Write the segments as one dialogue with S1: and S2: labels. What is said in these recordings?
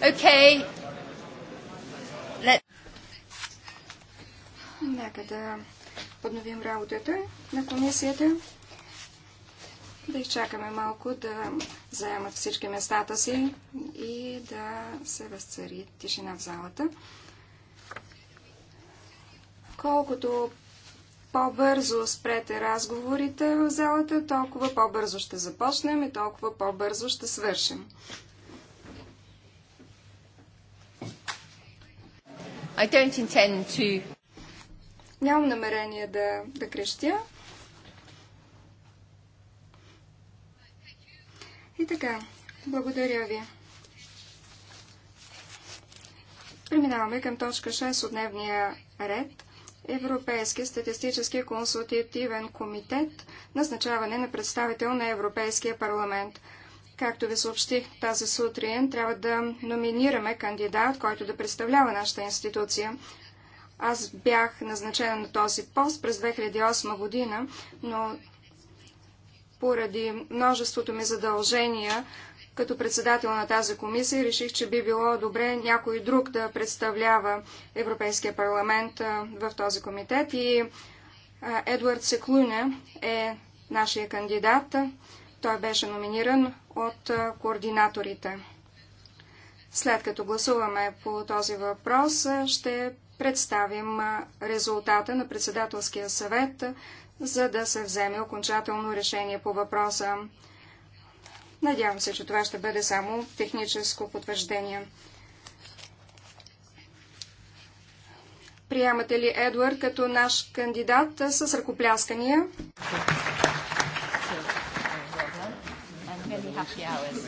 S1: Okay. Let... Нека да подновим работата на комисията. Да изчакаме малко да заемат всички местата си и да се възцари тишина в залата. Колкото по-бързо спрете разговорите в залата, толкова по-бързо ще започнем и толкова по-бързо ще свършим. I don't intend to... Нямам намерение да, да крещя. И така, благодаря ви. Преминаваме към точка 6 от дневния ред. Европейски статистически консултативен комитет, назначаване на представител на Европейския парламент. Както ви съобщих тази сутрин, трябва да номинираме кандидат, който да представлява нашата институция. Аз бях назначена на този пост през 2008 година, но поради множеството ми задължения като председател на тази комисия, реших, че би било добре някой друг да представлява Европейския парламент в този комитет. И Едвард Едуард Секлуне е нашия кандидат. Той беше номиниран от координаторите. След като гласуваме по този въпрос, ще представим резултата на председателския съвет, за да се вземе окончателно решение по въпроса. Надявам се, че това ще бъде само техническо потвърждение. Приемате ли Едуард като наш кандидат с ръкопляскания? happy hours.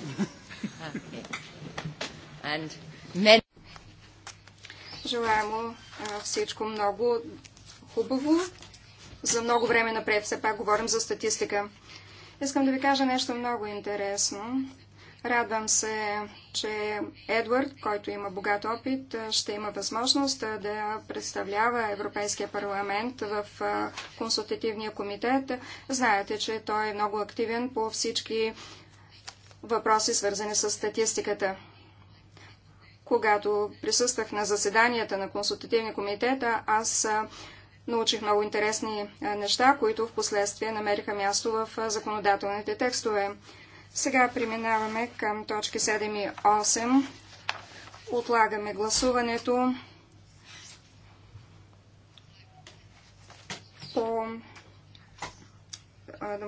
S1: And men... Желая му всичко много хубаво. За много време напред все пак говорим за статистика. Искам да ви кажа нещо много интересно. Радвам се, че Едвард, който има богат опит, ще има възможност да представлява Европейския парламент в консултативния комитет. Знаете, че той е много активен по всички въпроси, свързани с статистиката. Когато присъствах на заседанията на консултативния комитет, аз научих много интересни неща, които в последствие намериха място в законодателните текстове. Сега преминаваме към точки 7 и 8. Отлагаме гласуването по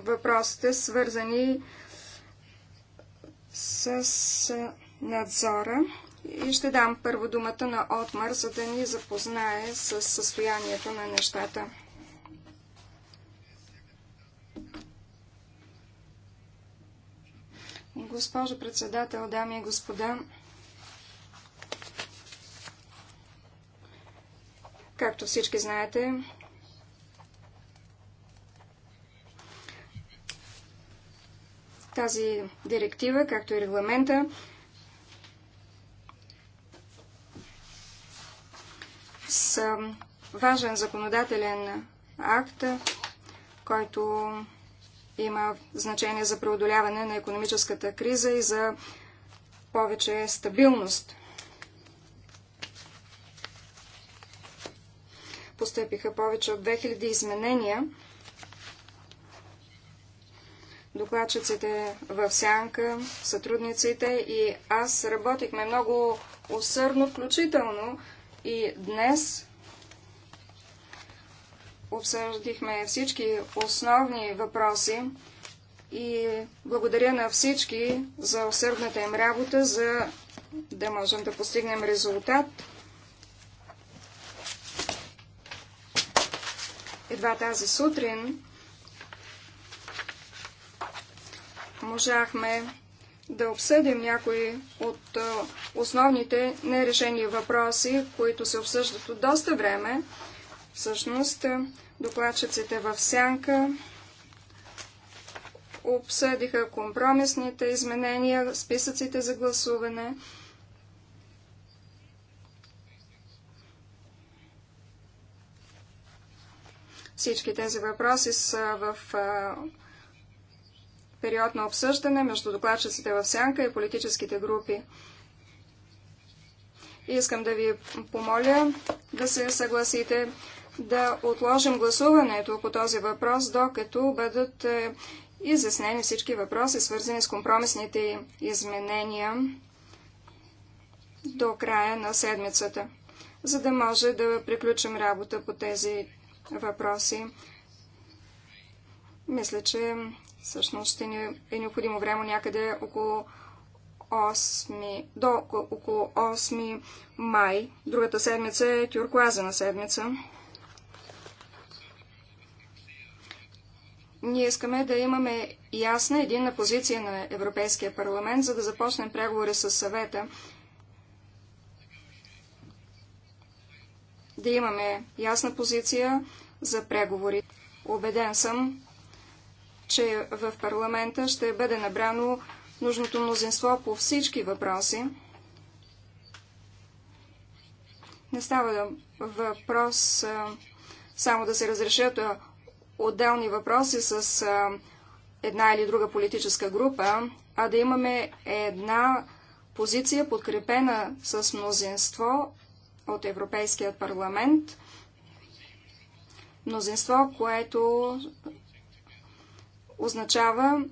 S1: въпросите, свързани с с надзора. И ще дам първо думата на Отмар, за да ни запознае с състоянието на нещата. Госпожо председател, дами и господа, както всички знаете, Тази директива, както и регламента, са важен законодателен акт, който има значение за преодоляване на економическата криза и за повече стабилност. Постъпиха повече от 2000 изменения докладчиците в Сянка, сътрудниците и аз работихме много усърдно, включително и днес обсъждихме всички основни въпроси и благодаря на всички за усърдната им работа, за да можем да постигнем резултат. Едва тази сутрин можахме да обсъдим някои от основните нерешени въпроси, които се обсъждат от доста време. Всъщност, докладчиците в сянка обсъдиха компромисните изменения, списъците за гласуване. Всички тези въпроси са в период на обсъждане между докладчиците в сянка и политическите групи. И искам да ви помоля да се съгласите да отложим гласуването по този въпрос, докато бъдат е, изяснени всички въпроси, свързани с компромисните изменения до края на седмицата, за да може да приключим работа по тези въпроси. Мисля, че Всъщност е необходимо време някъде около 8, до около 8 май. Другата седмица е тюркуазена седмица. Ние искаме да имаме ясна единна позиция на Европейския парламент, за да започнем преговори с съвета. Да имаме ясна позиция за преговори. Обеден съм, че в парламента ще бъде набрано нужното мнозинство по всички въпроси. Не става въпрос само да се разрешат отделни въпроси с една или друга политическа група, а да имаме една позиция, подкрепена с мнозинство от Европейският парламент, мнозинство, което означава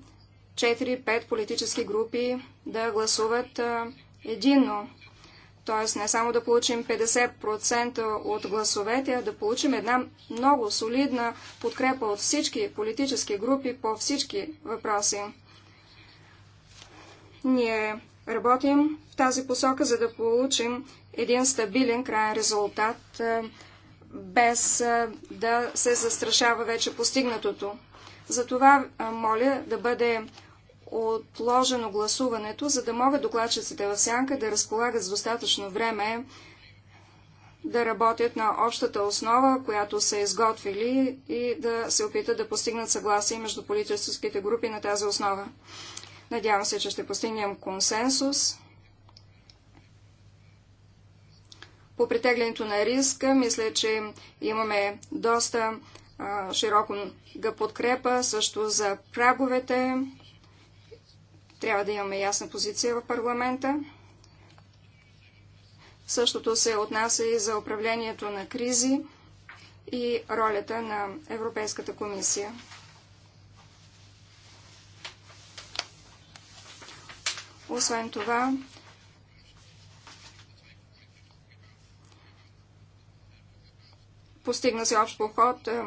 S1: 4-5 политически групи да гласуват единно. Т.е. не само да получим 50% от гласовете, а да получим една много солидна подкрепа от всички политически групи по всички въпроси. Ние работим в тази посока, за да получим един стабилен крайен резултат, без да се застрашава вече постигнатото. Затова моля да бъде отложено гласуването, за да могат докладчиците в сянка да разполагат с достатъчно време да работят на общата основа, която са изготвили и да се опитат да постигнат съгласие между политическите групи на тази основа. Надявам се, че ще постигнем консенсус. По притеглянето на риска, мисля, че имаме доста широко га подкрепа, също за праговете. Трябва да имаме ясна позиция в парламента. Същото се отнася и за управлението на кризи и ролята на Европейската комисия. Освен това, Постигна се общ поход е,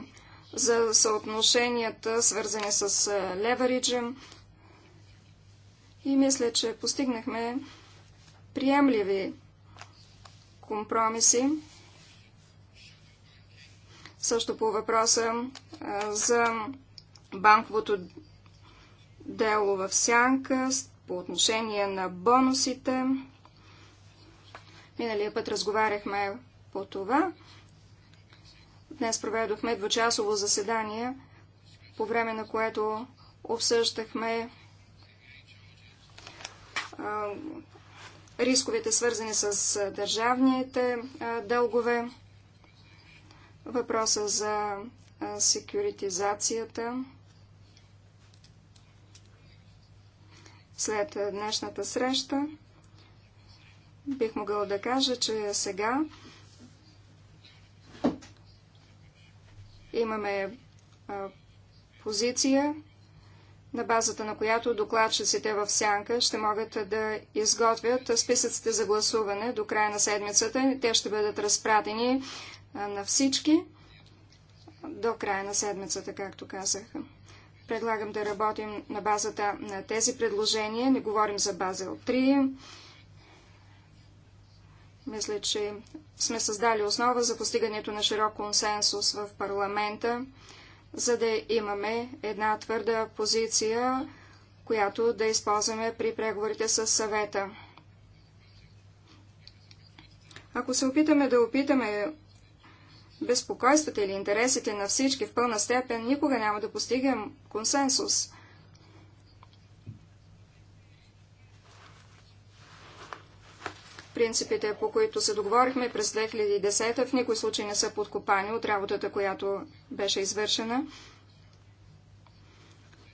S1: за съотношенията, свързани с е, левериджа. И мисля, че постигнахме приемливи компромиси. Също по въпроса е, за банковото дело в сянка по отношение на бонусите. Миналия път разговаряхме по това. Днес проведохме двучасово заседание, по време на което обсъждахме рисковете, свързани с държавните дългове, въпроса за секюритизацията. След днешната среща бих могъл да кажа, че сега Имаме а, позиция, на базата на която докладчиците в сянка ще могат да изготвят списъците за гласуване до края на седмицата. Те ще бъдат разпратени на всички до края на седмицата, както казах. Предлагам да работим на базата на тези предложения. Не говорим за Базел 3 мисля, че сме създали основа за постигането на широк консенсус в парламента, за да имаме една твърда позиция, която да използваме при преговорите с съвета. Ако се опитаме да опитаме безпокойствата или интересите на всички в пълна степен, никога няма да постигнем консенсус. Принципите, по които се договорихме през 2010, в никой случай не са подкопани от работата, която беше извършена.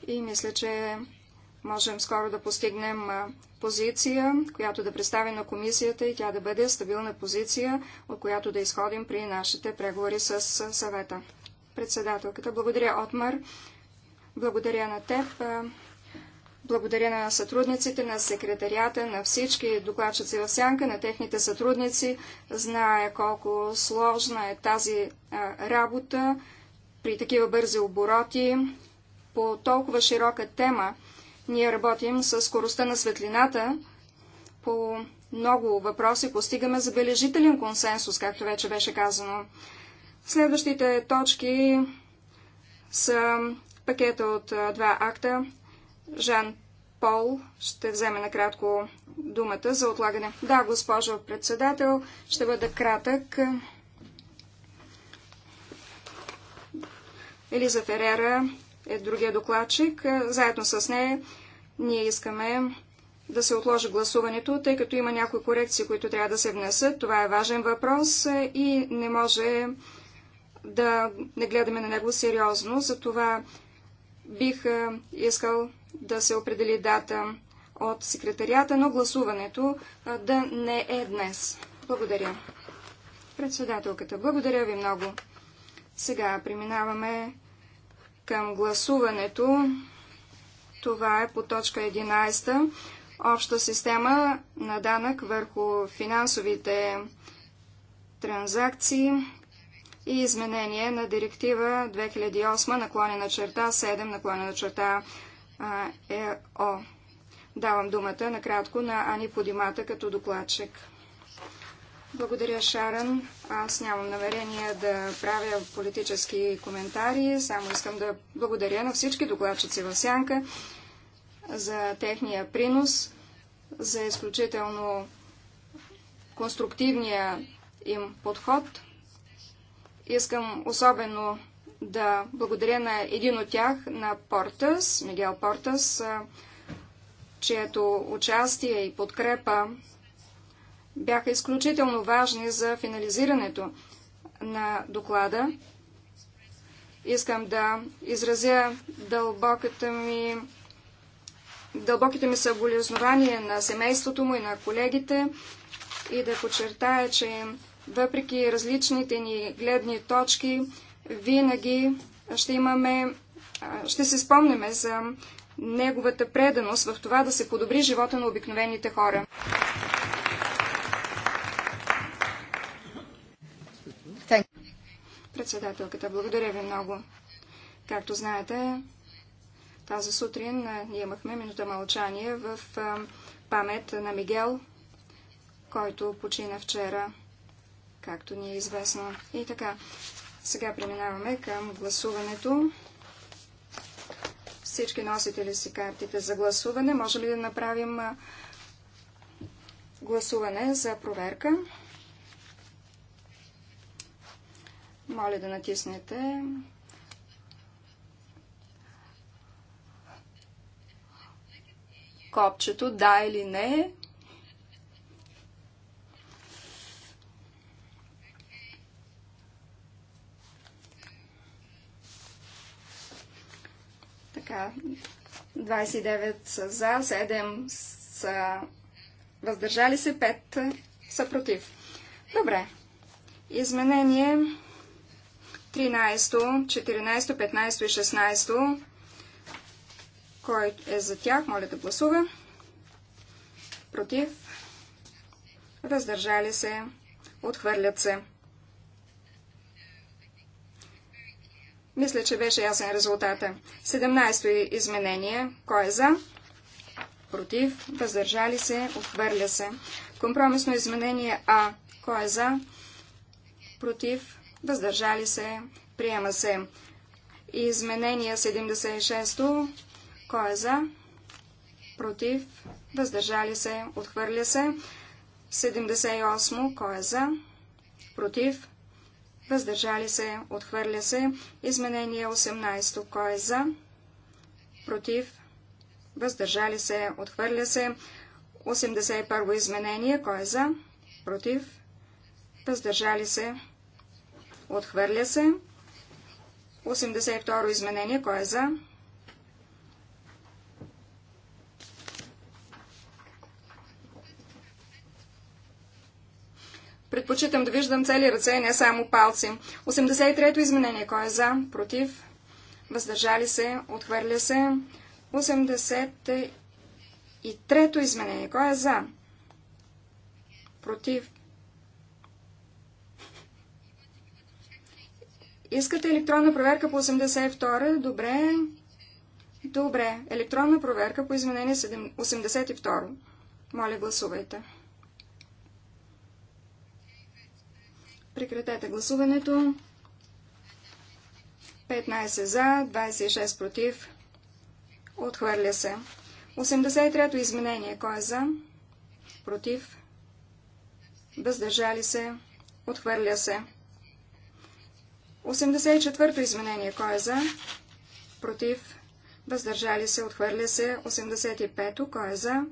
S1: И мисля, че можем скоро да постигнем позиция, която да представи на комисията и тя да бъде стабилна позиция, от която да изходим при нашите преговори с съвета. Председателката, благодаря Отмар, благодаря на теб. Благодаря на сътрудниците, на секретарията, на всички докладчици в сянка, на техните сътрудници. Зная колко сложна е тази работа при такива бързи обороти по толкова широка тема. Ние работим с скоростта на светлината по много въпроси, постигаме забележителен консенсус, както вече беше казано. Следващите точки са пакета от два акта Жан Пол ще вземе накратко думата за отлагане. Да, госпожо председател, ще бъда кратък. Елиза Ферера е другия докладчик. Заедно с нея ние искаме да се отложи гласуването, тъй като има някои корекции, които трябва да се внесат. Това е важен въпрос и не може да не гледаме на него сериозно. Затова Бих искал да се определи дата от секретарията, но гласуването да не е днес. Благодаря. Председателката, благодаря ви много. Сега преминаваме към гласуването. Това е по точка 11. Обща система на данък върху финансовите транзакции и изменение на директива 2008 наклонена черта 7 наклонена черта ЕО. Давам думата накратко на Ани Подимата като докладчик. Благодаря, Шаран. Аз нямам намерение да правя политически коментари, само искам да благодаря на всички докладчици в Сянка за техния принос, за изключително конструктивния им подход – Искам особено да благодаря на един от тях, на Портас, Мигел Портас, чието участие и подкрепа бяха изключително важни за финализирането на доклада. Искам да изразя дълбоката ми, дълбоките ми съболезнования на семейството му и на колегите и да подчертая, че въпреки различните ни гледни точки, винаги ще имаме, ще се спомняме за неговата преданост в това да се подобри живота на обикновените хора. Председателката, благодаря ви много. Както знаете, тази сутрин ние имахме минута мълчание в памет на Мигел, който почина вчера както ни е известно. И така, сега преминаваме към гласуването. Всички носите ли си картите за гласуване? Може ли да направим гласуване за проверка? Моля да натиснете копчето да или не. Така, 29 са за, 7 са въздържали се, 5 са против. Добре. Изменение 13, 14, 15 и 16. Кой е за тях? Моля да гласува. Против. Въздържали се. Отхвърлят се. Мисля, че беше ясен резултата. 17-то изменение. Кой е за? Против. Въздържали се. Отхвърля се. Компромисно изменение А. Кой е за? Против. Въздържали се. Приема се. Изменение 76-то. Кой е за? Против. Въздържали се. Отхвърля се. 78. Кой е за? Против въздържали се, отхвърля се. Изменение 18. Кой е за? Против, въздържали се, отхвърля се. 81 изменение. Кой е за? Против, въздържали се, отхвърля се. 82 изменение. Кой е за? Предпочитам да виждам цели ръце, не само палци. 83-то изменение. Кой е за? Против? Въздържали се? Отхвърля се? 83-то изменение. Кой е за? Против? Искате електронна проверка по 82? Добре. Добре. Електронна проверка по изменение 82. Моля, гласувайте. Прекратете гласуването. 15 за, 26 против. Отхвърля се. 83-то изменение. Кой е за? Против. Въздържали се. Отхвърля се. 84-то изменение. Кой е за? Против. Въздържали се. Отхвърля се. 85-то. Кой е за?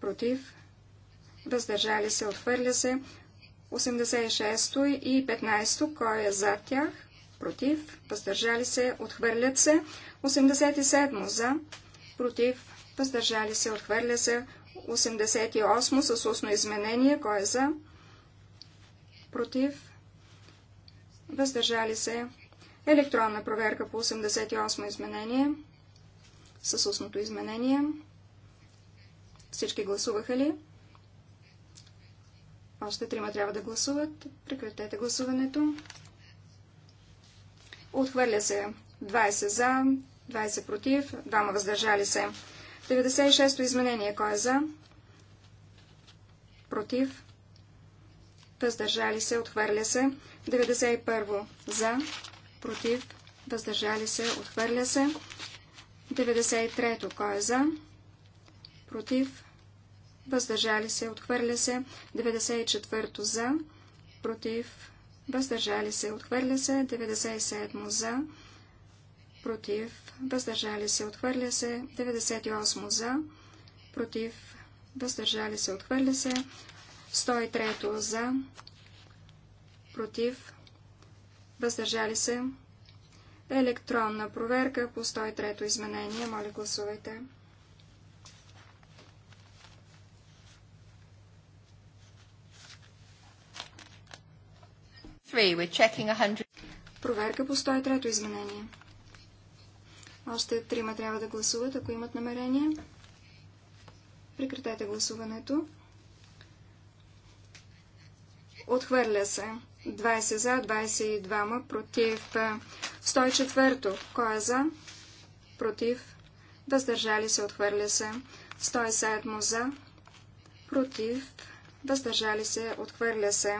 S1: Против. Въздържали се. Отхвърля се. 86 и 15, кой е за тях, против, въздържали се, отхвърлят се. 87 за, против, въздържали се, отхвърля се. 88 с устно изменение, кой е за, против, въздържали се. Електронна проверка по 88 изменение с устното изменение. Всички гласуваха ли? Още трима трябва да гласуват. Прекратете гласуването. Отхвърля се 20 за, 20 против, 2 въздържали се. 96-то изменение. Кой е за? Против. Въздържали се. Отхвърля се. 91 за. Против. Въздържали се. Отхвърля се. 93-то. Кой е за? Против въздържали се, отхвърля се, 94-то за, против, въздържали се, отхвърля се, 97-то за, против, въздържали се, отхвърля се, 98-то за, против, въздържали се, отхвърля се, 103-то за, против, въздържали се, електронна проверка по 103-то изменение, моля гласувайте. 103. We're checking 100. Проверка по 103-то изменение. Още трима трябва да гласуват, ако имат намерение. Прекратете гласуването. Отхвърля се. 20 за, 22 ма, против. 104-то. Кой е за? Против. Въздържали се, отхвърля се. 107 за, против. Въздържали се, отхвърля се.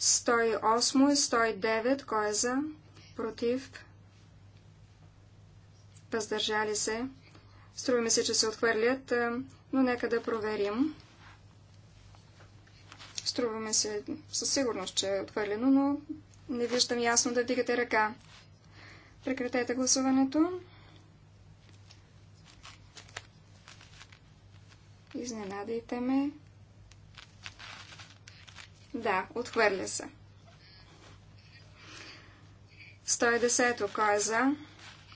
S1: 108 и 109, кой е за, против, въздържали се. Струва ми се, че се отхвърлят, но нека да проверим. Струва ми се със сигурност, че е отхвърлено, но не виждам ясно да вдигате ръка. Прекратете гласуването. Изненадайте ме. Да, отхвърля се. 110. Кой е за?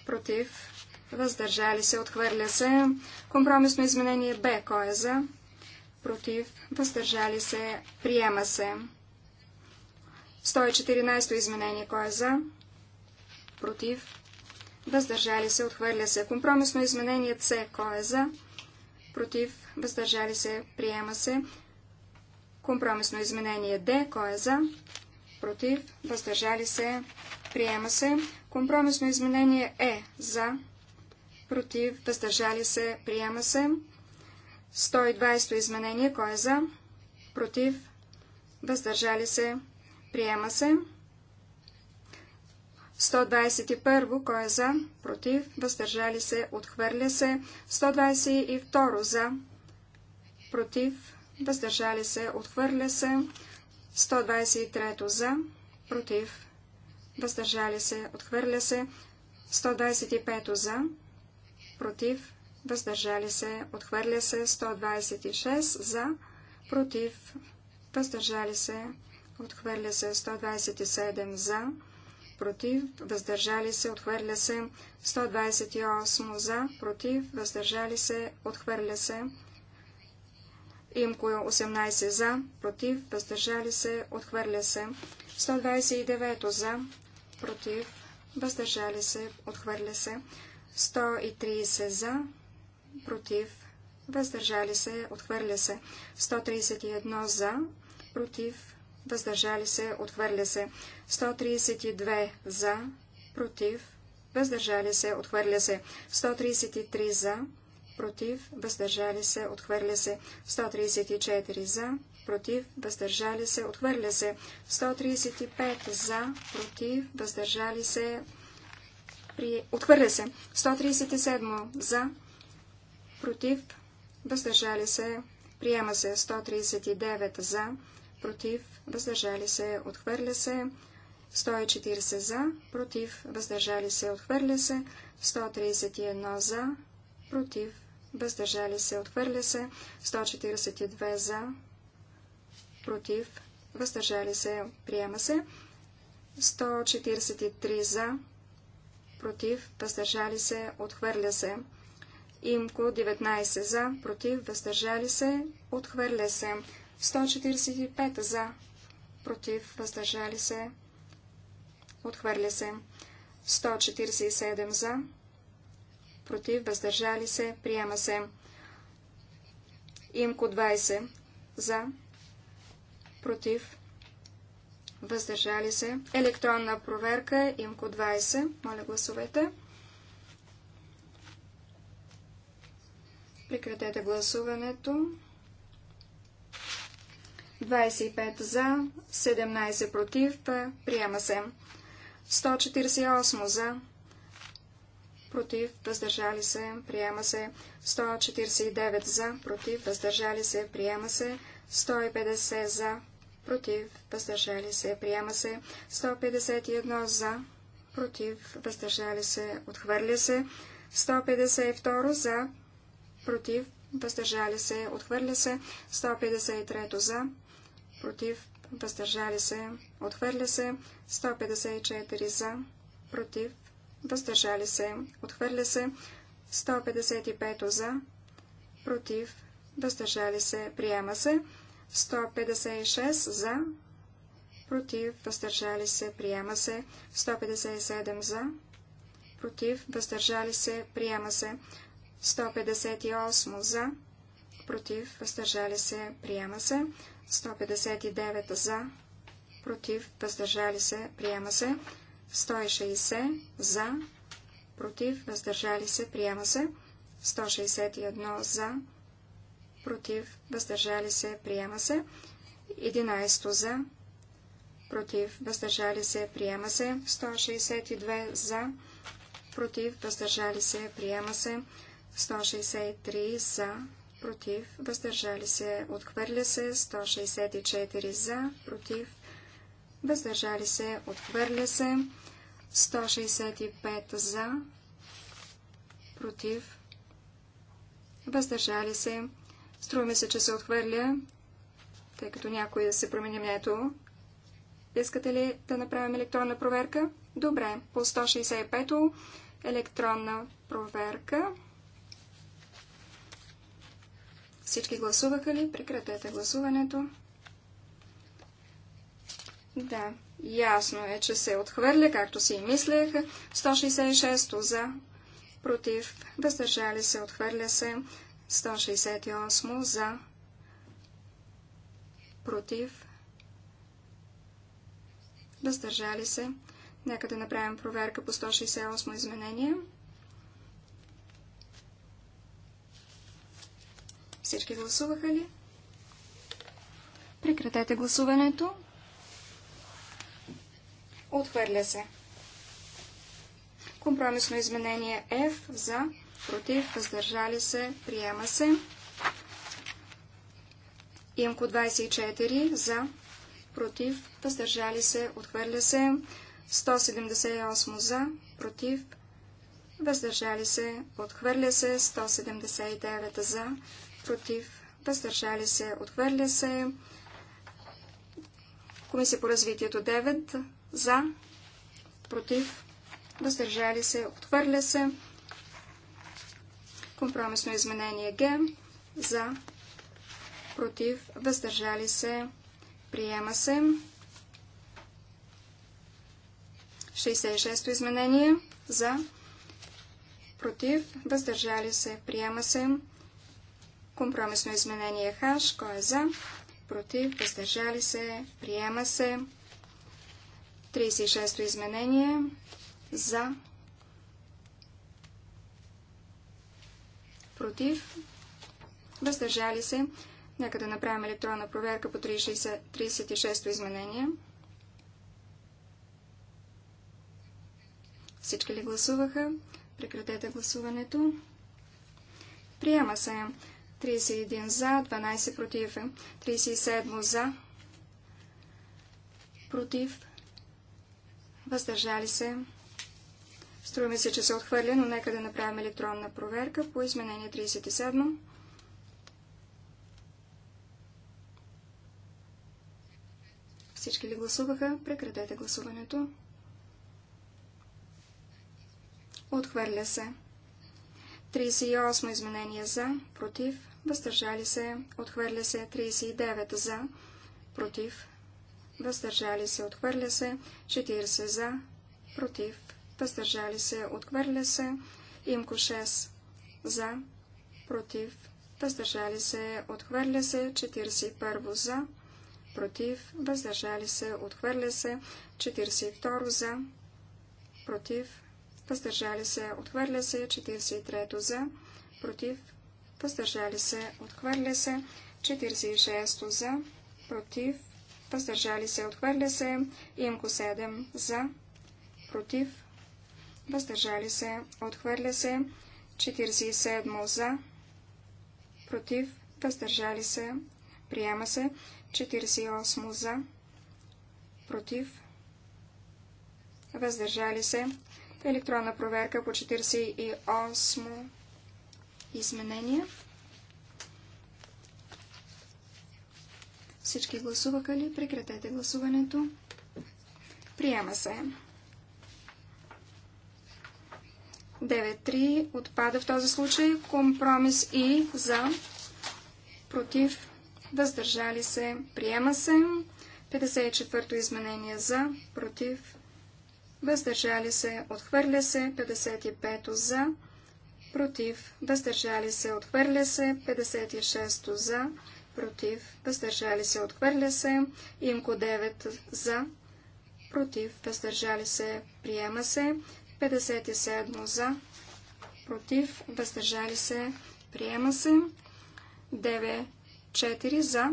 S1: Против. Въздържали се. Отхвърля се. Компромисно изменение Б. Кой е за? Против. Въздържали се. Приема се. 114 изменение. Кой е за? Против. Въздържали се. Отхвърля се. Компромисно изменение С. Кой е за? Против. Въздържали се. Приема се. Компромисно изменение Д. Кой е за? Против. Въздържали се. Приема се. Компромисно изменение Е. За. Против. Въздържали се. Приема се. 120 изменение. Кой е за? Против. Въздържали се. Приема се. 121. Кой е за? Против. Въздържали се. Отхвърля се. 122. За. Против въздържали се, отхвърля се. 123 за, против, въздържали се, отхвърля се. 125 за, против, въздържали се, отхвърля се. 126 за, против, въздържали се, отхвърля се. 127 за, против, въздържали се, отхвърля се. 128 за, против, въздържали се, отхвърля се. Имко 18 е за, против, въздържали се, отхвърля се. 129 за, против, въздържали се, отхвърля се. 130 за, против, въздържали се, отхвърля се. 131 за, против, въздържали се, отхвърля се. 132 за, против, въздържали се, отхвърля се. 133 за, против, въздържали се, отхвърля се. 134 за, против, въздържали се, отхвърля се. 135 за, против, въздържали се, при... отхвърля се. 137 за, против, въздържали се, приема се. 139 за, против, въздържали се, отхвърля се. 140 за, против, въздържали се, отхвърля се, 131 за, против, въздържали се, отхвърля се, 142 за, против, въздържали се, приема се, 143 за, против, въздържали се, отхвърля се, имко 19 за, против, въздържали се, отхвърля се, 145 за, против, въздържали се, отхвърля се, 147 за, против, въздържали се, приема се. Имко 20 за, против, въздържали се. Електронна проверка, имко 20, моля гласовете. Прекратете гласуването. 25 за, 17 против, приема се. 148 за, против, въздържали се, приема се 149 за, против, въздържали се, приема се 150 за, против, въздържали се, приема се 151 за, против, въздържали се, отхвърля се 152 за, против, въздържали се, отхвърля се 153 за, против, въздържали се, отхвърля се 154 за, против, въздържали се, отхвърля се 155 за, против, въздържали се, приема се 156 за, против, въздържали се, приема се 157 за, против, въздържали се, приема се 158 за, против, въздържали се, приема се 159 за, против, въздържали се, приема се 160 за, против, въздържали се, приема се. 161 за, против, въздържали се, приема се. 11 за, против, въздържали се, приема се. 162 за, против, въздържали се, приема се. 163 за, против, въздържали се, отхвърля се. 164 за, против, въздържали се, отхвърля се, 165 за, против, въздържали се, струва ми се, че се отхвърля, тъй като някой се промени мнението. Искате ли да направим електронна проверка? Добре, по 165-то електронна проверка. Всички гласуваха ли? Прекратете гласуването. Да, ясно е, че се отхвърля, както си и мислех. 166 за, против, въздържали се, отхвърля се. 168 за, против, въздържали се. Нека да направим проверка по 168 изменение. Всички гласуваха ли? Прекратете гласуването. Отхвърля се. Компромисно изменение F за, против, въздържали се, приема се. Имко 24 за, против, въздържали се, отхвърля се. 178 за, против, въздържали се, отхвърля се. 179 за, против, въздържали се, отхвърля се. Комисия по развитието 9 за, против, въздържали се, отхвърля се. Компромисно изменение Г за, против, въздържали се, приема се. 66-то изменение за, против, въздържали се, приема се. Компромисно изменение Х, кой е за, против, въздържали се, приема се. 36-то изменение за против въздържали се. Нека да направим електронна проверка по 36-то изменение. Всички ли гласуваха? Прекратете гласуването. Приема се 31 за, 12 против, 37 за, против, въздържали се. Струва ми се, че се отхвърля, но нека да направим електронна проверка по изменение 37. Всички ли гласуваха? Прекратете гласуването. Отхвърля се. 38 изменение за, против, въздържали се, отхвърля се 39 за, против, въздържали се, отхвърля се, 40 за, против, въздържали се, отхвърля се, имко 6 за, против, въздържали се, отхвърля се, 41 за, против, въздържали се, отхвърля се, 42 за, против, въздържали се, отхвърля се, 43 за, против, въздържали се, отхвърля се, 46 за, против, въздържали се, отхвърля се, имко 7 за, против, въздържали се, отхвърля се, 47 за, против, въздържали се, приема се, 48 за, против, въздържали се, електронна проверка по 48 изменения. Всички гласуваха ли? Прекратете гласуването. Приема се. 9.3 отпада в този случай. Компромис И за против въздържали се. Приема се. 54-то изменение за против въздържали се. Отхвърля се. 55-то за против въздържали се. Отхвърля се. 56-то за против против, въздържали се, отхвърля се. Имко 9 за, против, въздържали се, приема се. 57 за, против, въздържали се, приема се. 9 4 за,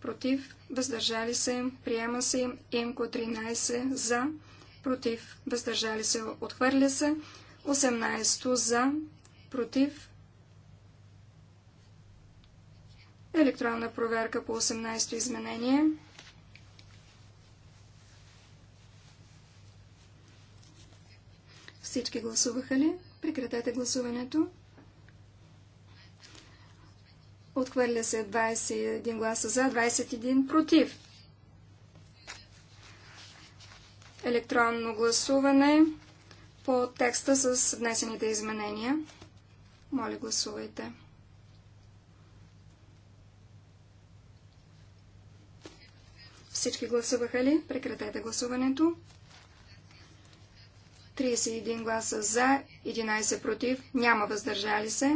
S1: против, въздържали се, приема се. Имко 13 за, против, въздържали се, отхвърля се. 18 за, против, Електронна проверка по 18-то изменение. Всички гласуваха ли? Прекратете гласуването. Отхвърля се 21 гласа за, 21 против. Електронно гласуване по текста с внесените изменения. Моля, гласувайте. Всички гласуваха ли? Прекратете гласуването. 31 гласа за, 11 против, няма въздържали се.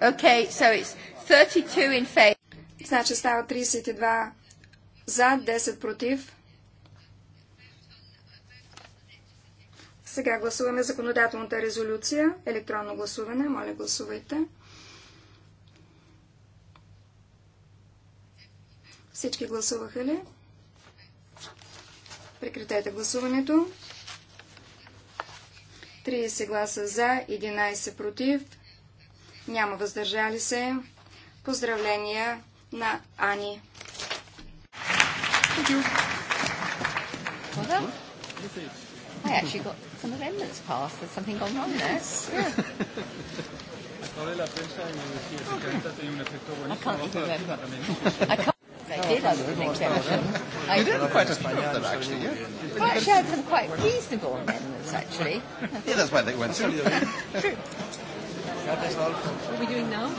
S1: Okay, so it's 32 in favor. Значи става 32 за, 10 против, Сега гласуваме законодателната резолюция. Електронно гласуване. Моля, гласувайте. Всички гласуваха ли? Прекратете гласуването. 30 гласа за, 11 против, няма въздържали се. Поздравления на Ани. Thank you. Well
S2: got an amendment's passed. There's something going on there. Yeah. I can't even remember. I can't. I did have an exemption. I did quite a few of them, actually. Yeah. Well, actually, I had quite reasonable amendments, actually. yeah, that's why they went through. True. What are we doing now?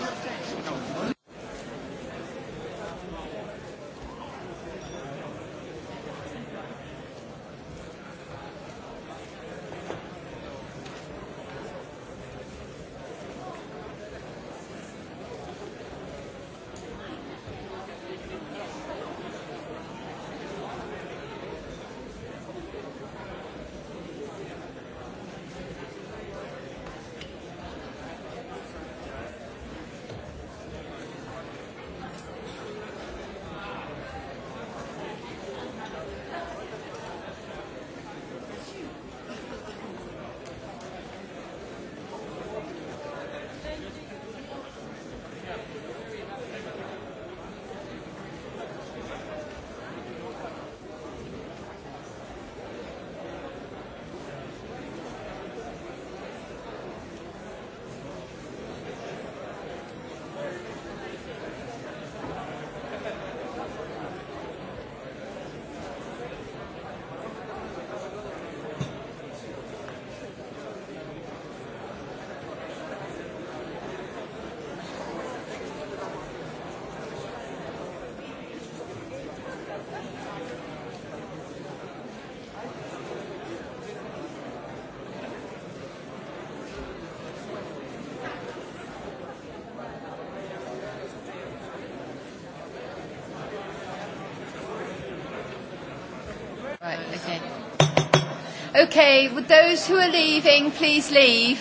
S2: Okay, with those who are leaving, please leave.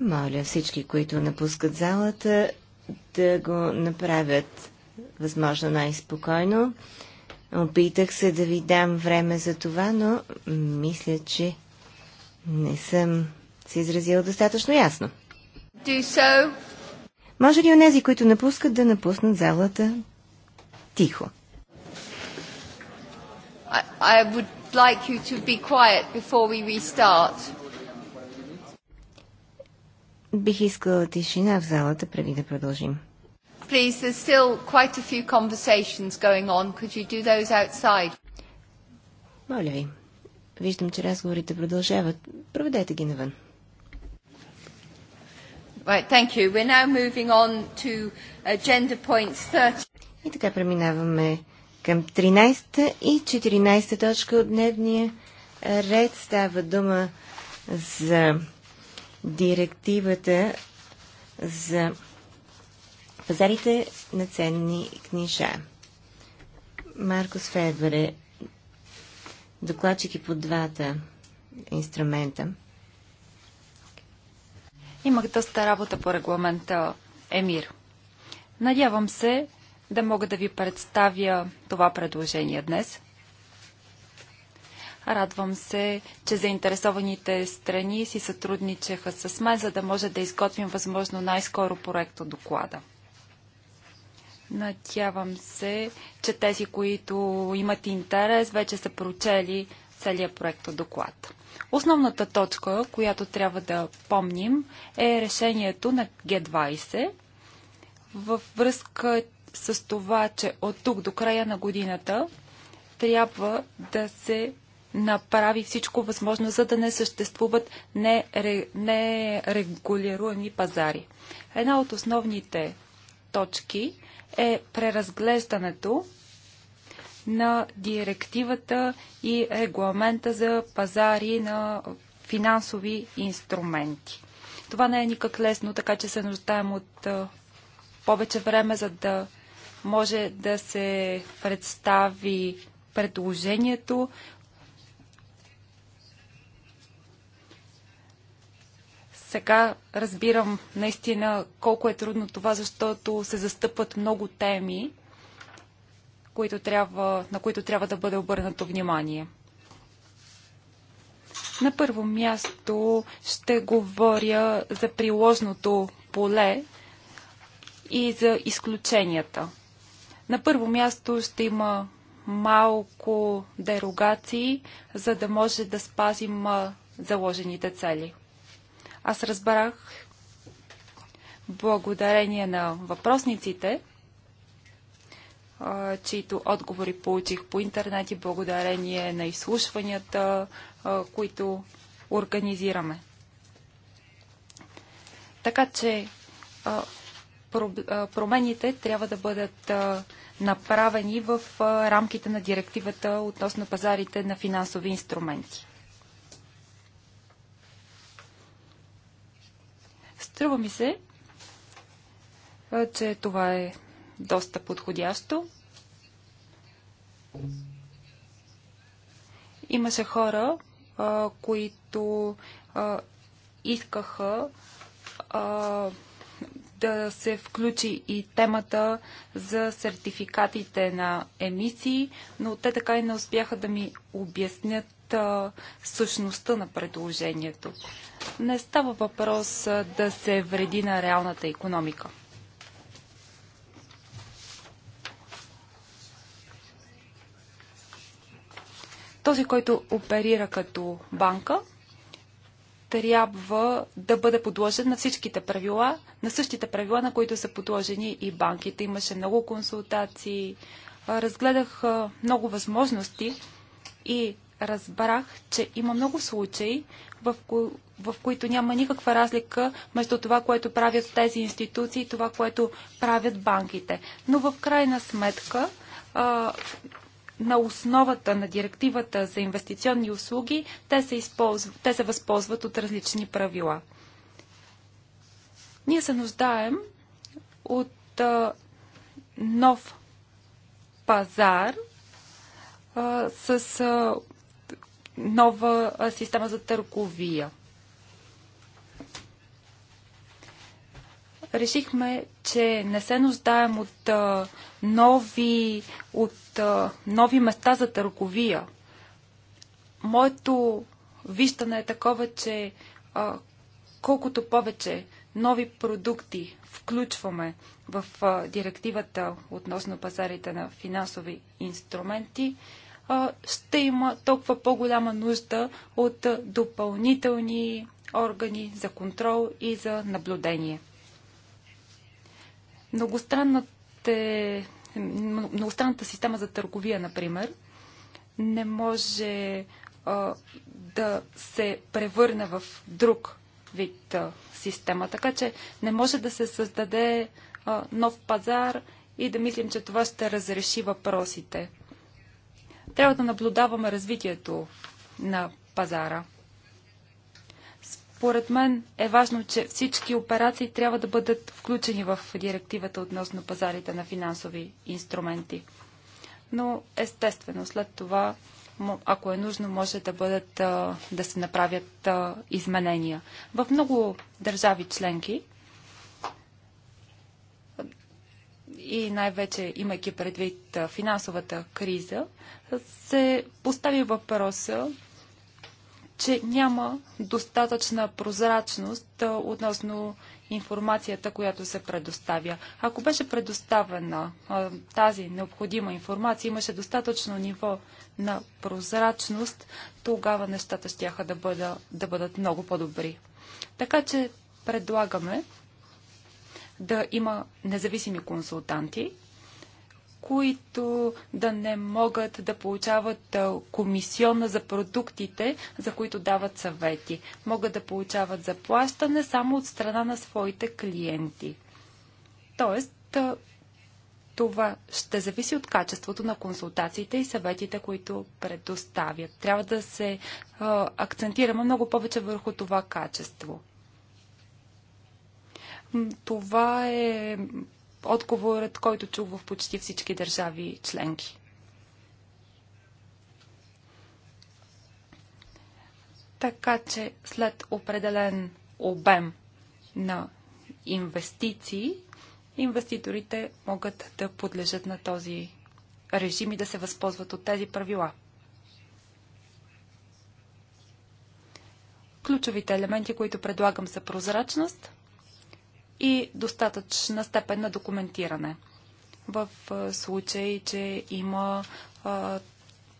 S2: Моля всички, които напускат залата, да го направят възможно най-спокойно. Опитах се да ви дам време за това, но мисля, че не съм се изразила достатъчно ясно. Do so. Може ли онези, които напускат, да напуснат залата тихо? I, I would like you to be quiet before we restart. Бих искала тишина в залата преди да продължим. Please, there's still quite a few conversations going on. Could you do those outside? Моля ви. Виждам, че разговорите продължават. Проведете ги навън.
S1: Right, thank you. We're now moving on to agenda points
S2: 30. И така преминаваме към 13 и 14 точка от дневния ред. Става дума за директивата за пазарите на ценни книжа. Маркус Фебер е докладчик и по двата инструмента.
S3: Имах доста работа по регламента ЕМИР. Надявам се да мога да ви представя това предложение днес. Радвам се, че заинтересованите страни си сътрудничаха с мен, за да може да изготвим възможно най-скоро проект доклада. Надявам се, че тези, които имат интерес, вече са прочели целият проект от доклад. Основната точка, която трябва да помним, е решението на Г20 във връзка с това, че от тук до края на годината трябва да се направи всичко възможно, за да не съществуват нерегулируеми пазари. Една от основните точки е преразглеждането на директивата и регламента за пазари на финансови инструменти. Това не е никак лесно, така че се нуждаем от повече време, за да може да се представи предложението. Сега разбирам наистина колко е трудно това, защото се застъпват много теми, които трябва, на които трябва да бъде обърнато внимание. На първо място ще говоря за приложното поле и за изключенията. На първо място ще има малко дерогации, за да може да спазим заложените цели. Аз разбрах, благодарение на въпросниците, чието отговори получих по интернет и благодарение на изслушванията, които организираме. Така че промените трябва да бъдат направени в рамките на директивата относно пазарите на финансови инструменти. Струва ми се, че това е доста подходящо. Имаше хора, които искаха да се включи и темата за сертификатите на емисии, но те така и не успяха да ми обяснят а, същността на предложението. Не става въпрос а, да се вреди на реалната економика. Този, който оперира като банка, трябва да бъде подложен на всичките правила, на същите правила, на които са подложени и банките. Имаше много консултации, разгледах много възможности и разбрах, че има много случаи, в, ко... в които няма никаква разлика между това, което правят тези институции и това, което правят банките. Но в крайна сметка на основата на директивата за инвестиционни услуги, те се, използв... те се възползват от различни правила. Ние се нуждаем от а, нов пазар а, с а, нова а, система за търговия. Решихме, че не се нуждаем от а, нови, от а, нови места за търговия. Моето виждане е такова, че а, колкото повече нови продукти включваме в а, директивата относно пазарите на финансови инструменти, а, ще има толкова по-голяма нужда от допълнителни органи за контрол и за наблюдение многостранната система за търговия, например, не може а, да се превърне в друг вид а, система. Така че не може да се създаде а, нов пазар и да мислим, че това ще разреши въпросите. Трябва да наблюдаваме развитието на пазара. Според мен е важно, че всички операции трябва да бъдат включени в директивата относно пазарите на финансови инструменти. Но естествено, след това, ако е нужно, може да, бъдат, да се направят изменения. В много държави членки и най-вече имайки предвид финансовата криза, се постави въпроса че няма достатъчна прозрачност относно информацията, която се предоставя. Ако беше предоставена тази необходима информация, имаше достатъчно ниво на прозрачност, тогава нещата ще да, бъда, да бъдат много по-добри. Така че предлагаме да има независими консултанти, които да не могат да получават комисиона за продуктите, за които дават съвети. Могат да получават заплащане само от страна на своите клиенти. Тоест, това ще зависи от качеството на консултациите и съветите, които предоставят. Трябва да се акцентираме много повече върху това качество. Това е отговорът, който чух в почти всички държави членки. Така че след определен обем на инвестиции, инвеститорите могат да подлежат на този режим и да се възползват от тези правила. Ключовите елементи, които предлагам са прозрачност, и достатъчна степен на документиране. В случай, че има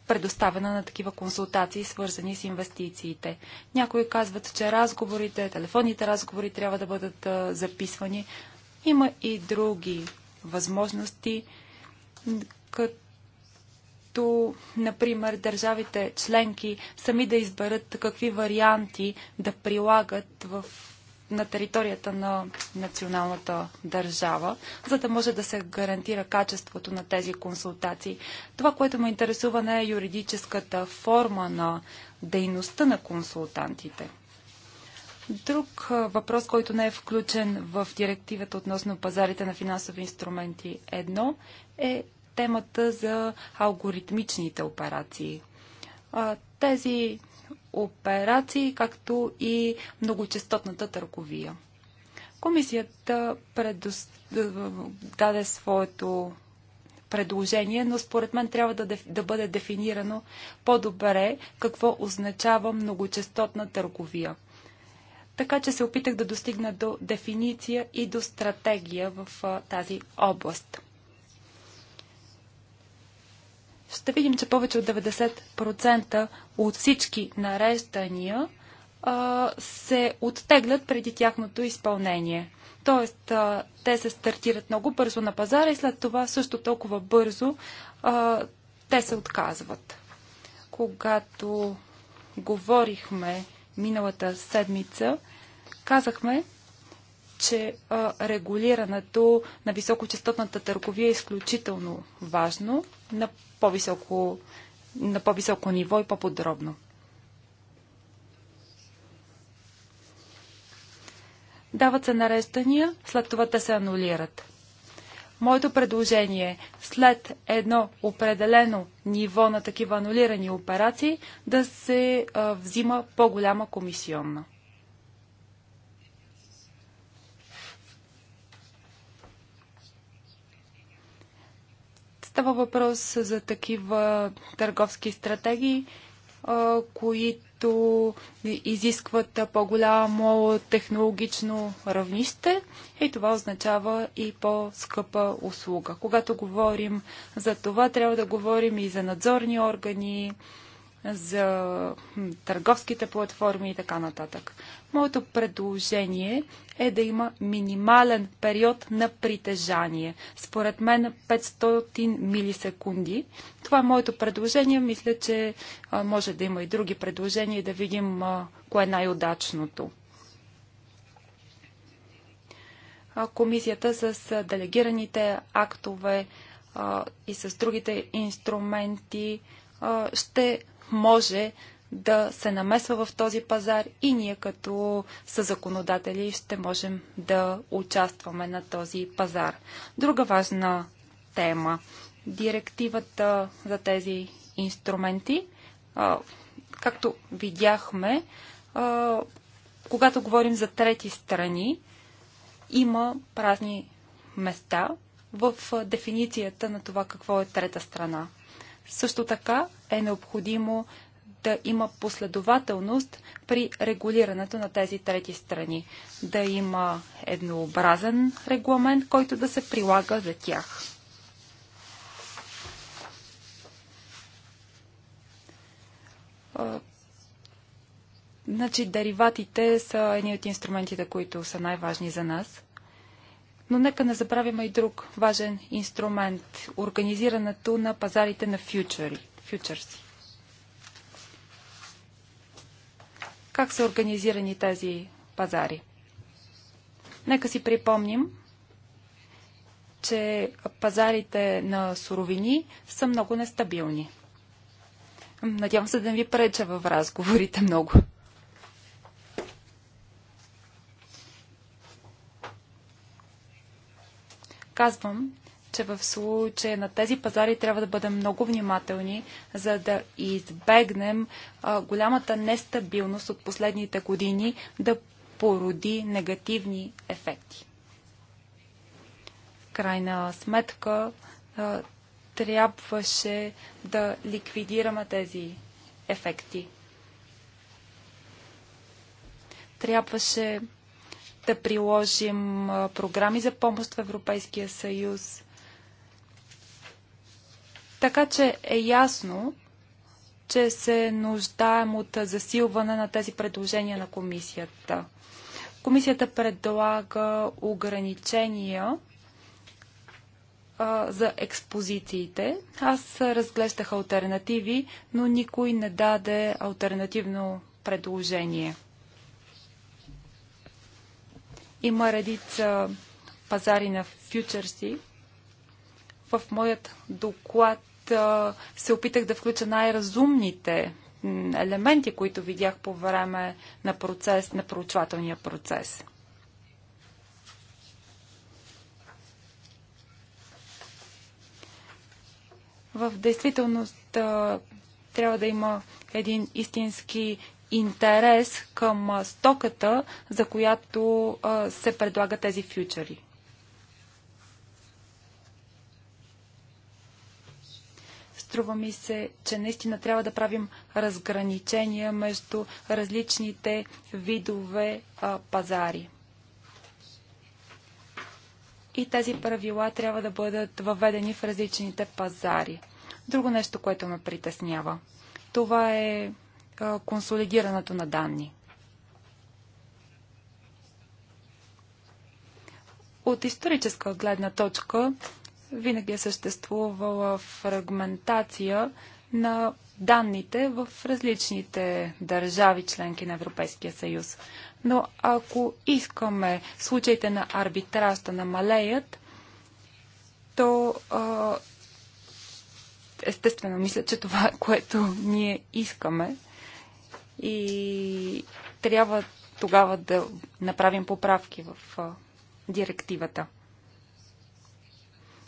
S3: предоставена на такива консултации, свързани с инвестициите. Някои казват, че разговорите, телефонните разговори трябва да бъдат записвани. Има и други възможности, като, например, държавите членки сами да изберат какви варианти да прилагат в на територията на националната държава, за да може да се гарантира качеството на тези консултации. Това, което ме интересува, не е юридическата форма на дейността на консултантите. Друг въпрос, който не е включен в директивата относно пазарите на финансови инструменти едно, е темата за алгоритмичните операции. Тези операции, както и многочастотната търговия. Комисията предос... даде своето предложение, но според мен трябва да, деф... да бъде дефинирано по-добре какво означава многочастотна търговия. Така че се опитах да достигна до дефиниция и до стратегия в а, тази област ще видим, че повече от 90% от всички нареждания а, се оттеглят преди тяхното изпълнение. Тоест, а, те се стартират много бързо на пазара и след това също толкова бързо а, те се отказват. Когато говорихме миналата седмица, казахме, че регулирането на високочастотната търговия е изключително важно на по-високо, на по-високо ниво и по-подробно. Дават се нареждания, след това те се анулират. Моето предложение е след едно определено ниво на такива анулирани операции да се а, взима по-голяма комисионна. Става въпрос за такива търговски стратегии, които изискват по-голямо технологично равнище и това означава и по-скъпа услуга. Когато говорим за това, трябва да говорим и за надзорни органи, за търговските платформи и така нататък. Моето предложение е да има минимален период на притежание. Според мен 500 милисекунди. Това е моето предложение. Мисля, че може да има и други предложения и да видим кое е най-удачното. Комисията с делегираните актове и с другите инструменти ще може да се намесва в този пазар и ние като съзаконодатели ще можем да участваме на този пазар. Друга важна тема директивата за тези инструменти. както видяхме, когато говорим за трети страни, има празни места в дефиницията на това какво е трета страна. Също така, е необходимо да има последователност при регулирането на тези трети страни. Да има еднообразен регламент, който да се прилага за тях. Значи дериватите са едни от инструментите, които са най-важни за нас. Но нека не забравяме и друг важен инструмент – организирането на пазарите на фьючери фьючерси. Как са организирани тези пазари? Нека си припомним, че пазарите на суровини са много нестабилни. Надявам се да не ви преча в разговорите много. Казвам, че в случая на тези пазари трябва да бъдем много внимателни, за да избегнем а, голямата нестабилност от последните години да породи негативни ефекти. В крайна сметка а, трябваше да ликвидираме тези ефекти. Трябваше да приложим а, програми за помощ в Европейския съюз – така че е ясно, че се нуждаем от засилване на тези предложения на комисията. Комисията предлага ограничения за експозициите. Аз разглеждах альтернативи, но никой не даде альтернативно предложение. Има редица пазари на фьючерси. В моят доклад се опитах да включа най-разумните елементи, които видях по време на процес, на проучвателния процес. В действителност трябва да има един истински интерес към стоката, за която се предлагат тези фьючери. Струва ми се, че наистина трябва да правим разграничения между различните видове а, пазари. И тези правила трябва да бъдат въведени в различните пазари. Друго нещо, което ме притеснява, това е а, консолидирането на данни. От историческа гледна точка винаги е съществувала фрагментация на данните в различните държави, членки на Европейския съюз. Но ако искаме случаите на арбитраж да намалеят, то естествено мисля, че това е което ние искаме и трябва тогава да направим поправки в директивата.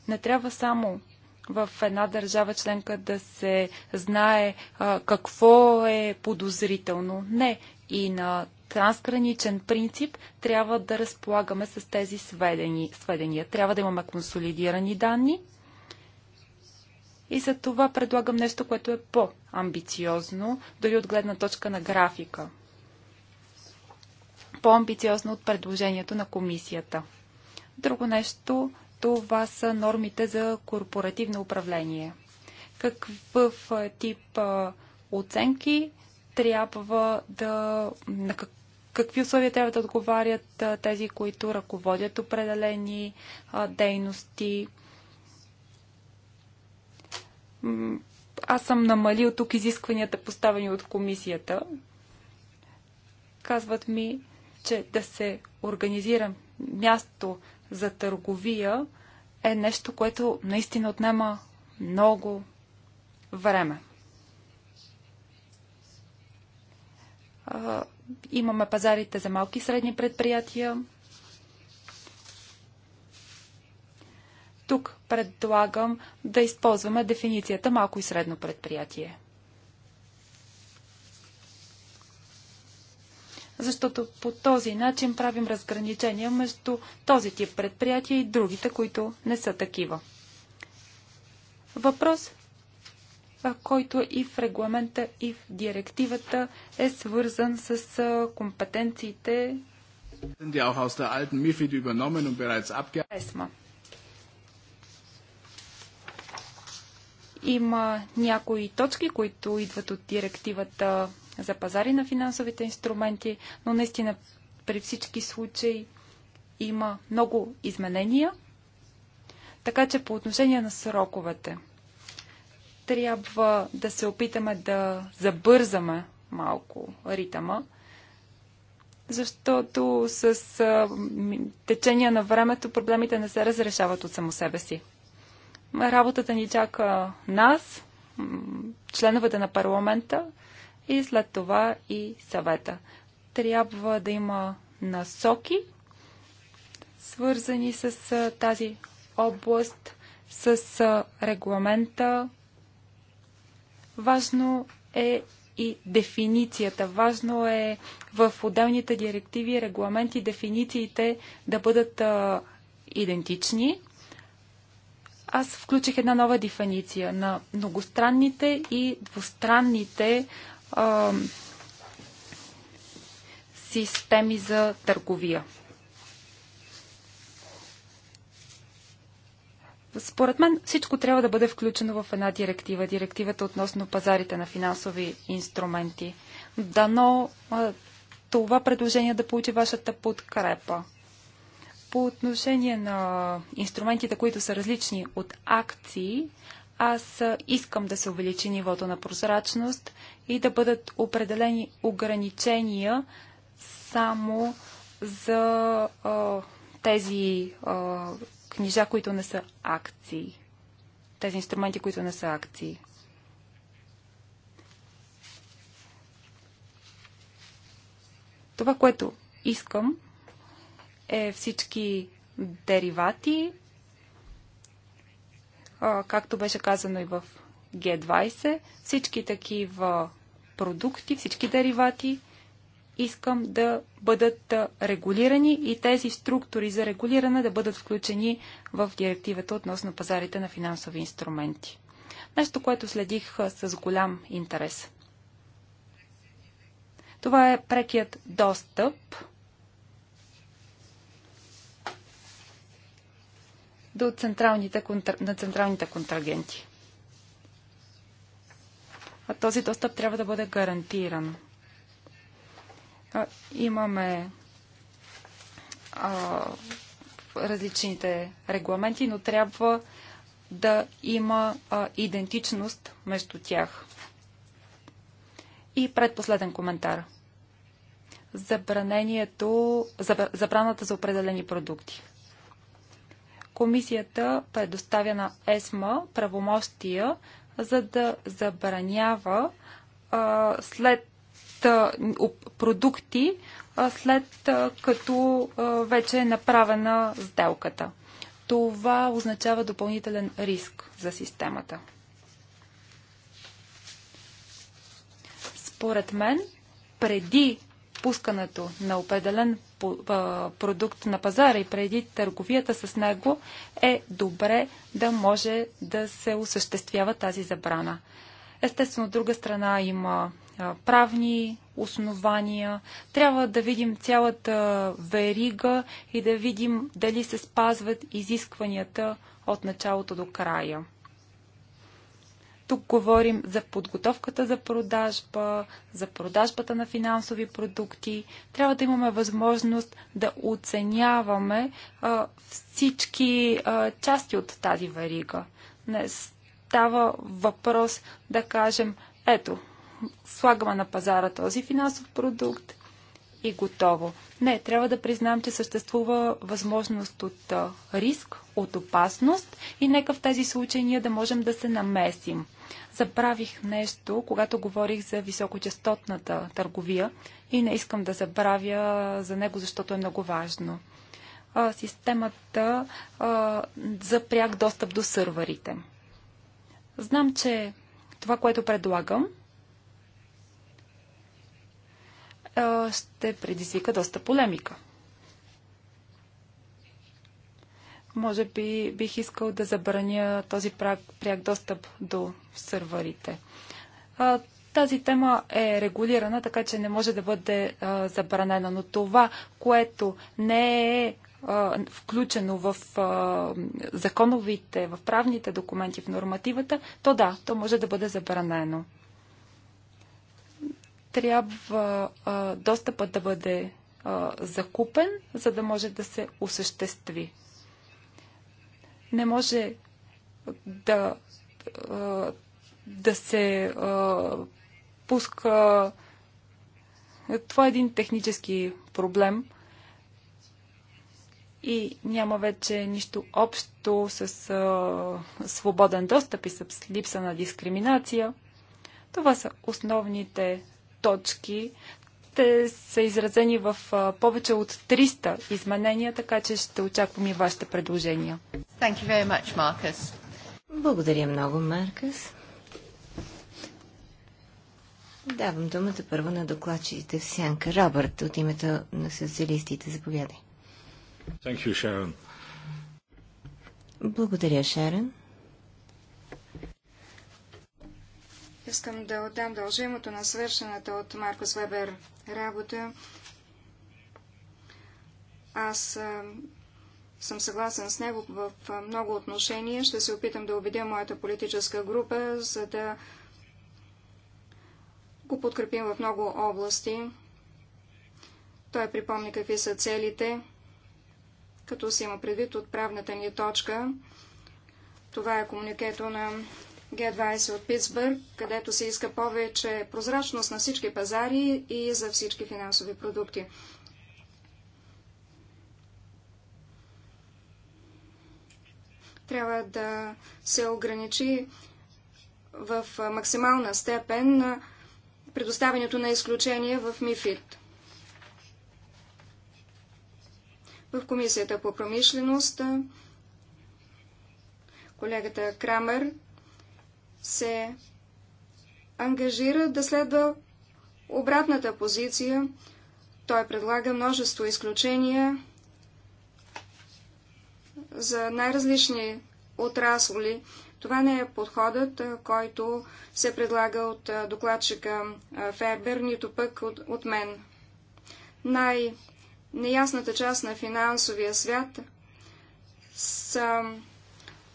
S3: Не трябва само в една държава членка да се знае а, какво е подозрително. Не. И на трансграничен принцип трябва да разполагаме с тези сведени, сведения. Трябва да имаме консолидирани данни. И за това предлагам нещо, което е по-амбициозно, дори от гледна точка на графика. По-амбициозно от предложението на комисията. Друго нещо, това са нормите за корпоративно управление. Какъв тип оценки трябва да. На как, какви условия трябва да отговарят тези, които ръководят определени дейности? Аз съм намалил тук изискванията, поставени от комисията. Казват ми, че да се организира място за търговия е нещо, което наистина отнема много време. Имаме пазарите за малки и средни предприятия. Тук предлагам да използваме дефиницията малко и средно предприятие – защото по този начин правим разграничения между този тип предприятия и другите, които не са такива. Въпрос, който и в регламента, и в директивата е свързан с компетенциите. Има някои точки, които идват от директивата за пазари на финансовите инструменти, но наистина при всички случаи има много изменения. Така че по отношение на сроковете, трябва да се опитаме да забързаме малко ритъма, защото с течение на времето проблемите не се разрешават от само себе си. Работата ни чака нас, членовете на парламента, и след това и съвета. Трябва да има насоки, свързани с тази област, с регламента. Важно е и дефиницията. Важно е в отделните директиви, регламенти, дефинициите да бъдат а, идентични. Аз включих една нова дефиниция на многостранните и двустранните а, системи за търговия. Според мен всичко трябва да бъде включено в една директива. Директивата относно пазарите на финансови инструменти. Дано това предложение да получи вашата подкрепа. По отношение на инструментите, които са различни от акции, аз искам да се увеличи нивото на прозрачност и да бъдат определени ограничения само за а, тези а, книжа, които не са акции. Тези инструменти, които не са акции. Това, което искам, е всички деривати както беше казано и в G20, всички такива продукти, всички деривати искам да бъдат регулирани и тези структури за регулиране да бъдат включени в директивата относно пазарите на финансови инструменти. Нещо, което следих с голям интерес. Това е прекият достъп до централните, на централните контрагенти. А този достъп трябва да бъде гарантиран. А, имаме а, различните регламенти, но трябва да има а, идентичност между тях. И предпоследен коментар. Забранението, забраната за определени продукти. Комисията предоставя на ЕСМА правомощия, за да забранява а, след а, продукти, а, след а, като а, вече е направена сделката. Това означава допълнителен риск за системата. Според мен, преди пускането на определен продукт на пазара и преди търговията с него, е добре да може да се осъществява тази забрана. Естествено, от друга страна има правни основания. Трябва да видим цялата верига и да видим дали се спазват изискванията от началото до края. Тук говорим за подготовката за продажба, за продажбата на финансови продукти. Трябва да имаме възможност да оценяваме а, всички а, части от тази варига. Не става въпрос да кажем, ето, слагаме на пазара този финансов продукт, и готово. Не, трябва да признам, че съществува възможност от риск, от опасност и нека в тези случаи ние да можем да се намесим. Забравих нещо, когато говорих за високочастотната търговия и не искам да забравя за него, защото е много важно. системата за пряк достъп до сървърите. Знам, че това, което предлагам, Е, ще предизвика доста полемика. Може би бих искал да забраня този пряк, пряк достъп до сървърите. тази тема е регулирана, така че не може да бъде забранена, но това, което не е включено в законовите, в правните документи, в нормативата, то да, то може да бъде забранено трябва а, достъпът да бъде а, закупен, за да може да се осъществи. Не може да, а, да се а, пуска. Това е един технически проблем и няма вече нищо общо с а, свободен достъп и с липса на дискриминация. Това са основните точки. Те са изразени в повече от 300 изменения, така че ще очаквам и вашите предложения. Thank you very much, Marcus.
S2: Благодаря много, Маркъс. Давам думата първо на докладчиците в Сянка. Робърт от името на социалистите. Заповядай. Thank you, Sharon. Благодаря, Шарен.
S1: Искам да отдам дължимото на свършената от Маркус Вебер работа. Аз съм съгласен с него в много отношения. Ще се опитам да убедя моята политическа група, за да го подкрепим в много области. Той припомни какви са целите, като се има предвид от правната ни точка. Това е комуникето на г20 от Питсбърг, където се иска повече прозрачност на всички пазари и за всички финансови продукти. Трябва да се ограничи в максимална степен на предоставянето на изключения в МИФИД. В Комисията по промишленост колегата Крамер се ангажира да следва обратната позиция. Той предлага множество изключения за най-различни отрасли. Това не е подходът, който се предлага от докладчика Фербер, нито пък от, от мен. Най-неясната част на финансовия свят са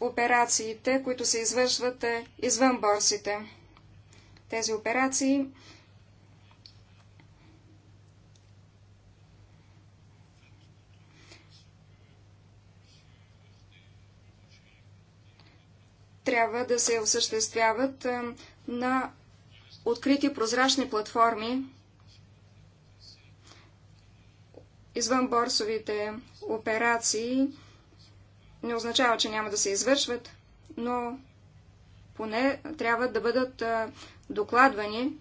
S1: операциите, които се извършват е, извън борсите. Тези операции трябва да се осъществяват е, на открити прозрачни платформи, извън борсовите операции не означава, че няма да се извършват, но поне трябва да бъдат докладвани,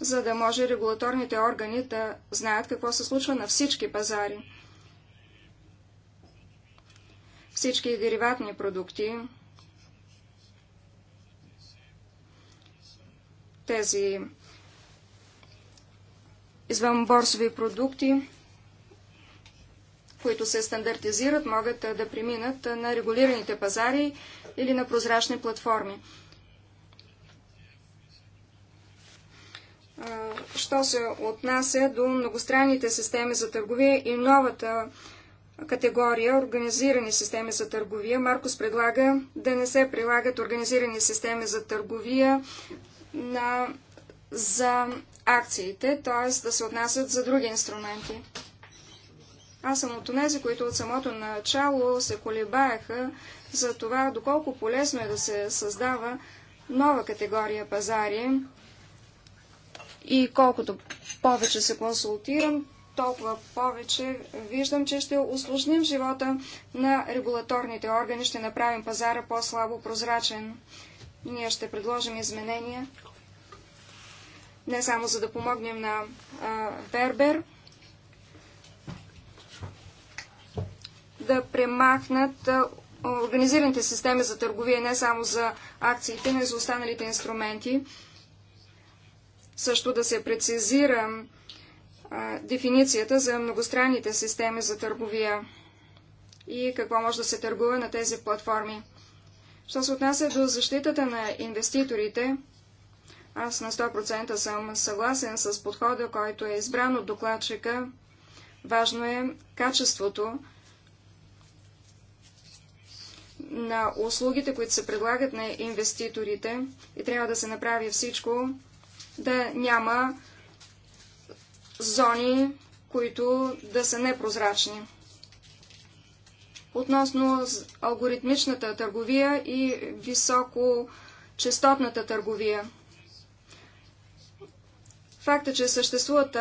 S1: за да може регулаторните органи да знаят какво се случва на всички пазари. Всички дериватни продукти, тези извънборсови продукти, които се стандартизират, могат да преминат на регулираните пазари или на прозрачни платформи. Що се отнася до многостранните системи за търговия и новата категория организирани системи за търговия, Маркос предлага да не се прилагат организирани системи за търговия на, за акциите, т.е. да се отнасят за други инструменти. Аз съм от тези, които от самото начало се колебаеха за това доколко полезно е да се създава нова категория пазари. И колкото повече се консултирам, толкова повече виждам, че ще усложним живота на регулаторните органи, ще направим пазара по-слабо прозрачен. Ние ще предложим изменения
S2: не само за да
S1: помогнем на а, Вербер, да премахнат организираните системи за търговия, не само за акциите, но и за останалите инструменти. Също да се прецизира дефиницията за многостранните системи за търговия и какво може да се търгува на тези платформи. Що се отнася до защитата на инвеститорите, аз на 100% съм съгласен с подхода, който е избран от докладчика. Важно е качеството на услугите, които се предлагат на инвеститорите и трябва да се направи всичко да няма зони, които да са непрозрачни. Относно алгоритмичната търговия и високочастотната търговия. Факта, че съществуват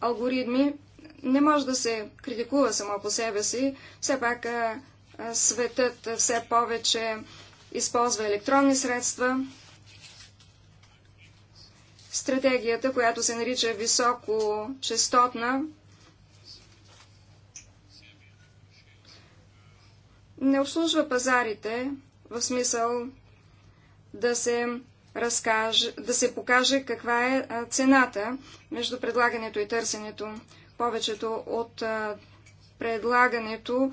S1: алгоритми, не може да се критикува само по себе си. Все пак светът все повече използва електронни средства. Стратегията, която се нарича високочастотна, не обслужва пазарите в смисъл да се разкаже, да се покаже каква е цената между предлагането и търсенето. Повечето от предлагането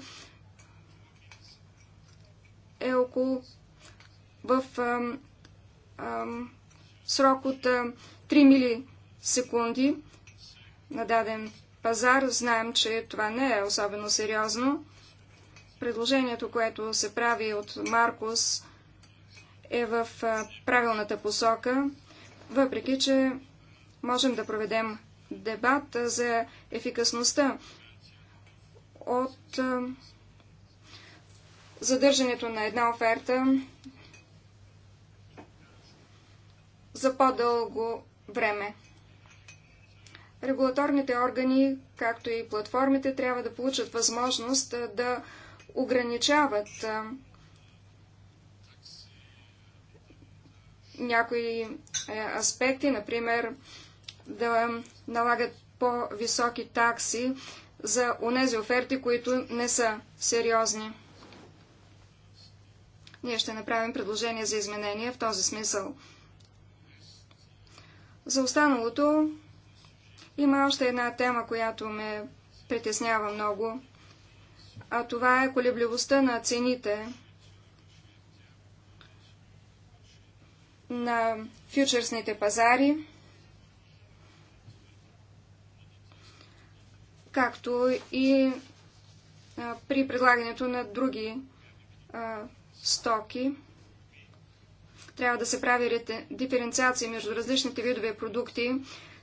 S1: е около в ам, ам, срок от ам, 3 милисекунди на даден пазар. Знаем, че това не е особено сериозно. Предложението, което се прави от Маркус, е в правилната посока, въпреки че можем да проведем дебат за ефикасността от задържането на една оферта за по-дълго време. Регулаторните органи, както и платформите, трябва да получат възможност да ограничават някои е, аспекти, например да налагат по-високи такси за онези оферти, които не са сериозни. Ние ще направим предложение за изменение в този смисъл. За останалото има още една тема, която ме притеснява много, а това е колебливостта на цените на фьючерсните пазари, както и при предлагането на други стоки. Трябва да се прави диференциация между различните видове продукти,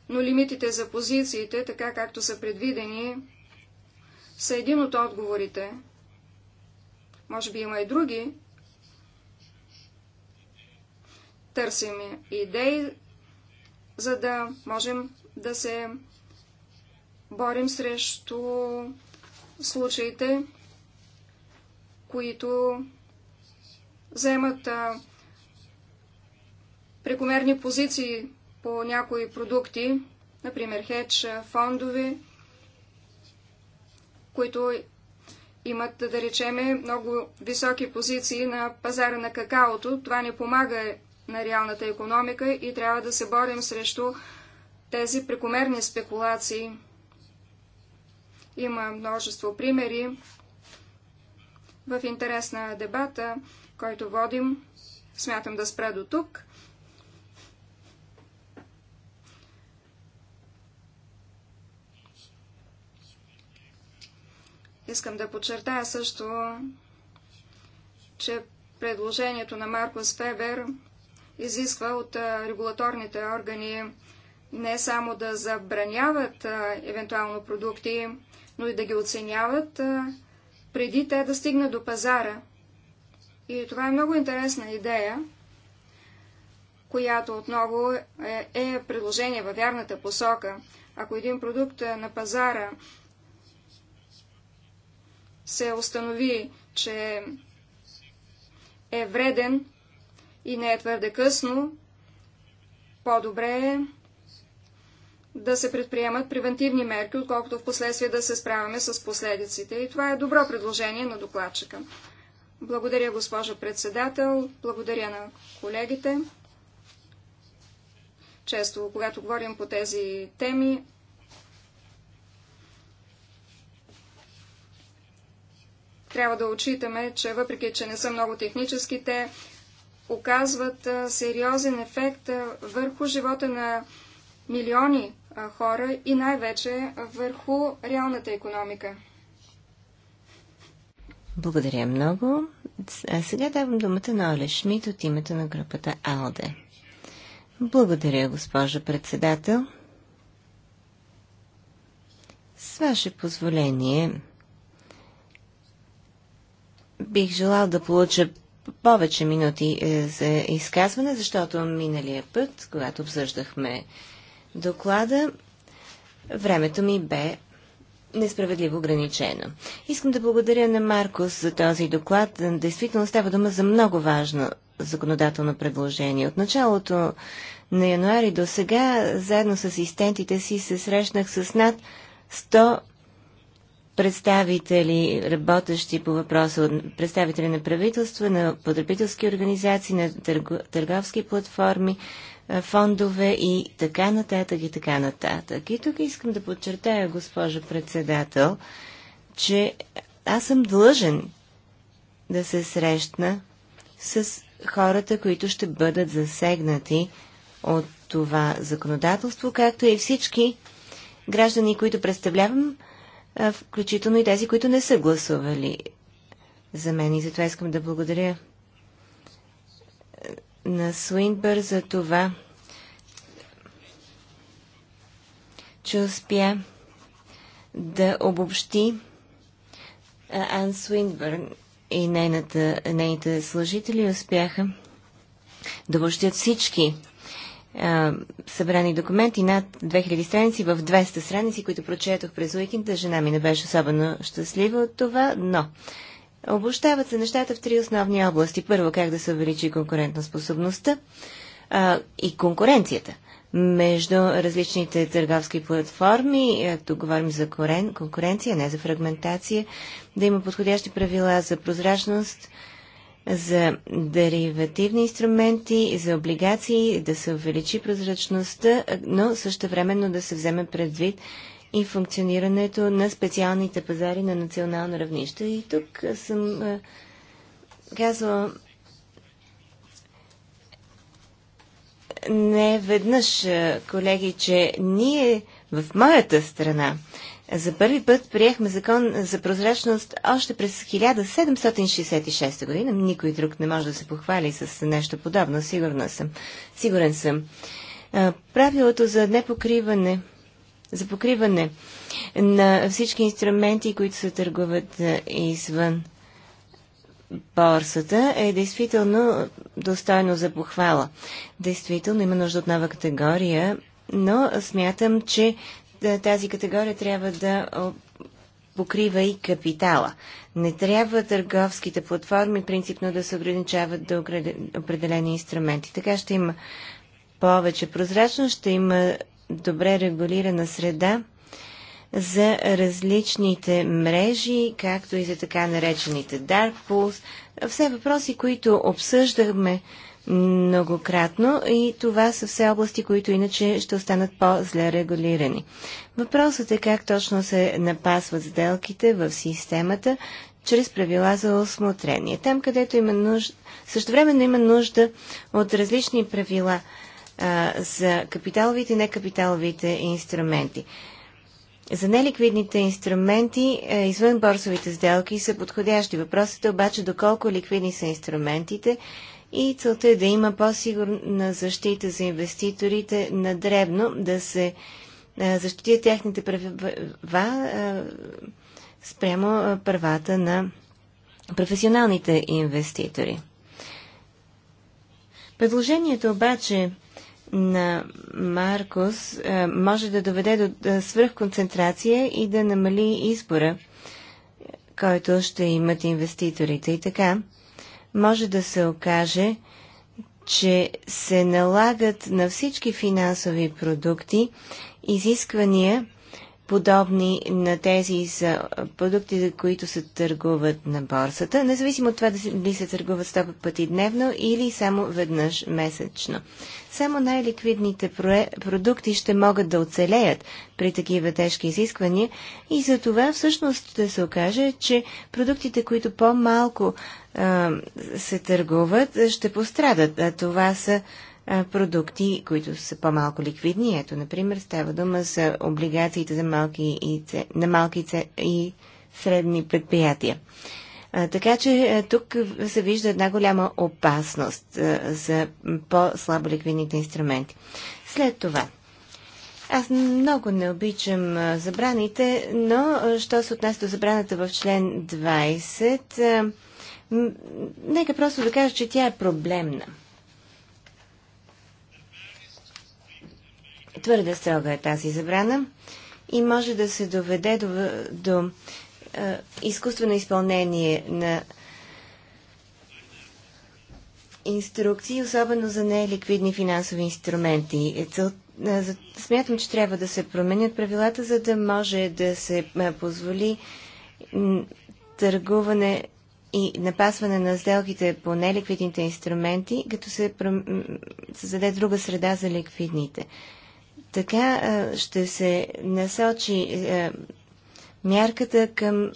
S1: но лимитите за позициите, така както са предвидени, са един от отговорите. Може би има и други. Търсим идеи, за да можем да се борим срещу случаите, които заемат а, прекомерни позиции по някои продукти, например хедж фондове, които имат, да речеме, много високи позиции на пазара на какаото. Това не помага на реалната економика и трябва да се борим срещу тези прекомерни спекулации. Има множество примери в интерес на дебата който водим. Смятам да спра до тук. Искам да подчертая също, че предложението на Маркус Фебер изисква от регулаторните органи не само да забраняват евентуално продукти, но и да ги оценяват преди те да стигнат до пазара. И това е много интересна идея, която отново е, е предложение във вярната посока. Ако един продукт е, на пазара се установи, че е вреден и не е твърде късно, по-добре е да се предприемат превентивни мерки, отколкото в последствие да се справяме с последиците. И това е добро предложение на докладчика. Благодаря, госпожа председател. Благодаря на колегите. Често, когато говорим по тези теми, трябва да отчитаме, че въпреки, че не са много технически, те оказват сериозен ефект върху живота на милиони хора и най-вече върху реалната економика.
S2: Благодаря много. А сега давам думата на Оле Шмидт от името на групата АЛДЕ. Благодаря, госпожа председател. С ваше позволение бих желал да получа повече минути е, за изказване, защото миналия път, когато обсъждахме доклада, времето ми бе несправедливо ограничено. Искам да благодаря на Маркос за този доклад. Действително става дума за много важно законодателно предложение. От началото на януари до сега, заедно с асистентите си, се срещнах с над 100 представители, работещи по въпроса, представители на правителства, на потребителски организации, на търговски платформи, е, фондове и така нататък и така нататък. И тук искам да подчертая, госпожо председател, че аз съм длъжен да се срещна с хората, които ще бъдат засегнати от това законодателство, както и всички граждани, които представлявам, е, включително и тези, които не са гласували за мен. И затова искам да благодаря на Суинбър за това, че успя да обобщи Ан Суинбърн и нейната, нейните служители успяха да обобщят всички а, събрани документи над 2000 страници в 200 страници, които прочетох през уикенда. Жена ми не беше особено щастлива от това, но Обощават се нещата в три основни области. Първо, как да се увеличи конкурентоспособността и конкуренцията между различните търговски платформи. Тук говорим за конкуренция, не за фрагментация. Да има подходящи правила за прозрачност, за деривативни инструменти, за облигации, да се увеличи прозрачността, но също времено да се вземе предвид и функционирането на специалните пазари на национално равнище. И тук съм е, казала не веднъж, колеги, че ние в моята страна за първи път приехме закон за прозрачност още през 1766 година. Никой друг не може да се похвали с нещо подобно, сигурна съм. Сигурен съм. Правилото за непокриване за покриване на всички инструменти, които се търгуват е, извън борсата, е действително достойно за похвала. Действително има нужда от нова категория, но смятам, че е, тази категория трябва да покрива и капитала. Не трябва търговските платформи принципно да се ограничават до определени инструменти. Така ще има повече прозрачност, ще има добре регулирана среда за различните мрежи, както и за така наречените Dark Pools. Все въпроси, които обсъждахме многократно и това са все области, които иначе ще останат по-зле регулирани. Въпросът е как точно се напасват сделките в системата чрез правила за осмотрение. Там, където има нужда, също времено има нужда от различни правила – за капиталовите и некапиталовите инструменти. За неликвидните инструменти е, извън борсовите сделки са подходящи. Въпросът е обаче доколко ликвидни са инструментите и целта е да има по-сигурна защита за инвеститорите на дребно, да се е, защитят техните права е, спрямо правата на професионалните инвеститори. Предложението обаче на Маркос е, може да доведе до свръхконцентрация и да намали избора, който ще имат инвеститорите. И така, може да се окаже, че се налагат на всички финансови продукти изисквания, подобни на тези са продукти, за които се търгуват на борсата, независимо от това дали се търгуват стопа пъти дневно или само веднъж месечно. Само най-ликвидните продукти ще могат да оцелеят при такива тежки изисквания и за това всъщност ще се окаже, че продуктите, които по-малко се търгуват, ще пострадат. А това са продукти, които са по-малко ликвидни. Ето, например, става дума за облигациите за малки и, на малки и средни предприятия. Така че тук се вижда една голяма опасност за по-слабо ликвидните инструменти. След това, аз много не обичам забраните, но що се отнася до забраната в член 20, нека просто да кажа, че тя е проблемна. твърде строга е тази забрана и може да се доведе до, до е, изкуствено изпълнение на инструкции, особено за неликвидни финансови инструменти. Е, е, смятам, че трябва да се променят правилата, за да може да се е, позволи търгуване и напасване на сделките по неликвидните инструменти, като се създаде друга среда за ликвидните. Така ще се насочи мярката към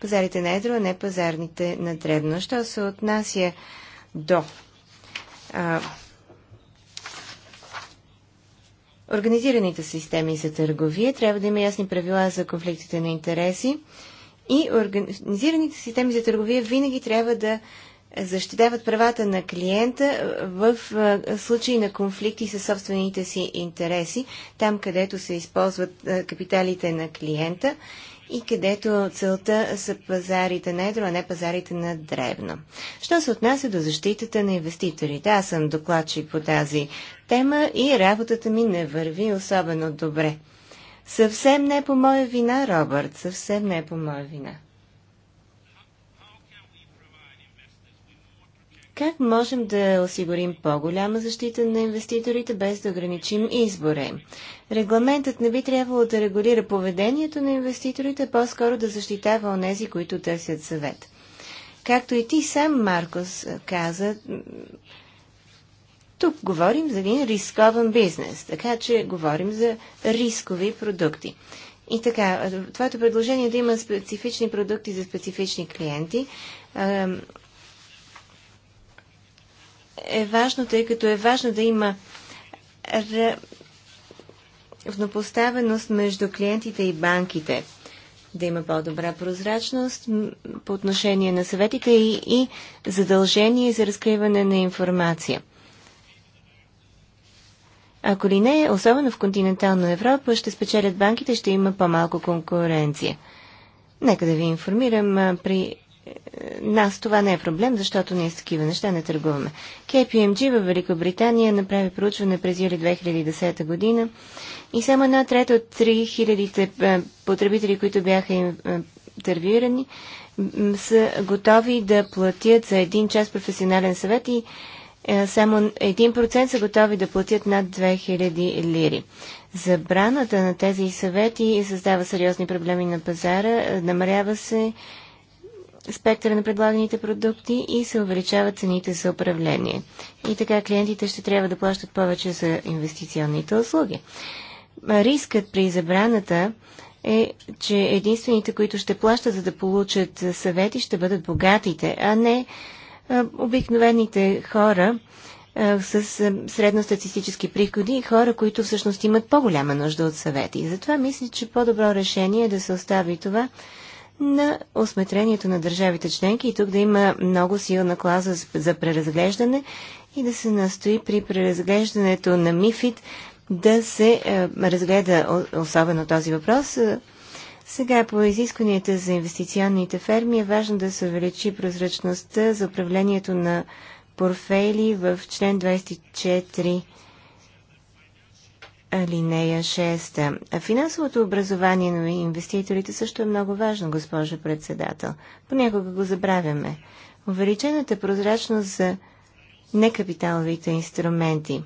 S2: пазарите на едро, а не пазарните на дребно. Що се отнася до организираните системи за търговия, трябва да има ясни правила за конфликтите на интереси и организираните системи за търговия винаги трябва да защитават правата на клиента в случаи на конфликти с собствените си интереси, там където се използват капиталите на клиента и където целта са пазарите на едро, а не пазарите на дребно. Що се отнася до защитата на инвеститорите? Аз съм докладчик по тази тема и работата ми не върви особено добре. Съвсем не по моя вина, Робърт, съвсем не е по моя вина. Как можем да осигурим по-голяма защита на инвеститорите без да ограничим избора Регламентът не би трябвало да регулира поведението на инвеститорите, по-скоро да защитава онези, които търсят съвет. Както и ти сам, Маркос, каза, тук говорим за един рискован бизнес, така че говорим за рискови продукти. И така, твоето предложение е да има специфични продукти за специфични клиенти е важно, тъй като е важно да има равнопоставеност между клиентите и банките, да има по-добра прозрачност по отношение на съветите и, и задължение за разкриване на информация. Ако ли не, особено в континентална Европа, ще спечелят банките, ще има по-малко конкуренция. Нека да ви информирам при нас това не е проблем, защото ние с такива неща не търгуваме. KPMG във Великобритания направи проучване през юли 2010 година и само една трета от 3000 е, потребители, които бяха е, интервюирани, са готови да платят за един час професионален съвет и е, само 1% са готови да платят над 2000 лири. Забраната на тези съвети създава сериозни проблеми на пазара, намарява се спектъра на предлаганите продукти и се увеличават цените за управление. И така клиентите ще трябва да плащат повече за инвестиционните услуги. Рискът при забраната е, че единствените, които ще плащат за да получат съвети, ще бъдат богатите, а не обикновените хора с средностатистически приходи и хора, които всъщност имат по-голяма нужда от съвети. Затова мисля, че по-добро решение е да се остави това на осметрението на държавите членки и тук да има много силна клаза за преразглеждане и да се настои при преразглеждането на МИФИД да се е, разгледа особено този въпрос. Е, сега по изискванията за инвестиционните ферми е важно да се увеличи прозрачността за управлението на портфейли в член 24 Алинея 6. Финансовото образование на инвеститорите също е много важно, госпожа председател. Понякога го забравяме. Увеличената прозрачност за некапиталовите инструменти.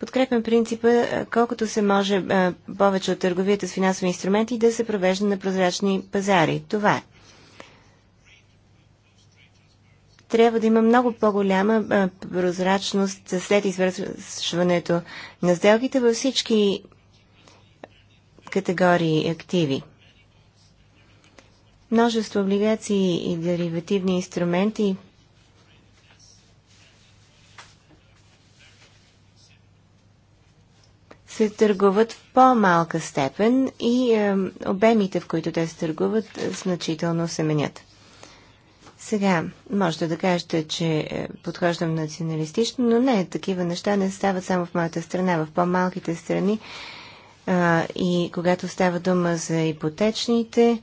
S2: Подкрепям принципа, колкото се може повече от търговията с финансови инструменти да се провежда на прозрачни пазари. Това е. трябва да има много по-голяма прозрачност след извършването на сделките във всички категории активи. Множество облигации и деривативни инструменти се търгуват в по-малка степен и обемите, в които те се търгуват, значително се менят. Сега, можете да кажете, че е, подхождам националистично, но не, такива неща не стават само в моята страна. В по-малките страни а, и когато става дума за ипотечните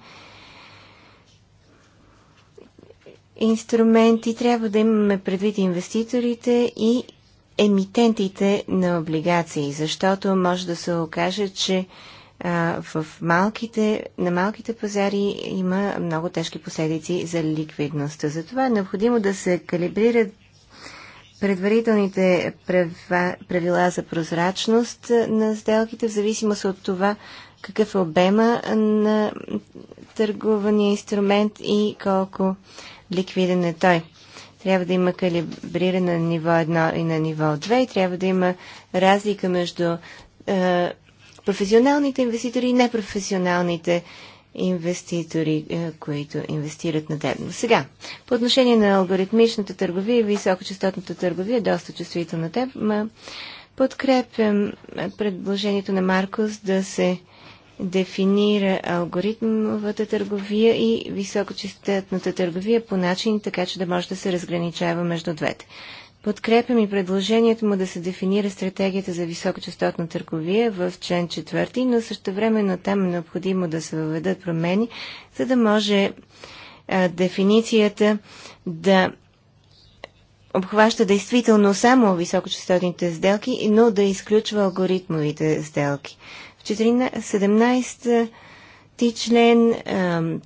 S2: инструменти, трябва да имаме предвид инвеститорите и емитентите на облигации, защото може да се окаже, че в малките, на малките пазари има много тежки последици за ликвидността. Затова е необходимо да се калибрират предварителните правила за прозрачност на сделките в зависимост от това какъв е обема на търгувания инструмент и колко ликвиден е той. Трябва да има калибриране на ниво 1 и на ниво 2 и трябва да има разлика между е, професионалните инвеститори и непрофесионалните инвеститори, е, които инвестират на дебно. Сега, по отношение на алгоритмичната търговия и високочастотната търговия, доста чувствителна тема, подкрепям е, предложението на Маркос да се дефинира алгоритмовата търговия и високочастотната търговия по начин, така че да може да се разграничава между двете. Подкрепям и предложението му да се дефинира стратегията за високочастотна търговия в член 4, но също времено там е необходимо да се въведат промени, за да може а, дефиницията да обхваща действително само високочастотните сделки, но да изключва алгоритмовите сделки. В 14, 17 ти член,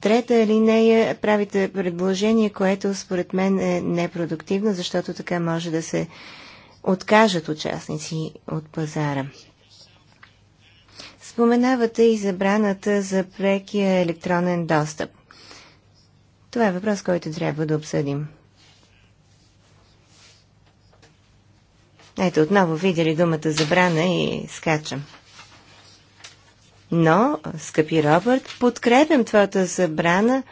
S2: трета линея, правите предложение, което според мен е непродуктивно, защото така може да се откажат участници от пазара. Споменавате и забраната за прекия електронен достъп. Това е въпрос, който трябва да обсъдим. Ето, отново видя ли думата забрана и скачам. Но, скъпи Робърт, подкрепям твоята забрана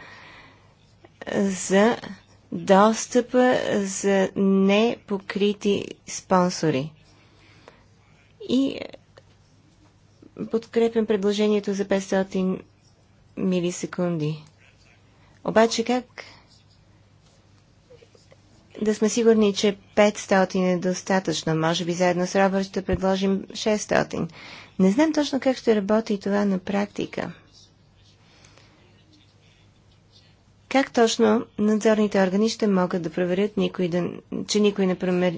S2: за достъпа за непокрити спонсори. И подкрепям предложението за 500 милисекунди. Обаче как да сме сигурни, че 500 е достатъчно? Може би заедно с Робърт ще предложим 600. Не знам точно как ще работи това на практика. Как точно надзорните органи ще могат да проверят, никой да, че никой, например,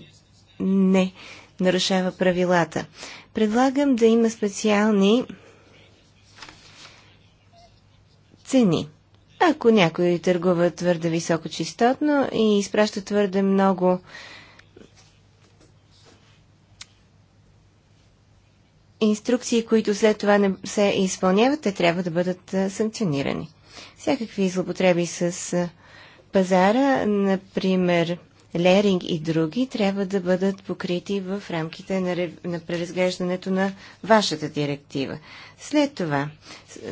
S2: не нарушава правилата? Предлагам да има специални цени. Ако някой търгува твърде високочистотно и изпраща твърде много инструкции, които след това не се изпълняват, те трябва да бъдат санкционирани. Всякакви злопотреби с пазара, например Леринг и други, трябва да бъдат покрити в рамките на, на преразглеждането на вашата директива. След това,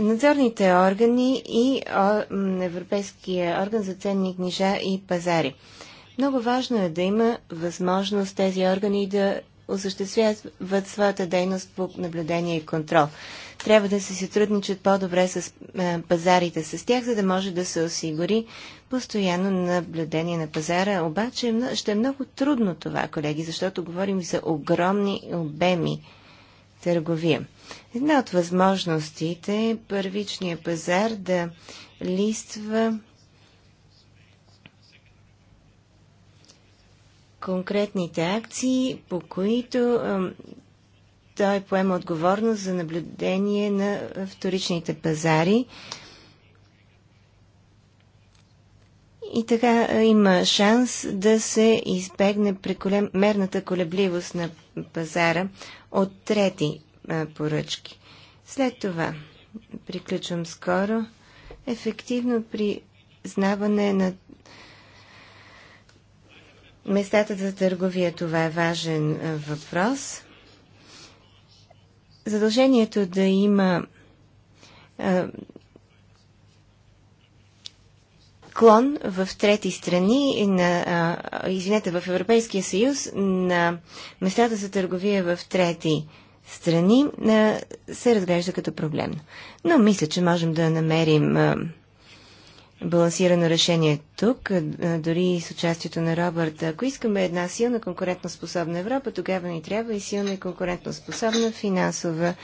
S2: надзорните органи и о... Европейския орган за ценни книжа и пазари. Много важно е да има възможност тези органи да осъществяват своята дейност по наблюдение и контрол. Трябва да се сътрудничат по-добре с пазарите с тях, за да може да се осигури постоянно наблюдение на пазара. Обаче е ще е много трудно това, колеги, защото говорим за огромни обеми търговия. Една от възможностите е първичния пазар да листва конкретните акции, по които той поема отговорност за наблюдение на вторичните пазари. И така има шанс да се избегне прекомерната колебливост на пазара от трети поръчки. След това, приключвам скоро, ефективно признаване на местата за търговия, това е важен е, въпрос. Задължението да има е, клон в трети страни, на, е, извинете, в Европейския съюз, на местата за търговия в трети страни се разглежда като проблемно. Но мисля, че можем да намерим балансирано решение тук, дори с участието на Робърт. Ако искаме една силна способна Европа, тогава ни трябва и силна и способна финансова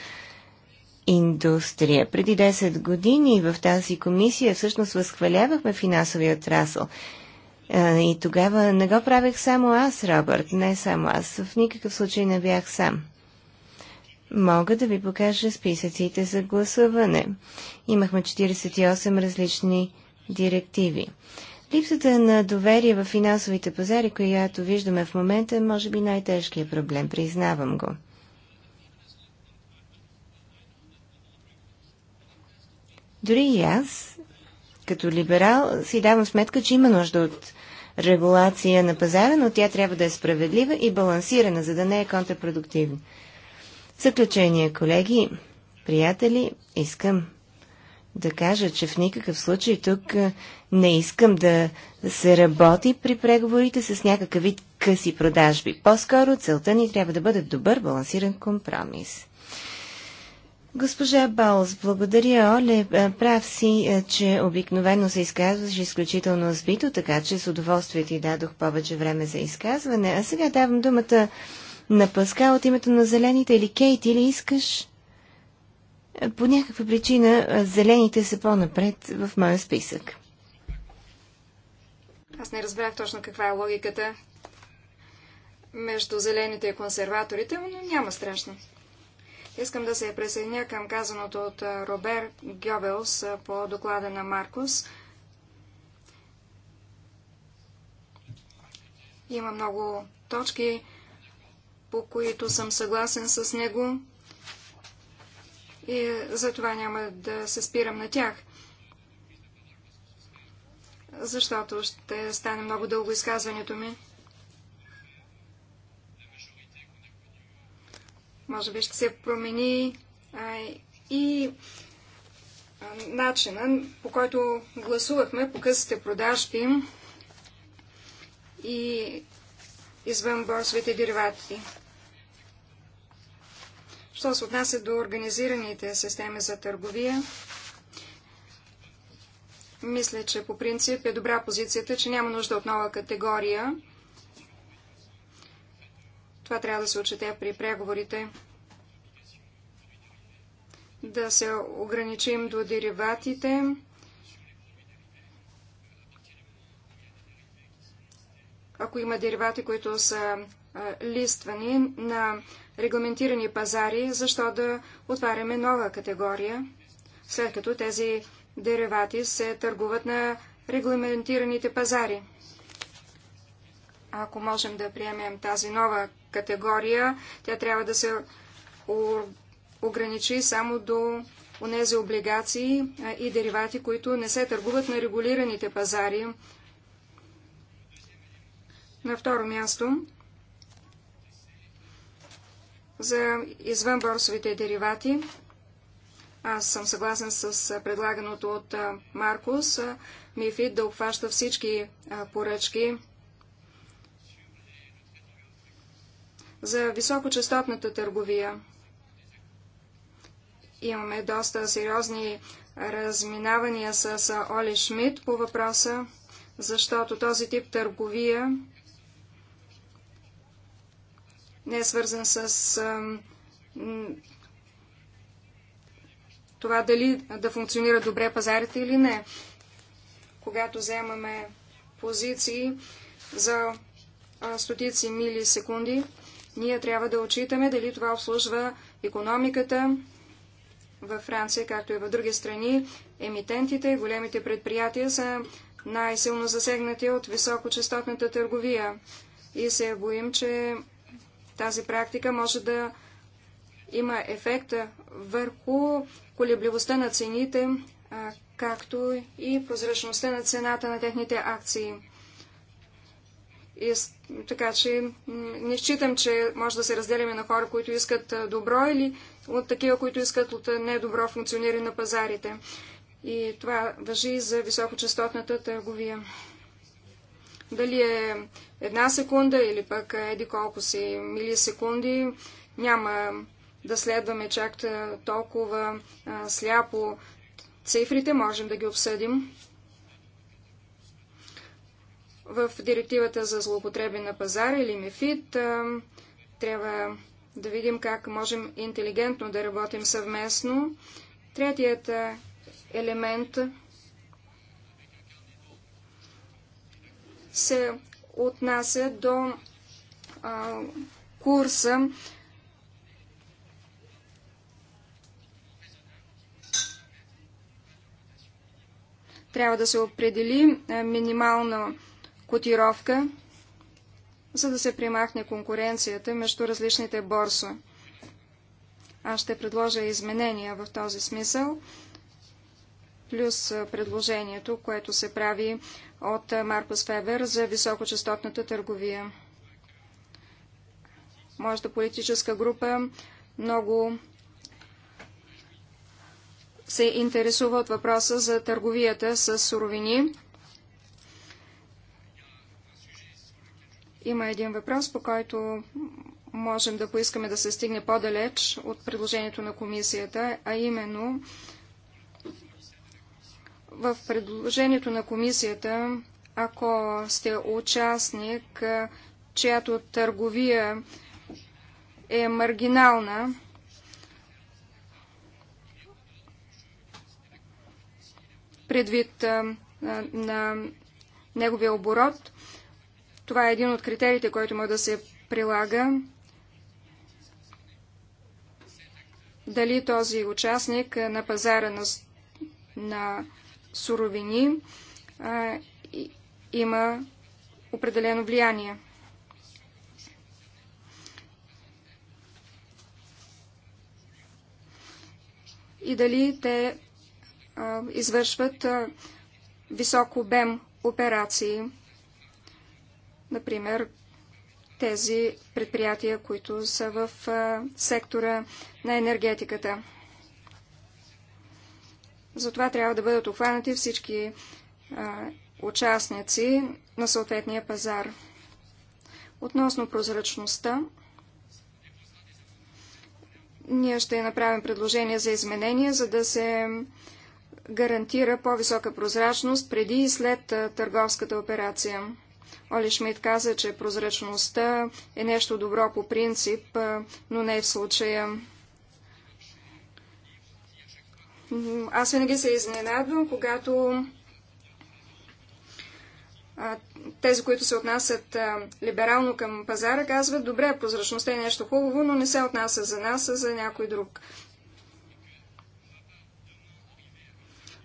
S2: индустрия. Преди 10 години в тази комисия всъщност възхвалявахме финансовия отрасъл. И тогава не го правех само аз, Робърт, не само аз. В никакъв случай не бях сам. Мога да ви покажа списъците за гласуване. Имахме 48 различни директиви. Липсата на доверие в финансовите пазари, която виждаме в момента, е може би най-тежкият проблем, признавам го. Дори и аз, като либерал, си давам сметка, че има нужда от регулация на пазара, но тя трябва да е справедлива и балансирана, за да не е контрпродуктивна. Заключение, колеги, приятели, искам да кажа, че в никакъв случай тук не искам да се работи при преговорите с някакъв вид къси продажби. По-скоро целта ни трябва да бъде добър балансиран компромис. Госпожа Баус, благодаря. Оле, прав си, че обикновено се изказваш изключително сбито, така че с удоволствие ти дадох повече време за изказване. А сега давам думата на Паскал от името на Зелените или Кейт, или искаш? По някаква причина зелените са по-напред в моя списък.
S1: Аз не разбрах точно каква е логиката между зелените и консерваторите, но няма страшно. Искам да се присъединя към казаното от Робер Гьобелс по доклада на Маркус. Има много точки, по които съм съгласен с него и за това няма да се спирам на тях, защото ще стане много дълго изказването ми. Може би ще се промени а, и а, начина, по който гласувахме по късите продажби и извън борсовите деривати. Що се отнася до организираните системи за търговия, мисля, че по принцип е добра позицията, че няма нужда от нова категория. Това трябва да се отчете при преговорите. Да се ограничим до дериватите. Ако има деривати, които са листвани на регламентирани пазари, защо да отваряме нова категория, след като тези деривати се търгуват на регламентираните пазари. Ако можем да приемем тази нова категория, тя трябва да се ограничи само до онези облигации и деривати, които не се търгуват на регулираните пазари. На второ място, за извънборсовите деривати. Аз съм съгласен с предлаганото от Маркус Мифид да обхваща всички поръчки за високочастотната търговия. Имаме доста сериозни разминавания с Оли Шмидт по въпроса, защото този тип търговия не е свързан с това дали да функционира добре пазарите или не. Когато вземаме позиции за стотици мили секунди, ние трябва да отчитаме дали това обслужва економиката във Франция, както и в други страни. Емитентите и големите предприятия са най-силно засегнати от високочастотната търговия и се боим, че тази практика може да има ефекта върху колебливостта на цените, както и прозрачността на цената на техните акции. И, така че не считам, че може да се разделяме на хора, които искат добро или от такива, които искат от недобро функциониране на пазарите. И това въжи и за високочастотната търговия. Дали е една секунда или пък еди колко си милисекунди, няма да следваме чак е, толкова а, е, сляпо цифрите, можем да ги обсъдим. В директивата за злоупотреби на пазара или МЕФИТ е, трябва да видим как можем интелигентно да работим съвместно. Третият елемент се отнася до а, курса трябва да се определи минимална котировка, за да се примахне конкуренцията между различните борсо. Аз ще предложа изменения в този смисъл, плюс предложението, което се прави от Маркус Фебер за високочастотната търговия. Моята политическа група много се интересува от въпроса за търговията с суровини. Има един въпрос, по който можем да поискаме да се стигне по-далеч от предложението на комисията, а именно в предложението на комисията, ако сте участник, чиято търговия е маргинална, предвид а, на неговия оборот. Това е един от критериите, който може да се прилага. Дали този участник на пазара на, на суровини а, и, има определено влияние. И дали те а, извършват а, висок обем операции, например, тези предприятия, които са в а, сектора на енергетиката. Затова трябва да бъдат обхванати всички а, участници на съответния пазар. Относно прозрачността, ние ще направим предложение за изменение, за да се гарантира по-висока прозрачност преди и след търговската операция. Оли Шмидт каза, че прозрачността е нещо добро по принцип, но не е в случая. Аз винаги се изненадвам, когато тези, които се отнасят либерално към пазара, казват, добре, прозрачността е нещо хубаво, но не се отнася за нас, а за някой друг.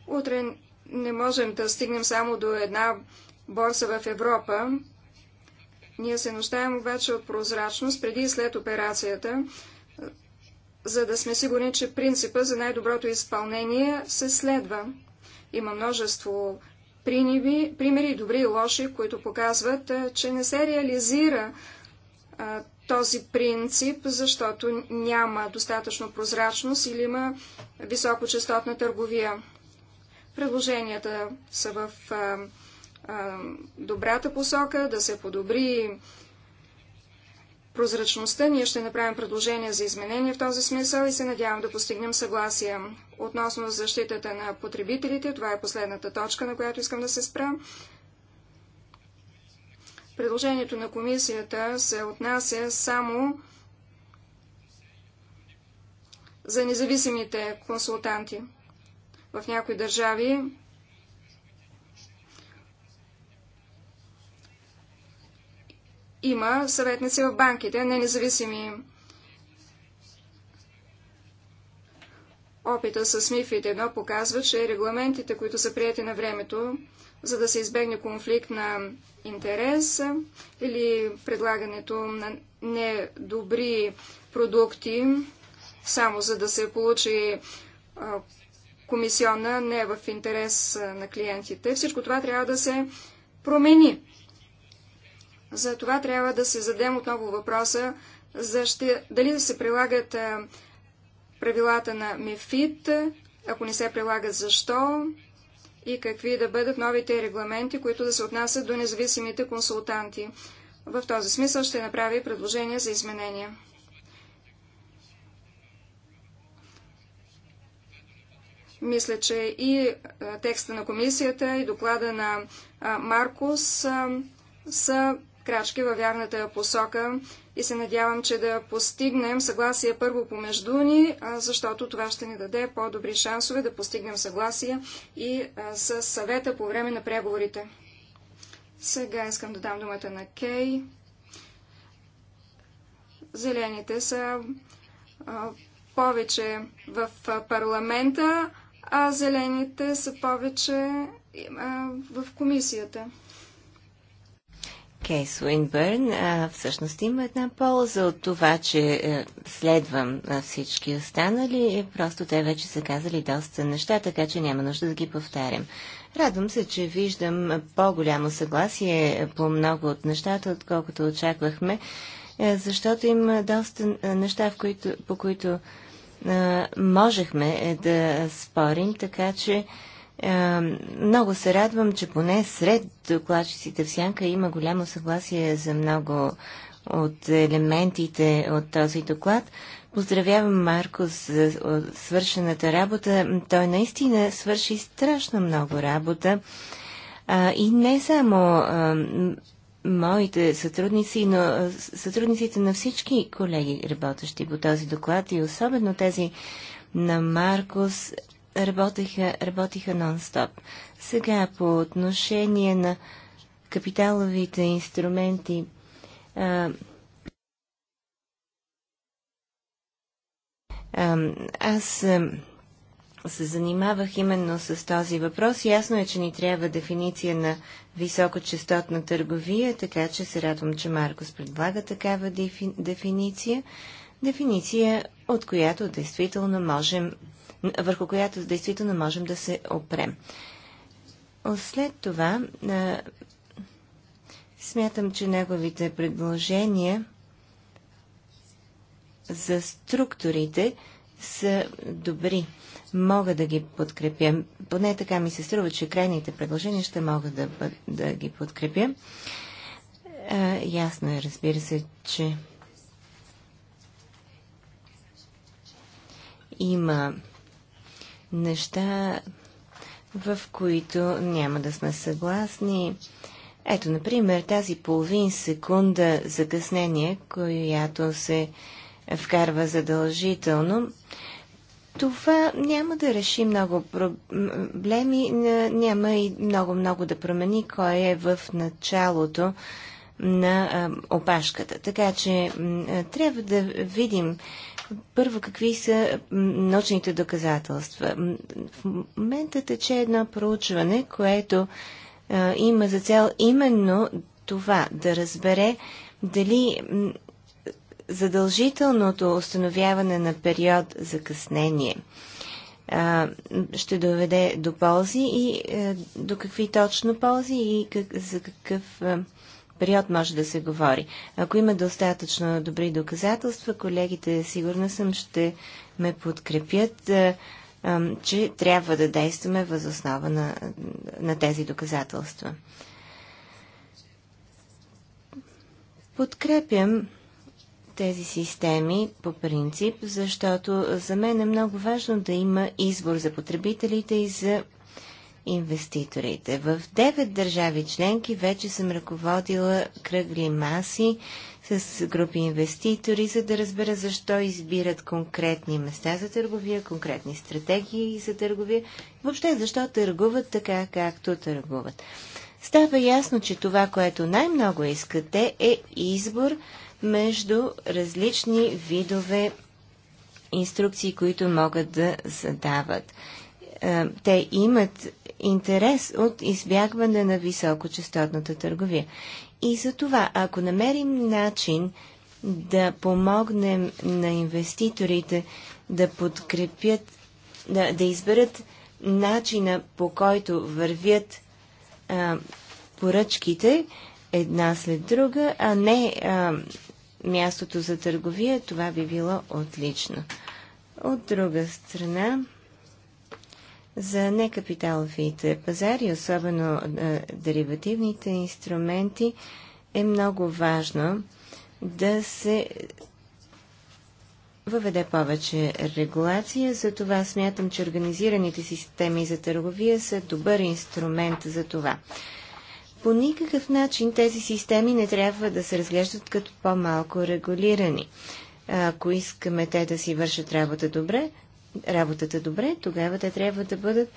S1: Утре не можем да стигнем само до една борса в Европа. Ние се нуждаем обаче от прозрачност преди и след операцията, за да сме сигурни, че принципа за най-доброто изпълнение се следва. Има множество приниби, примери, добри и лоши, които показват, че не се реализира а, този принцип, защото няма достатъчно прозрачност или има високочастотна търговия. Предложенията са в а, а, добрата посока, да се подобри прозрачността, ние ще направим предложение за изменение в този смисъл и се надявам да постигнем съгласие. Относно защитата на потребителите, това е последната точка, на която искам да се спра. Предложението на комисията се отнася само за независимите консултанти. В някои държави има съветници в банките, не независими. Опита с МИФИД 1 показва, че регламентите, които са прияти на времето, за да се избегне конфликт на интерес или предлагането на недобри продукти, само за да се получи комисиона, не в интерес на клиентите. Всичко това трябва да се промени. За това трябва да се зададем отново въпроса, за ще, дали да се прилагат а, правилата на МЕФИТ, ако не се прилагат защо и какви да бъдат новите регламенти, които да се отнасят до независимите консултанти. В този смисъл ще направи предложение за изменения. Мисля, че и текста на комисията, и доклада на Маркус са крачки във вярната посока и се надявам, че да постигнем съгласие първо помежду ни, защото това ще ни даде по-добри шансове да постигнем съгласие и с съвета по време на преговорите. Сега искам да дам думата на Кей. Зелените са повече в парламента, а зелените са повече в комисията.
S2: Кейс Уинбърн, а, всъщност има една полза от това, че е, следвам всички останали. Е, просто те вече са казали доста неща, така че няма нужда да ги повтарям. Радвам се, че виждам по-голямо съгласие е, по много от нещата, отколкото очаквахме, защото има доста неща, в които, по които можехме да спорим, така че е, много се радвам, че поне сред докладчиците в Сянка има голямо съгласие за много от елементите от този доклад. Поздравявам Марко за свършената работа. Той наистина свърши страшно много работа. и не само моите сътрудници, но сътрудниците на всички колеги, работещи по този доклад и особено тези на Маркос работеха, работиха нон-стоп. Сега по отношение на капиталовите инструменти, а, а, аз а, се занимавах именно с този въпрос. Ясно е, че ни трябва дефиниция на високочастотна търговия, така че се радвам, че Маркос предлага такава дефи, дефиниция. Дефиниция, от която действително можем върху която действително можем да се опрем. След това смятам, че неговите предложения за структурите са добри. Мога да ги подкрепя. Поне така ми се струва, че крайните предложения ще мога да, да ги подкрепя. А, ясно е, разбира се, че има неща, в които няма да сме съгласни. Ето, например, тази половин секунда закъснение, която се вкарва задължително, това няма да реши много проблеми, няма и много-много да промени кой е в началото на опашката. Така че трябва да видим първо какви са научните доказателства. В момента тече едно проучване, което има за цел именно това да разбере дали задължителното установяване на период закъснение ще доведе до ползи и е, до какви точно ползи и за какъв период може да се говори. Ако има достатъчно добри доказателства, колегите, сигурна съм, ще ме подкрепят, е, че трябва да действаме възоснова на, на тези доказателства. Подкрепям тези системи по принцип, защото за мен е много важно да има избор за потребителите и за инвеститорите. В девет държави членки вече съм ръководила кръгли маси с групи инвеститори, за да разбера защо избират конкретни места за търговия, конкретни стратегии за търговия, въобще защо търгуват така, както търгуват. Става ясно, че това, което най-много искате, е избор между различни видове инструкции, които могат да задават е, те имат интерес от избягване на високочастотната търговия. И за това, ако намерим начин да помогнем на инвеститорите да подкрепят, да, да изберат начина по който вървят а, поръчките една след друга, а не а, мястото за търговия, това би било отлично. От друга страна, за некапиталовите пазари, особено деривативните инструменти, е много важно да се въведе повече регулация. За това смятам, че организираните системи за търговия са добър инструмент за това. По никакъв начин тези системи не трябва да се разглеждат като по-малко регулирани. Ако искаме те да си вършат работа добре, работата добре, тогава те трябва да бъдат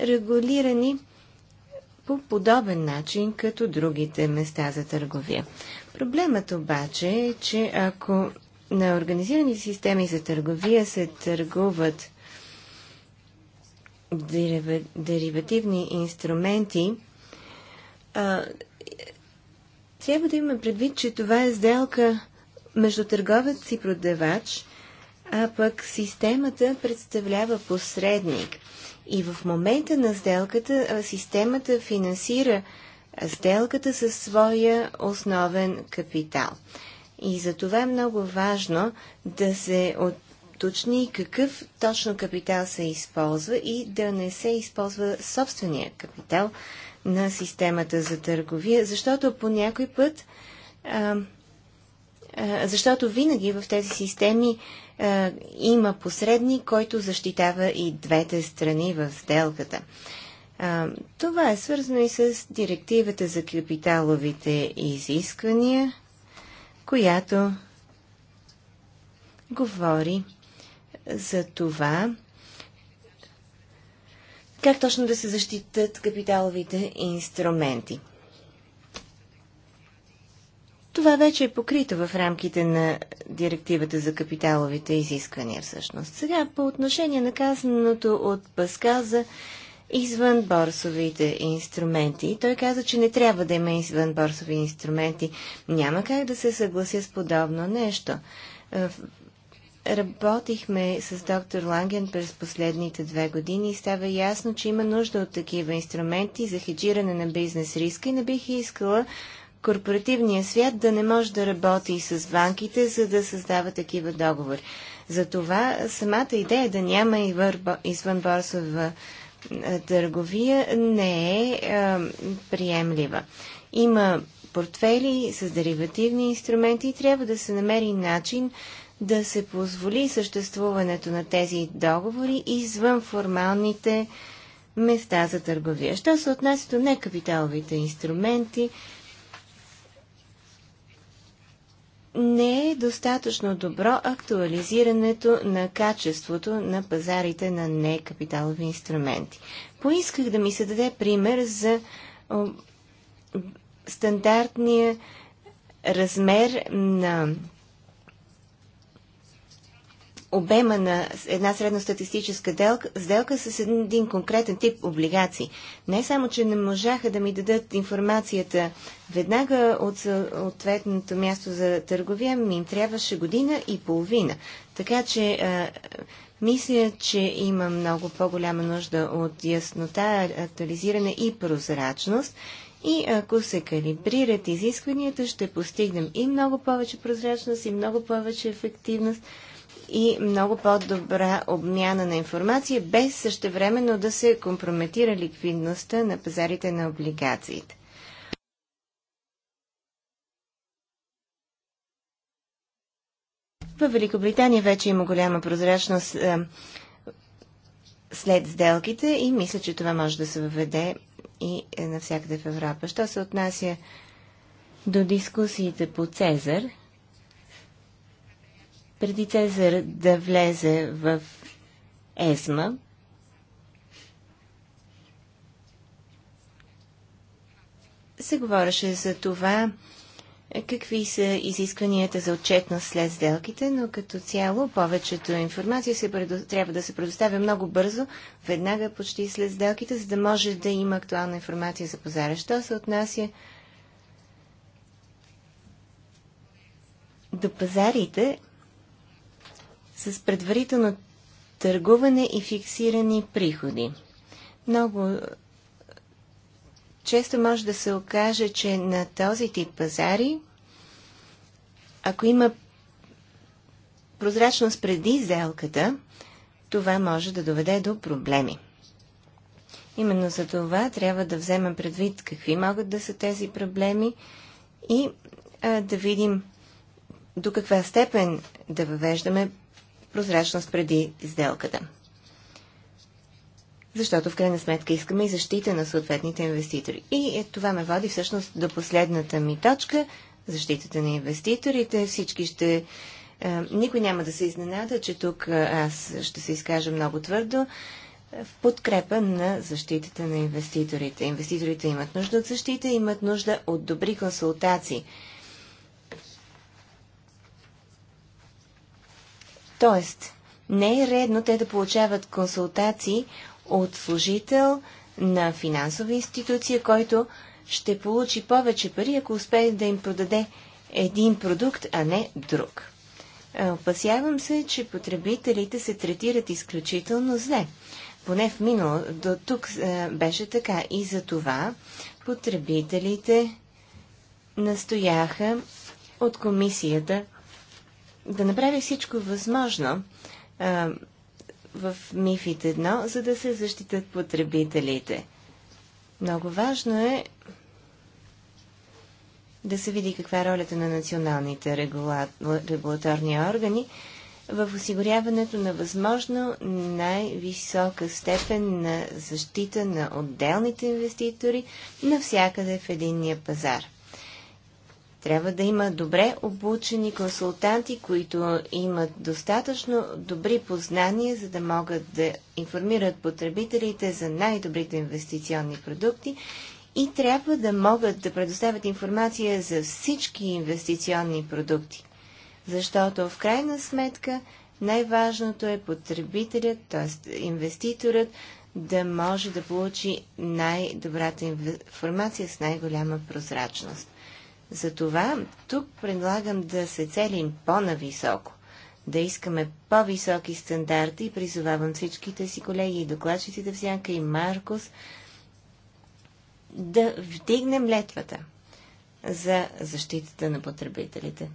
S2: регулирани по подобен начин, като другите места за търговия. Проблемът обаче е, че ако на организирани системи за търговия се търгуват деривативни инструменти, трябва да имаме предвид, че това е сделка между търговец и продавач а пък системата представлява посредник. И в момента на сделката системата финансира сделката със своя основен капитал. И за това е много важно да се уточни какъв точно капитал се използва и да не се използва собствения капитал на системата за търговия, защото по някой път, а, а, защото винаги в тези системи е, има посредник, който защитава и двете страни в сделката. Е, това е свързано и с директивата за капиталовите изисквания, която говори за това, как точно да се защитат капиталовите инструменти. Това вече е покрито в рамките на директивата за капиталовите изисквания всъщност. Сега по отношение на казаното от Паскал за извън борсовите инструменти. Той каза, че не трябва да има извън борсови инструменти. Няма как да се съглася с подобно нещо. Е, работихме с доктор Ланген през последните две години и става ясно, че има нужда от такива инструменти за хеджиране на бизнес риска и не бих искала корпоративния свят да не може да работи с банките, за да създава такива договори. Затова самата идея да няма и извънборсова търговия не е, е приемлива. Има портфели с деривативни инструменти и трябва да се намери начин да се позволи съществуването на тези договори извън формалните места за търговия. Що се отнася до некапиталовите инструменти, не е достатъчно добро актуализирането на качеството на пазарите на некапиталови инструменти. Поисках да ми се даде пример за стандартния размер на обема на една средностатистическа делка, сделка с един конкретен тип облигации. Не само, че не можаха да ми дадат информацията веднага от ответното място за търговия, ми им трябваше година и половина. Така че а, мисля, че има много по-голяма нужда от яснота, актуализиране и прозрачност. И ако се калибрират изискванията, ще постигнем и много повече прозрачност, и много повече ефективност и много по-добра обмяна на информация, без същевременно да се компрометира ликвидността на пазарите на облигациите. В Великобритания вече има голяма прозрачност а, е, след сделките и мисля, че това може да се въведе и е, навсякъде в Европа. Що се отнася до дискусиите по Цезар – преди Цезар да влезе в ЕСМА, се говореше за това, какви са изискванията за отчетност след сделките, но като цяло повечето информация се предо... трябва да се предоставя много бързо, веднага почти след сделките, за да може да има актуална информация за пазара. Що се отнася до пазарите, с предварително търгуване и фиксирани приходи. Много често може да се окаже, че на този тип пазари, ако има прозрачност преди сделката, това може да доведе до проблеми. Именно за това трябва да вземем предвид какви могат да са тези проблеми и а, да видим до каква степен да въвеждаме прозрачност преди сделката. Защото в крайна сметка искаме и защита на съответните инвеститори. И е, това ме води всъщност до последната ми точка защитата на инвеститорите. Всички ще. Е, никой няма да се изненада, че тук е, аз ще се изкажа много твърдо е, в подкрепа на защитата на инвеститорите. Инвеститорите имат нужда от защита, имат нужда от добри консултации. Тоест, не е редно те да получават консултации от служител на финансова институция, който ще получи повече пари, ако успее да им продаде един продукт, а не друг. Опасявам се, че потребителите се третират изключително зле. Поне в минало, до тук беше така. И за това потребителите настояха от комисията да направи всичко възможно а, в мифите едно, за да се защитат потребителите. Много важно е да се види каква е ролята на националните регула... регулаторни органи в осигуряването на възможно най-висока степен на защита на отделните инвеститори навсякъде в единния пазар. Трябва да има добре обучени консултанти, които имат достатъчно добри познания, за да могат да информират потребителите за най-добрите инвестиционни продукти и трябва да могат да предоставят информация за всички инвестиционни продукти. Защото в крайна сметка най-важното е потребителят, т.е. инвеститорът, да може да получи най-добрата информация с най-голяма прозрачност. Затова тук предлагам да се целим по-нависоко, да искаме по-високи стандарти и призовавам всичките си колеги и докладчиците в и Маркос да вдигнем летвата за защитата на потребителите.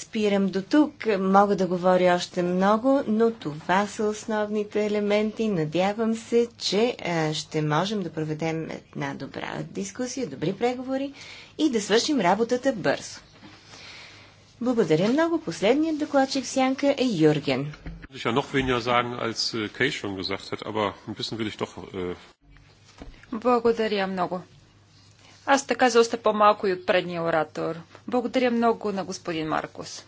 S2: Спирам до тук. Мога да говоря още много, но това са основните елементи. Надявам се, че ще можем да проведем една добра дискусия, добри преговори и да свършим работата бързо. Благодаря много. Последният докладчик в сянка е Юрген.
S3: Äh, äh, Благодаря много. Аз така за още по-малко и от предния оратор. Благодаря много на господин Маркос.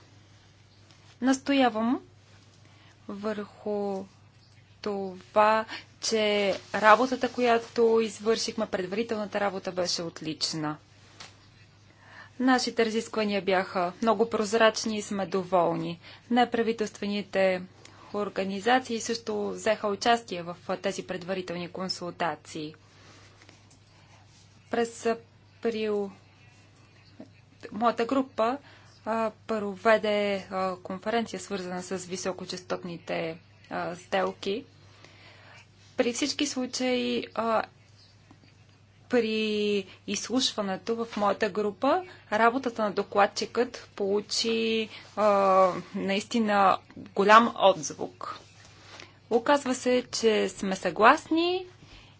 S3: Настоявам върху това, че работата, която извършихме, предварителната работа беше отлична. Нашите разисквания бяха много прозрачни и сме доволни. Неправителствените организации също взеха участие в тези предварителни консултации – през април моята група проведе конференция, свързана с високочастотните сделки. При всички случаи, при изслушването в моята група, работата на докладчикът получи наистина голям отзвук. Оказва се, че сме съгласни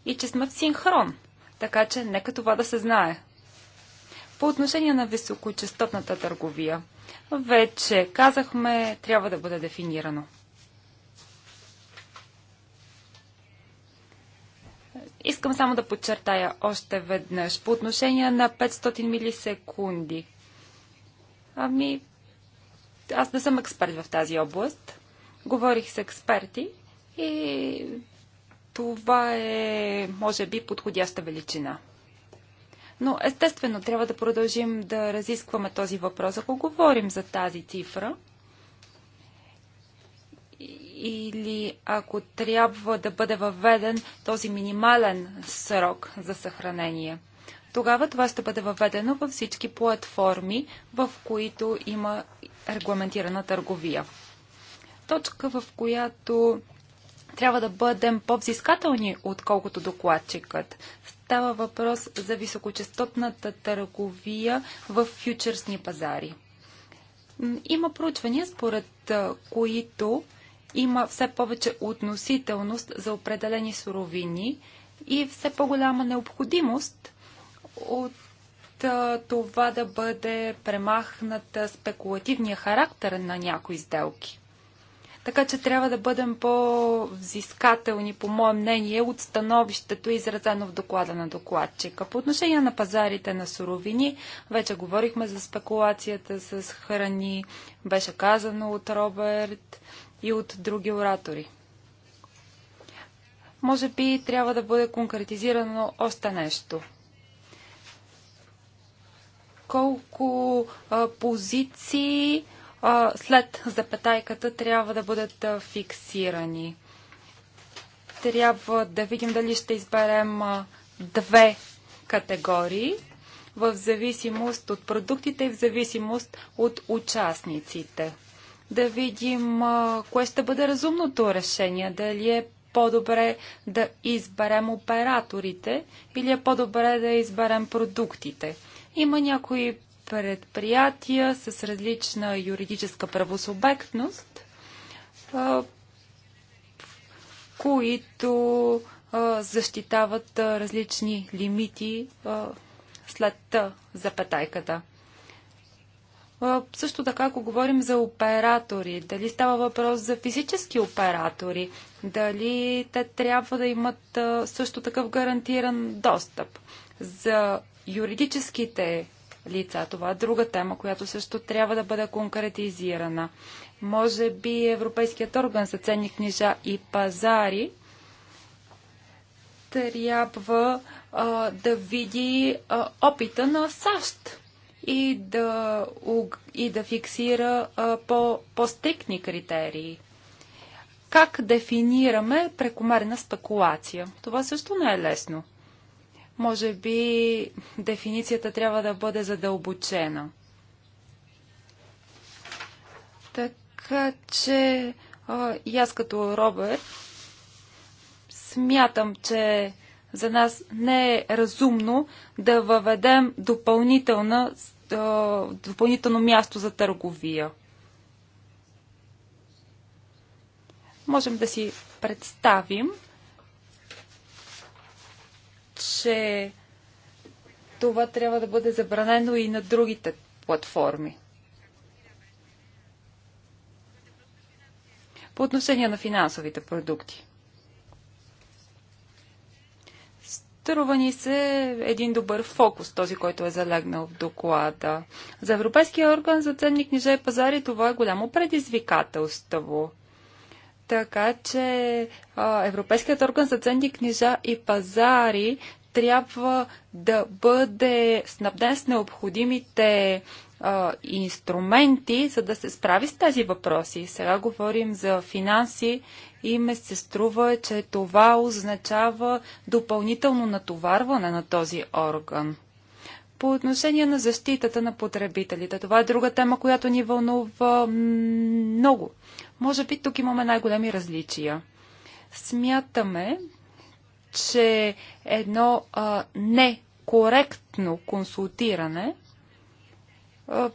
S3: и че сме в синхрон – така че нека това да се знае. По отношение на високочастотната търговия, вече казахме, трябва да бъде дефинирано. Искам само да подчертая още веднъж по отношение на 500 милисекунди. Ами, аз не съм експерт в тази област. Говорих с експерти и това е, може би, подходяща величина. Но естествено, трябва да продължим да разискваме този въпрос. Ако говорим за тази цифра, или ако трябва да бъде въведен този минимален срок за съхранение, тогава това ще бъде въведено във всички платформи, в които има регламентирана търговия. Точка, в която трябва да бъдем по-взискателни, отколкото докладчикът. Става въпрос за високочастотната търговия в фьючерсни пазари. Има проучвания, според които има все повече относителност за определени суровини и все по-голяма необходимост от това да бъде премахнат спекулативния характер на някои сделки. Така че трябва да бъдем по-взискателни, по мое мнение, от становището, изразено в доклада на докладчика. По отношение на пазарите на суровини, вече говорихме за спекулацията с храни, беше казано от Роберт и от други оратори. Може би трябва да бъде конкретизирано още нещо колко а, позиции след запетайката трябва да бъдат фиксирани. Трябва да видим дали ще изберем две категории в зависимост от продуктите и в зависимост от участниците. Да видим кое ще бъде разумното решение, дали е по-добре да изберем операторите или е по-добре да изберем продуктите. Има някои предприятия с различна юридическа правосубектност, които защитават различни лимити след запетайката. Също така, ако говорим за оператори, дали става въпрос за физически оператори, дали те трябва да имат също такъв гарантиран достъп. За юридическите лица. Това е друга тема, която също трябва да бъде конкретизирана. Може би Европейският орган за ценни книжа и пазари трябва а, да види а, опита на САЩ и да, и да фиксира а, по, по-стикни критерии. Как дефинираме прекомерна спекулация? Това също не е лесно. Може би дефиницията трябва да бъде задълбочена.
S1: Така че
S3: и аз като Робърт смятам, че за нас не е разумно да въведем допълнителна, допълнително място за търговия. Можем да си представим, че това трябва да бъде забранено и на другите платформи. По отношение на финансовите продукти. Струва ни се един добър фокус, този, който е залегнал в доклада. За Европейския орган за ценни книжа и пазари това е голямо предизвикателство. Така че Европейският орган за ценни книжа и пазари трябва да бъде снабден с необходимите а, инструменти, за да се справи с тези въпроси. Сега говорим за финанси и ме се струва, че това означава допълнително натоварване на този орган. По отношение на защитата на потребителите, това е друга тема, която ни вълнува много. Може би тук имаме най-големи различия. Смятаме, че едно а, некоректно консултиране а,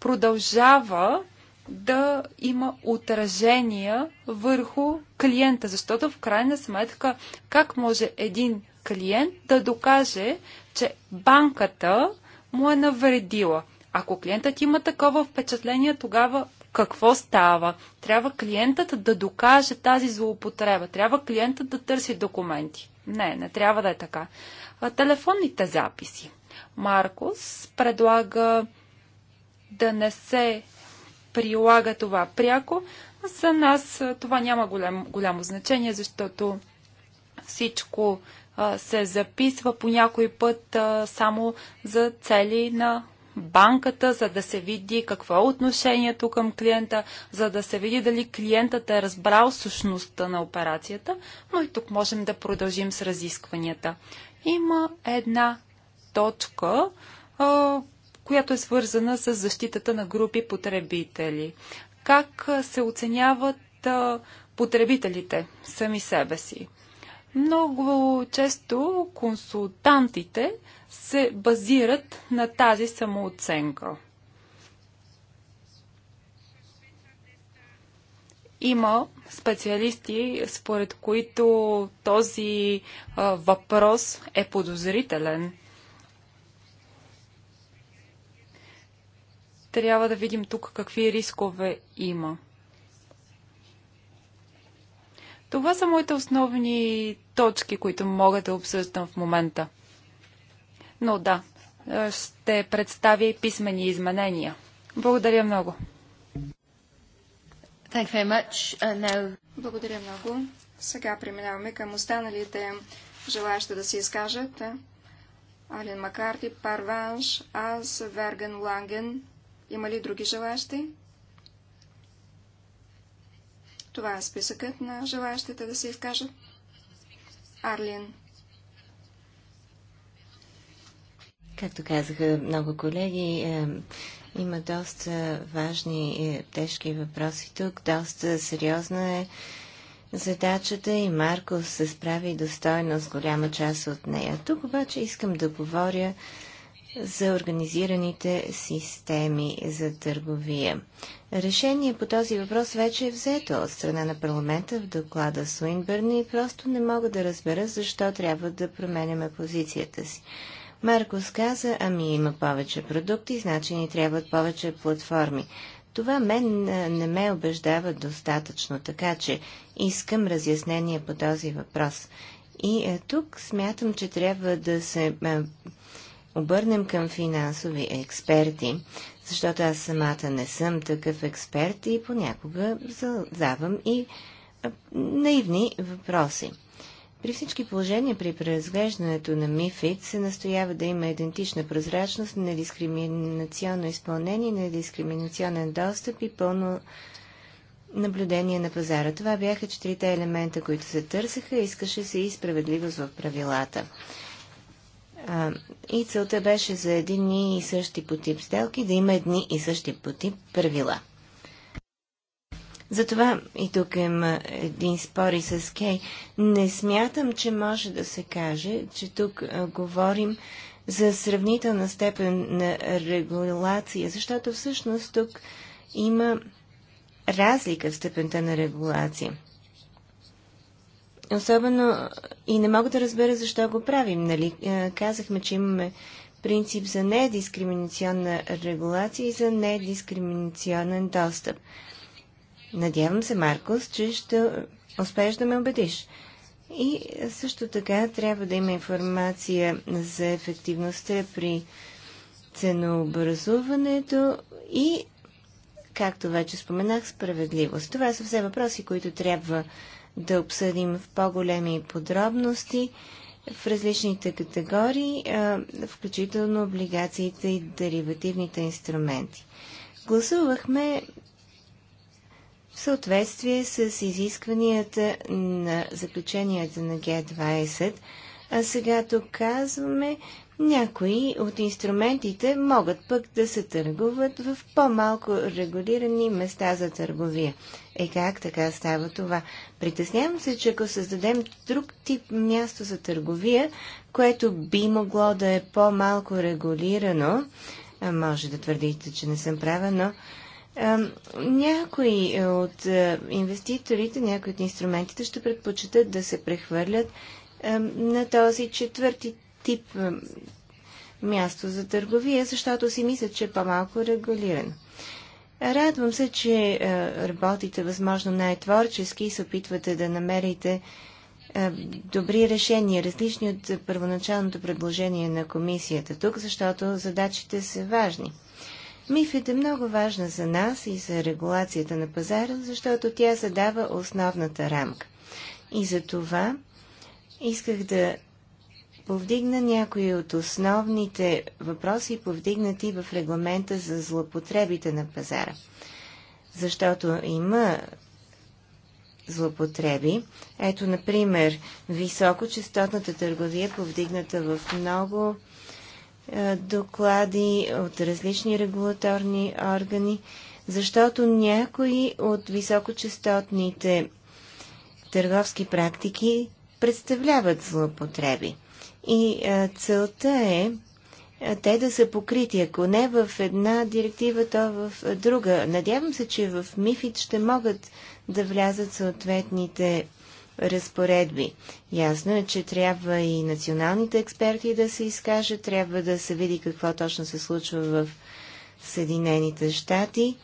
S3: продължава да има отражения върху клиента, защото в крайна сметка как може един клиент да докаже, че банката му е навредила? Ако клиентът има такова впечатление, тогава какво става. Трябва клиентът да докаже тази злоупотреба. Трябва клиентът да търси документи. Не, не трябва да е така. Телефонните записи. Маркус предлага да не се прилага това пряко. За нас това няма голям, голямо значение, защото всичко се записва по някой път само за цели на банката, за да се види какво е отношението към клиента, за да се види дали клиентът е разбрал същността на операцията, но и тук можем да продължим с разискванията. Има една точка, която е свързана с защитата на групи потребители. Как се оценяват потребителите сами себе си? Много често консултантите се базират на тази самооценка. Има специалисти, според които този а, въпрос е подозрителен. Трябва да видим тук какви рискове има. Това са моите основни точки, които мога да обсъждам в момента но да, е, ще представя и писмени изменения. Благодаря много.
S1: Uh, Благодаря много. Сега преминаваме към останалите желаящи да се изкажат. Ален Макарти, Парванш, аз, Верген Ланген. Има ли други желаящи? Това е списъкът на желаящите да се изкажат. Арлин.
S2: Както казаха много колеги, е, има доста важни и тежки въпроси тук. Доста сериозна е задачата и Марко се справи достойно с голяма част от нея. Тук обаче искам да говоря за организираните системи за търговия. Решение по този въпрос вече е взето от страна на парламента в доклада Суинбърн и просто не мога да разбера защо трябва да променяме позицията си. Маркос каза, ами има повече продукти, значи ни трябват повече платформи. Това мен не ме убеждава достатъчно, така че искам разяснение по този въпрос. И е, тук смятам, че трябва да се е, обърнем към финансови експерти, защото аз самата не съм такъв експерт и понякога задавам и е, наивни въпроси. При всички положения при преразглеждането на МИФИД се настоява да има идентична прозрачност, недискриминационно изпълнение, недискриминационен достъп и пълно наблюдение на пазара. Това бяха четирите елемента, които се търсеха. Искаше се и справедливост в правилата. и целта беше за един и същи по тип сделки да има едни и същи по тип правила. Затова, и тук има един спори с Кей, не смятам, че може да се каже, че тук говорим за сравнителна степен на регулация, защото всъщност тук има разлика в степента на регулация. Особено и не мога да разбера защо го правим. Нали? Казахме, че имаме принцип за недискриминационна регулация и за недискриминационен достъп. Надявам се, Маркос, че ще успееш да ме убедиш. И също така трябва да има информация за ефективността при ценообразуването и, както вече споменах, справедливост. Това са все въпроси, които трябва да обсъдим в по-големи подробности в различните категории, включително облигациите и деривативните инструменти. Гласувахме съответствие с изискванията на заключенията на Г-20. А сега тук казваме, някои от инструментите могат пък да се търгуват в по-малко регулирани места за търговия. Е как така става това? Притеснявам се, че ако създадем друг тип място за търговия, което би могло да е по-малко регулирано, може да твърдите, че не съм права, но някои е, от е, инвеститорите, някои от инструментите ще предпочитат да се прехвърлят на този четвърти тип място за търговия, защото си мислят, че е по-малко регулиран. Радвам се, че е, работите възможно най-творчески и се опитвате да намерите добри решения, различни от първоначалното предложение на комисията тук, защото задачите са важни – Мифът е много важна за нас и за регулацията на пазара, защото тя задава основната рамка. И за това исках да повдигна някои от основните въпроси, повдигнати в регламента за злопотребите на пазара. Защото има злопотреби. Ето, например, високочастотната търговия, повдигната в много е, доклади от различни регулаторни органи, защото някои от високочастотните търговски практики представляват злоупотреби. И е, целта е, е те да са покрити, ако не в една директива, то в друга. Надявам се, че в МИФИД ще могат да влязат съответните разпоредби. Ясно е, че трябва и националните експерти да се изкажат, трябва да се види какво точно се случва в Съединените щати.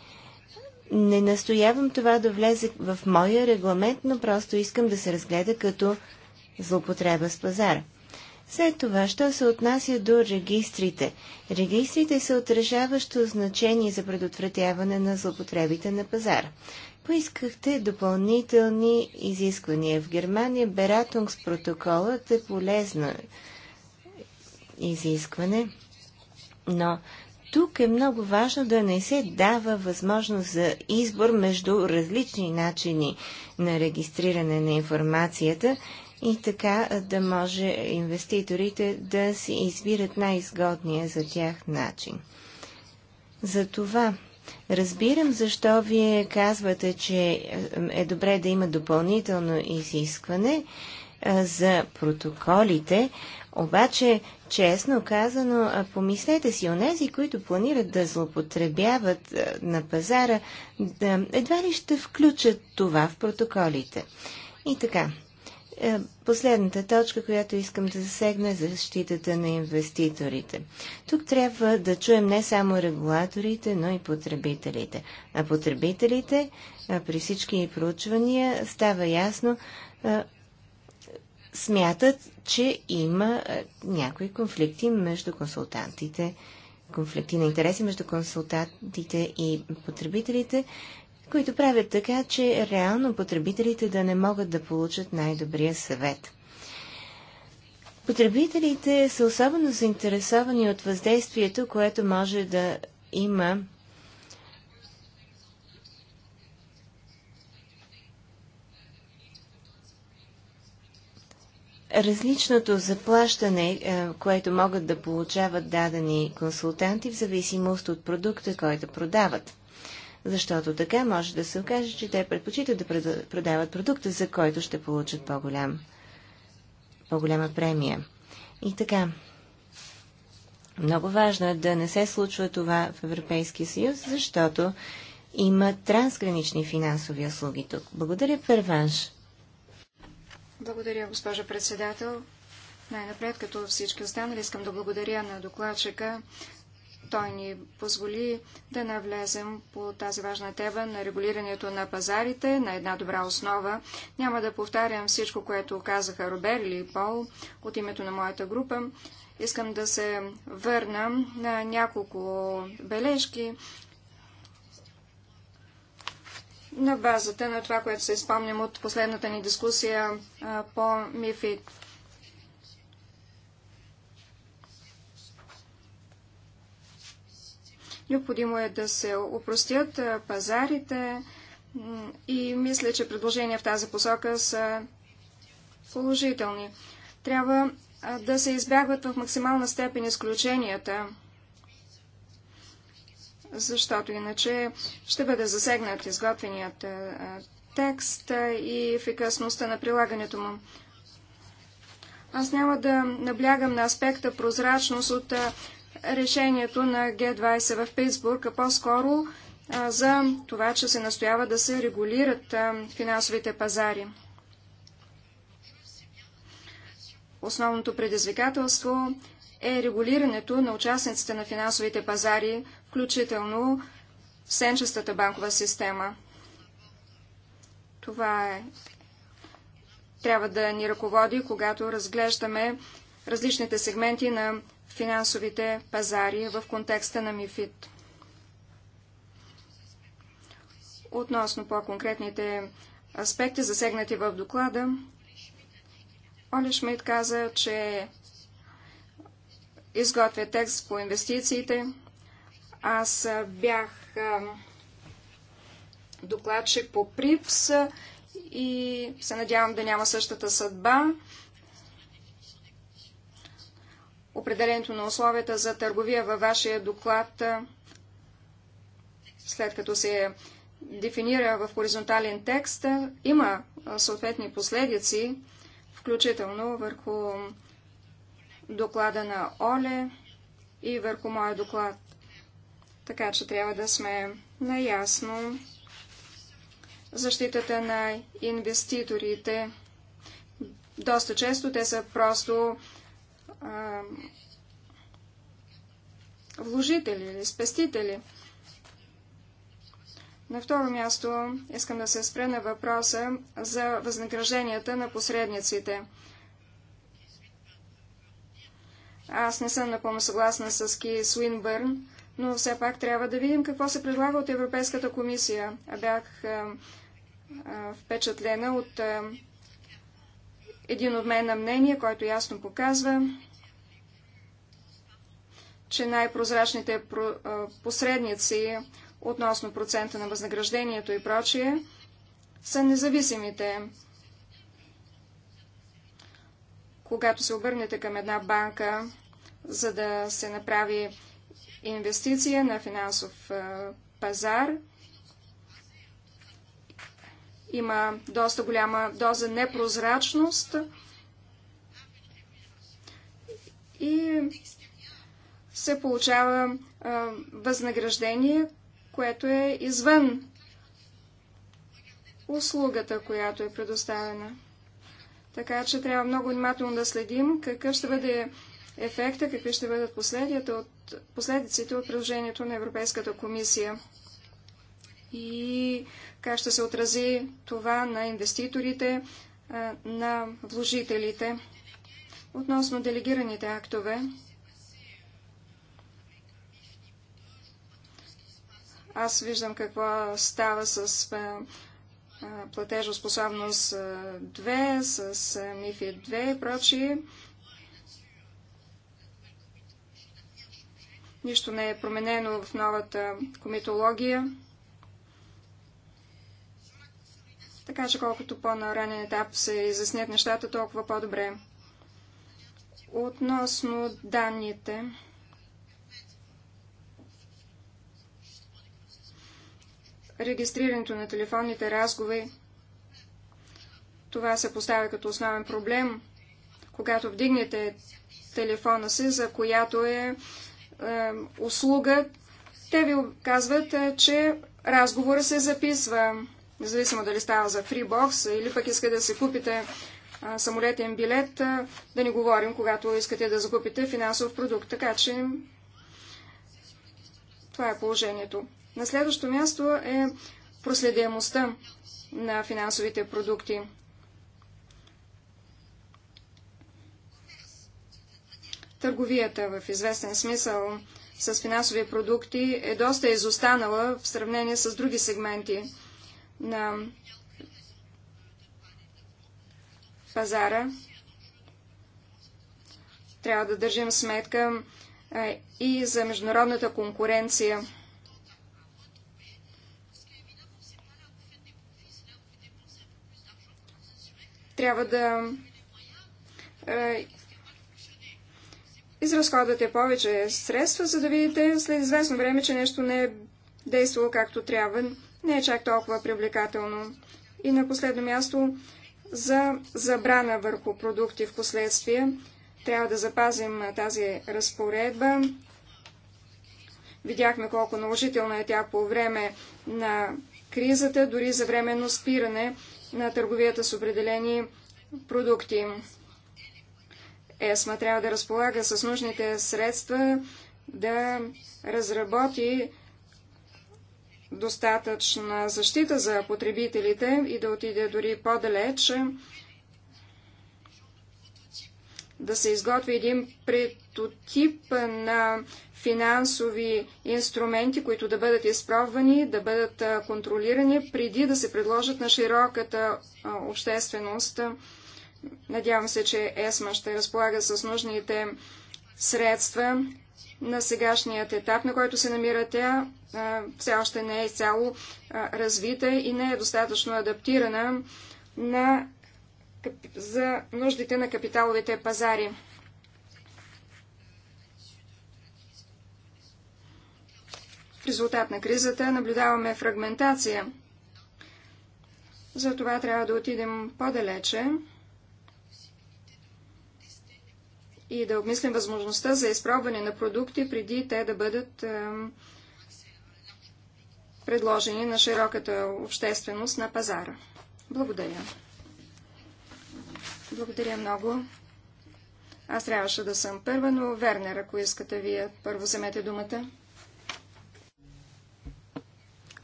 S2: Не настоявам това да влезе в моя регламент, но просто искам да се разгледа като злоупотреба с пазара. След това, що се отнася до регистрите? Регистрите са отражаващо значение за предотвратяване на злопотребите на пазара поискахте допълнителни изисквания. В Германия Бератунг с протоколът е полезно изискване, но тук е много важно да не се дава възможност за избор между различни начини на регистриране на информацията и така да може инвеститорите да си избират най-изгодния за тях начин. Затова Разбирам защо вие казвате, че е добре да има допълнително изискване за протоколите, обаче, честно казано, помислете си, онези, които планират да злопотребяват на пазара, да, едва ли ще включат това в протоколите. И така, е, последната точка, която искам да засегна е защитата на инвеститорите. Тук трябва да чуем не само регулаторите, но и потребителите. А потребителите при всички проучвания става ясно, смятат, че има някои конфликти между консултантите, конфликти на интереси между консултантите и потребителите, които правят така, че реално потребителите да не могат да получат най-добрия съвет. Потребителите са особено заинтересовани от въздействието, което може да има различното заплащане, е, което могат да получават дадени консултанти в зависимост от продукта, който продават защото така може да се окаже, че те предпочитат да продават продукта, за който ще получат по-голям, по-голяма премия. И така, много важно е да не се случва това в Европейския съюз, защото има трансгранични финансови услуги тук. Благодаря, Перванш.
S1: Благодаря, госпожа председател. Най-напред, като всички останали, искам да благодаря на докладчика той ни позволи да навлезем по тази важна тема на регулирането на пазарите, на една добра основа. Няма да повтарям всичко, което казаха Робер или Пол от името на моята група. Искам да се върна на няколко бележки на базата на това, което се спомням от последната ни дискусия по Мифит Необходимо е да се упростят пазарите и мисля, че предложения в тази посока са положителни. Трябва да се избягват в максимална степен изключенията, защото иначе ще бъде засегнат изготвеният текст и ефикасността на прилагането му. Аз няма да наблягам на аспекта прозрачност от решението на Г-20 в Питсбург, а по-скоро за това, че се настоява да се регулират финансовите пазари. Основното предизвикателство е регулирането на участниците на финансовите пазари, включително сенчестата банкова система. Това е. трябва да ни ръководи, когато разглеждаме различните сегменти на финансовите пазари в контекста на МИФИД. Относно по-конкретните аспекти, засегнати в доклада, Оли Шмидт каза, че изготвя текст по инвестициите. Аз бях докладчик по ПРИПС и се надявам да няма същата съдба определението на условията за търговия във вашия доклад, след като се дефинира в хоризонтален текст, има съответни последици, включително върху доклада на Оле и върху моя доклад. Така че трябва да сме наясно защитата на инвеститорите. Доста често те са просто а, вложители или спестители. На второ място искам да се спре на въпроса за възнагражденията на посредниците. Аз не съм напълно съгласна с Ки Суинбърн, но все пак трябва да видим какво се предлага от Европейската комисия. Бях а, а, впечатлена от а, един мен на мнение, който ясно показва, че най-прозрачните посредници относно процента на възнаграждението и прочие са независимите. Когато се обърнете към една банка, за да се направи инвестиция на финансов пазар, има доста голяма доза непрозрачност и се получава а, възнаграждение, което е извън услугата, която е предоставена. Така че трябва много внимателно да следим какъв ще бъде ефекта, какви ще бъдат последиците от, последиците от приложението на Европейската комисия и как ще се отрази това на инвеститорите, на вложителите. Относно делегираните актове, Аз виждам какво става с платежоспособност 2, с МИФИ 2 и прочие. Нищо не е променено в новата комитология. Така че колкото по-наранен етап се изяснят нещата, толкова по-добре. Относно данните. регистрирането на телефонните разговори. Това се поставя като основен проблем, когато вдигнете телефона си, за която е, е услуга, те ви казват, е, че разговора се записва, независимо дали става за фрибокс или пък искате да си купите е, самолетен билет, е, да не говорим, когато искате да закупите финансов продукт. Така че това е положението. На следващо място е проследемостта на финансовите продукти. Търговията в известен смисъл с финансови продукти е доста изостанала в сравнение с други сегменти на пазара. Трябва да държим сметка и за международната конкуренция. трябва да е, изразходвате повече средства, за да видите след известно време, че нещо не е действало както трябва. Не е чак толкова привлекателно. И на последно място, за забрана върху продукти в последствие. Трябва да запазим тази разпоредба. Видяхме колко наложителна е тя по време на кризата, дори за временно спиране на търговията с определени продукти. ЕСМА трябва да разполага с нужните средства да разработи достатъчна защита за потребителите и да отиде дори по-далеч, да се изготви един претотип на финансови инструменти, които да бъдат изпробвани, да бъдат контролирани преди да се предложат на широката общественост. Надявам се, че ЕСМА ще разполага с нужните средства на сегашният етап, на който се намира тя, все още не е изцяло развита и не е достатъчно адаптирана на, за нуждите на капиталовите пазари. резултат на кризата наблюдаваме фрагментация. За това трябва да отидем по-далече и да обмислим възможността за изпробване на продукти преди те да бъдат е, предложени на широката общественост на пазара. Благодаря. Благодаря много. Аз трябваше да съм първа, но Вернер, ако искате вие, първо вземете думата.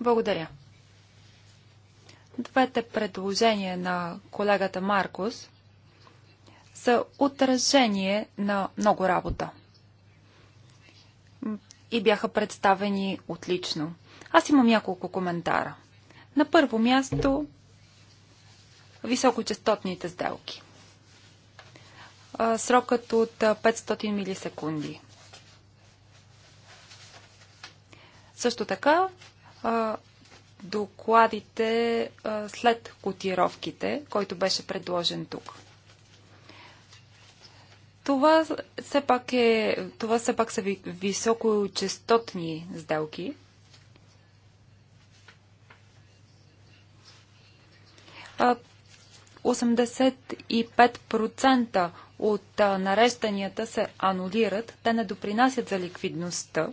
S3: Благодаря. Двете предложения на колегата Маркус са отражение на много работа и бяха представени отлично. Аз имам няколко коментара. На първо място високочастотните сделки. Срокът от 500 милисекунди. Също така а, докладите а, след котировките, който беше предложен тук. Това все пак, е, това все пак са ви, високочастотни сделки. А, 85% от нарежданията се анулират, те не допринасят за ликвидността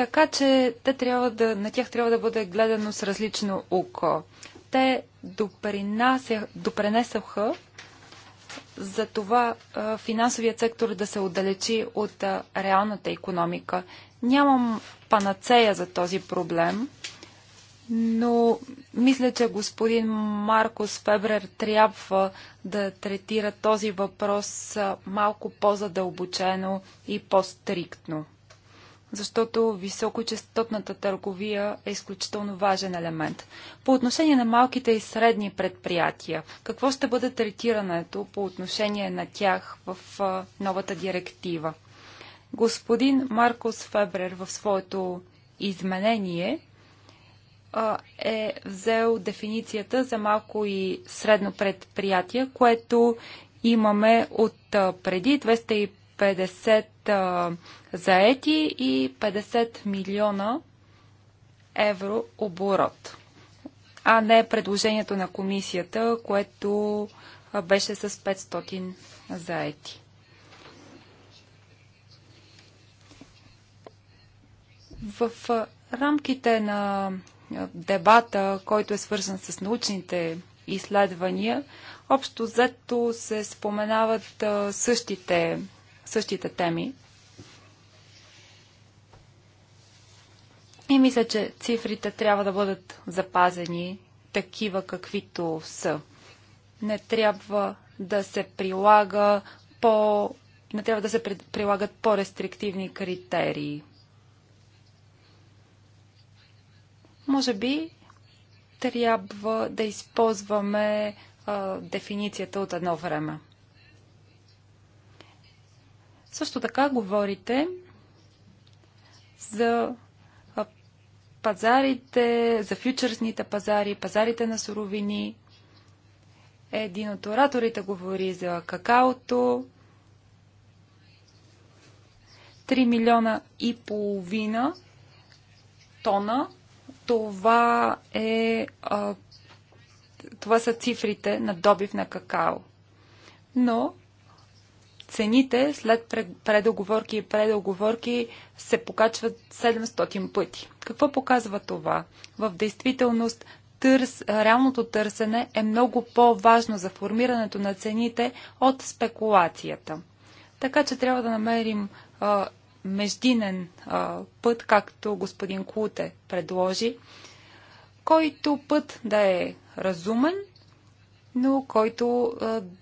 S3: така че те трябва да, на тях трябва да бъде гледано с различно око. Те допренесаха за това финансовият сектор да се отдалечи от реалната економика. Нямам панацея за този проблем, но мисля, че господин Маркос Фебрер трябва да третира този въпрос малко по-задълбочено и по-стриктно защото високочастотната търговия е изключително важен елемент. По отношение на малките и средни предприятия, какво ще бъде третирането по отношение на тях в новата директива? Господин Маркос Фебрер в своето изменение е взел дефиницията за малко и средно предприятие, което имаме от преди 250 50 заети и 50 милиона евро оборот. А не предложението на комисията, което беше с 500 заети. В рамките на дебата, който е свързан с научните изследвания, общо взето се споменават същите същите теми. И мисля, че цифрите трябва да бъдат запазени такива, каквито са. Не трябва да се прилага по... не трябва да се прилагат по-рестриктивни критерии. Може би трябва да използваме а, дефиницията от едно време. Също така говорите за пазарите, за фьючерсните пазари, пазарите на суровини. Един от ораторите говори за какаото. 3 милиона и половина тона. Това е а, това са цифрите на добив на какао. Но цените след предоговорки и предоговорки се покачват 700 пъти. Какво показва това? В действителност търс, реалното търсене е много по-важно за формирането на цените от спекулацията. Така че трябва да намерим а, междинен а, път, както господин Куте предложи, който път да е разумен – но който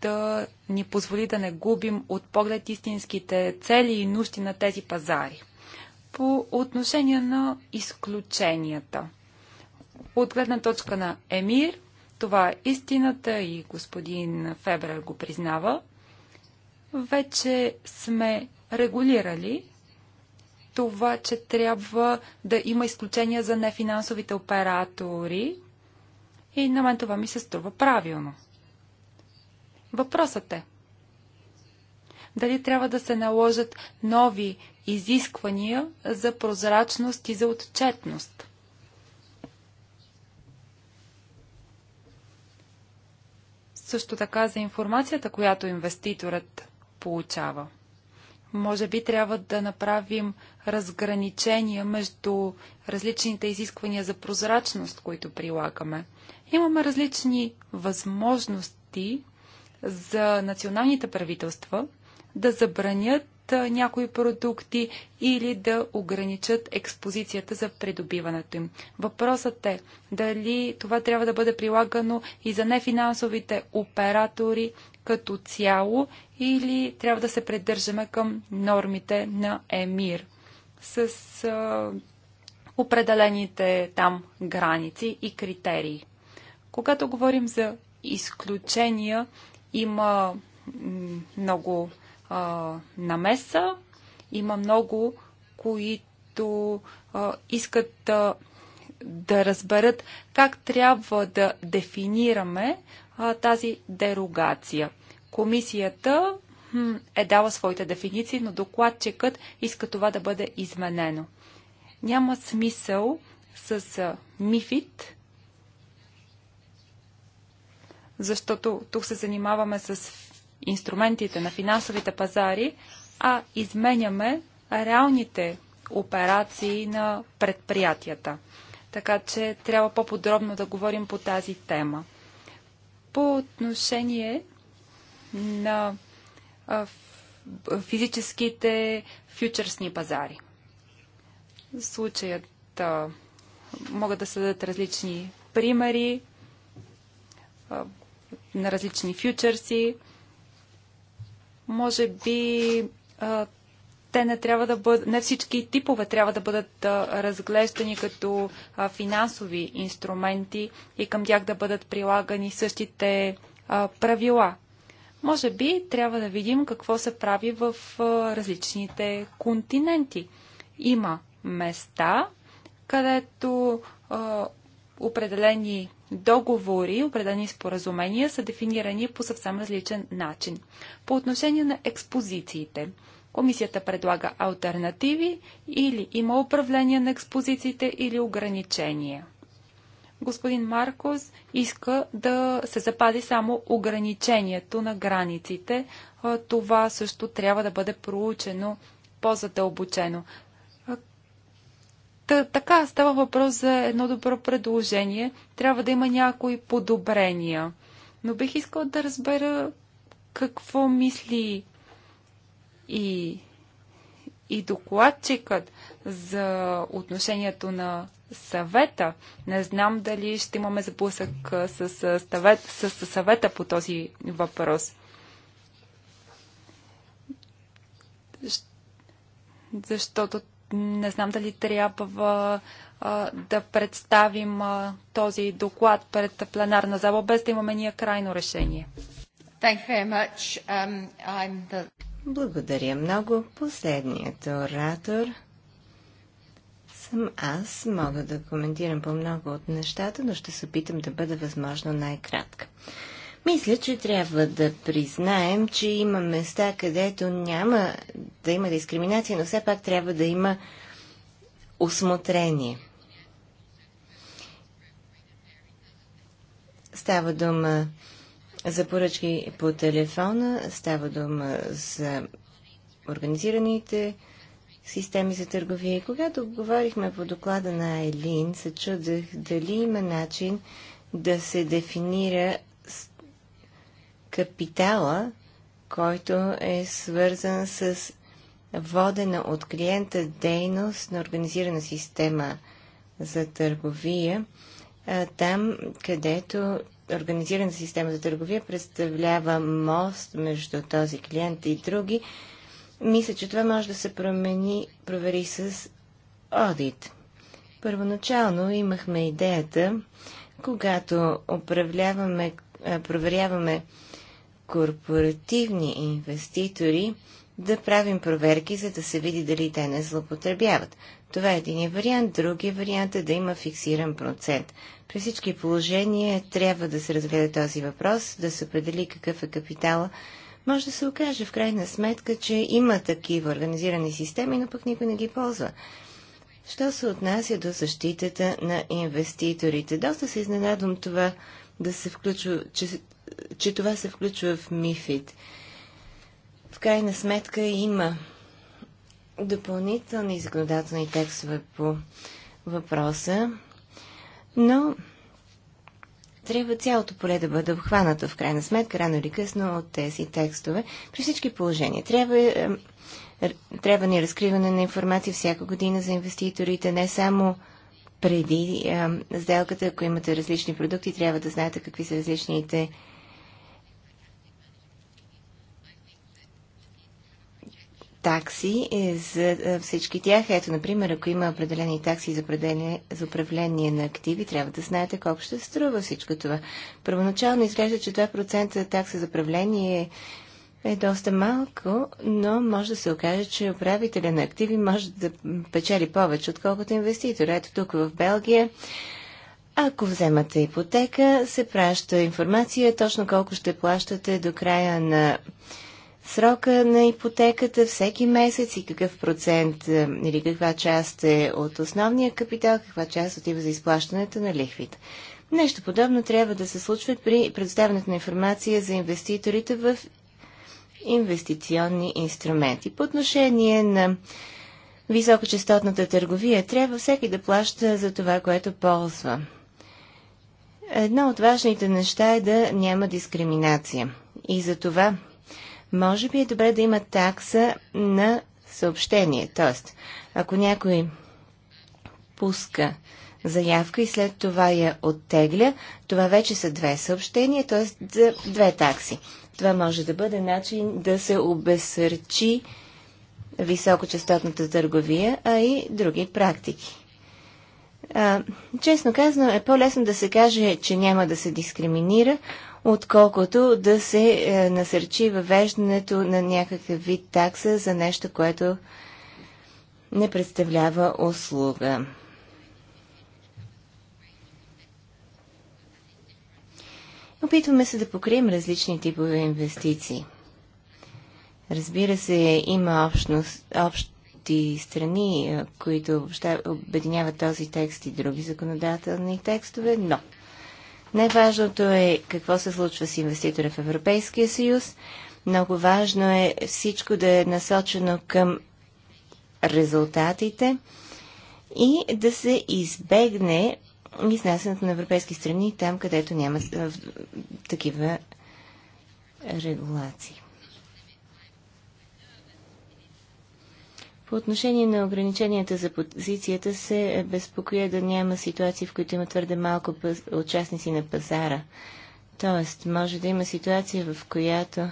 S3: да ни позволи да не губим от поглед истинските цели и нужди на тези пазари. По отношение на изключенията. От гледна точка на Емир, това е истината и господин Фебрер го признава. Вече сме регулирали това, че трябва да има изключения за нефинансовите оператори и на мен това ми се струва правилно. Въпросът е, дали трябва да се наложат нови изисквания за прозрачност и за отчетност. Също така за информацията, която инвеститорът получава. Може би трябва да направим разграничения между различните изисквания за прозрачност, които прилагаме. Имаме различни възможности за националните правителства да забранят някои продукти или да ограничат експозицията за придобиването им. Въпросът е дали това трябва да бъде прилагано и за нефинансовите оператори като цяло или трябва да се придържаме към нормите на ЕМИР с а, определените там граници и критерии. Когато говорим за изключения има много а, намеса, има много, които а, искат а, да разберат как трябва да дефинираме а, тази дерогация. Комисията е дала своите дефиниции, но докладчикът иска това да бъде изменено. Няма смисъл с а, МИФИТ защото тук се занимаваме с инструментите на финансовите пазари, а изменяме реалните операции на предприятията. Така че трябва по-подробно да говорим по тази тема. По отношение на физическите фьючерсни пазари. Случаят могат да се дадат различни примери на различни фьючерси. Може би а, те не трябва да бъдат, не всички типове трябва да бъдат а, разглеждани като а, финансови инструменти и към тях да бъдат прилагани същите а, правила. Може би трябва да видим какво се прави в а, различните континенти. Има места, където а, определени договори, определени споразумения, са дефинирани по съвсем различен начин. По отношение на експозициите, комисията предлага альтернативи или има управление на експозициите или ограничения. Господин Маркос иска да се запази само ограничението на границите. Това също трябва да бъде проучено по-задълбочено. Та, така става въпрос за едно добро предложение. Трябва да има някои подобрения. Но бих искал да разбера какво мисли и, и докладчикът за отношението на съвета. Не знам дали ще имаме сблъсък с, с, съвет, с, с съвета по този въпрос. Защото не знам дали трябва а, да представим а, този доклад пред пленарна зала, без да имаме ние крайно решение.
S2: Um, the... Благодаря много. Последният оратор съм аз. Мога да коментирам по много от нещата, но ще се опитам да бъда възможно най-кратка. Мисля, че трябва да признаем, че има места, където няма да има дискриминация, но все пак трябва да има осмотрение. Става дума за поръчки по телефона, става дума за организираните системи за търговия. И когато говорихме по доклада на Елин, се чудех дали има начин да се дефинира капитала, който е свързан с водена от клиента дейност на организирана система за търговия, там където организирана система за търговия представлява мост между този клиент и други. Мисля, че това може да се промени, провери с одит. Първоначално имахме идеята, когато управляваме, проверяваме корпоративни инвеститори да правим проверки, за да се види дали те не злопотребяват. Това е един вариант. Другият е вариант е да има фиксиран процент. При всички положения трябва да се разгледа този въпрос, да се определи какъв е капитала. Може да се окаже в крайна сметка, че има такива организирани системи, но пък никой не ги ползва. Що се отнася до защитата на инвеститорите? Доста се изненадвам това да се включва, че че това се включва в МИФИД. В крайна сметка има допълнителни законодателни текстове по въпроса, но трябва цялото поле да бъде обхванато в крайна сметка, рано или късно от тези текстове. При всички положения трябва, е, трябва ни разкриване на информация всяка година за инвеститорите, не само преди е, сделката, ако имате различни продукти, трябва да знаете какви са различните такси е за е, всички тях. Ето, например, ако има определени такси за, за управление на активи, трябва да знаете колко ще струва всичко това. Първоначално изглежда, че 2% такса за управление е доста малко, но може да се окаже, че управителя на активи може да печели повече, отколкото инвеститор. Ето тук в Белгия ако вземате ипотека, се праща информация точно колко ще плащате до края на срока на ипотеката всеки месец и какъв процент е, или каква част е от основния капитал, каква част отива за изплащането на лихвите. Нещо подобно трябва да се случва при предоставянето на информация за инвеститорите в инвестиционни инструменти. По отношение на високочастотната търговия, трябва всеки да плаща за това, което ползва. Едно от важните неща е да няма дискриминация. И за това може би е добре да има такса на съобщение. Тоест, ако някой пуска заявка и след това я оттегля, това вече са две съобщения, т.е. две такси. Това може да бъде начин да се обесърчи високочастотната търговия, а и други практики. А, честно казано, е по-лесно да се каже, че няма да се дискриминира, отколкото да се е, насърчи въвеждането на някакъв вид такса за нещо, което не представлява услуга. Опитваме се да покрием различни типове инвестиции. Разбира се, има общност, общи страни, е, които обединяват този текст и други законодателни текстове, но най-важното е какво се случва с инвеститора в Европейския съюз. Много важно е всичко да е насочено към резултатите и да се избегне изнасянето на европейски страни там, където няма такива регулации. По отношение на ограниченията за позицията се безпокоя да няма ситуации, в които има твърде малко участници на пазара. Тоест, може да има ситуация, в която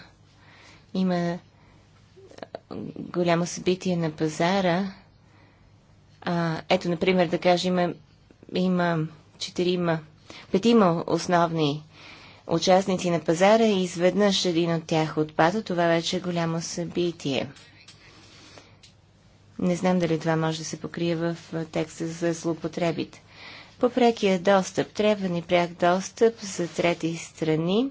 S2: има голямо събитие на пазара. А, ето, например, да кажем, има, има четирима, петима основни участници на пазара и изведнъж един от тях отпада. Това вече е голямо събитие. Не знам дали това може да се покрие в текста за злоупотребите. По прекия достъп трябва ни пряк достъп за трети страни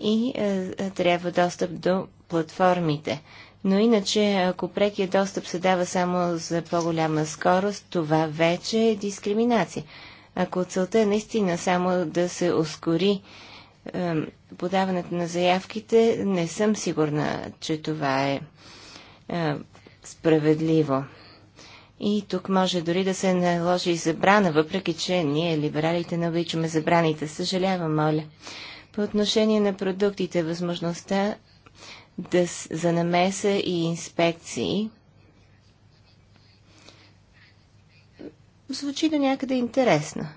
S2: и е, трябва достъп до платформите. Но иначе, ако прекия достъп се дава само за по-голяма скорост, това вече е дискриминация. Ако целта е наистина само да се ускори е, подаването на заявките, не съм сигурна, че това е, е справедливо. И тук може дори да се наложи и забрана, въпреки че ние, либералите, не обичаме забраните. Съжалявам, моля. По отношение на продуктите, възможността да, за намеса и инспекции звучи до някъде интересно.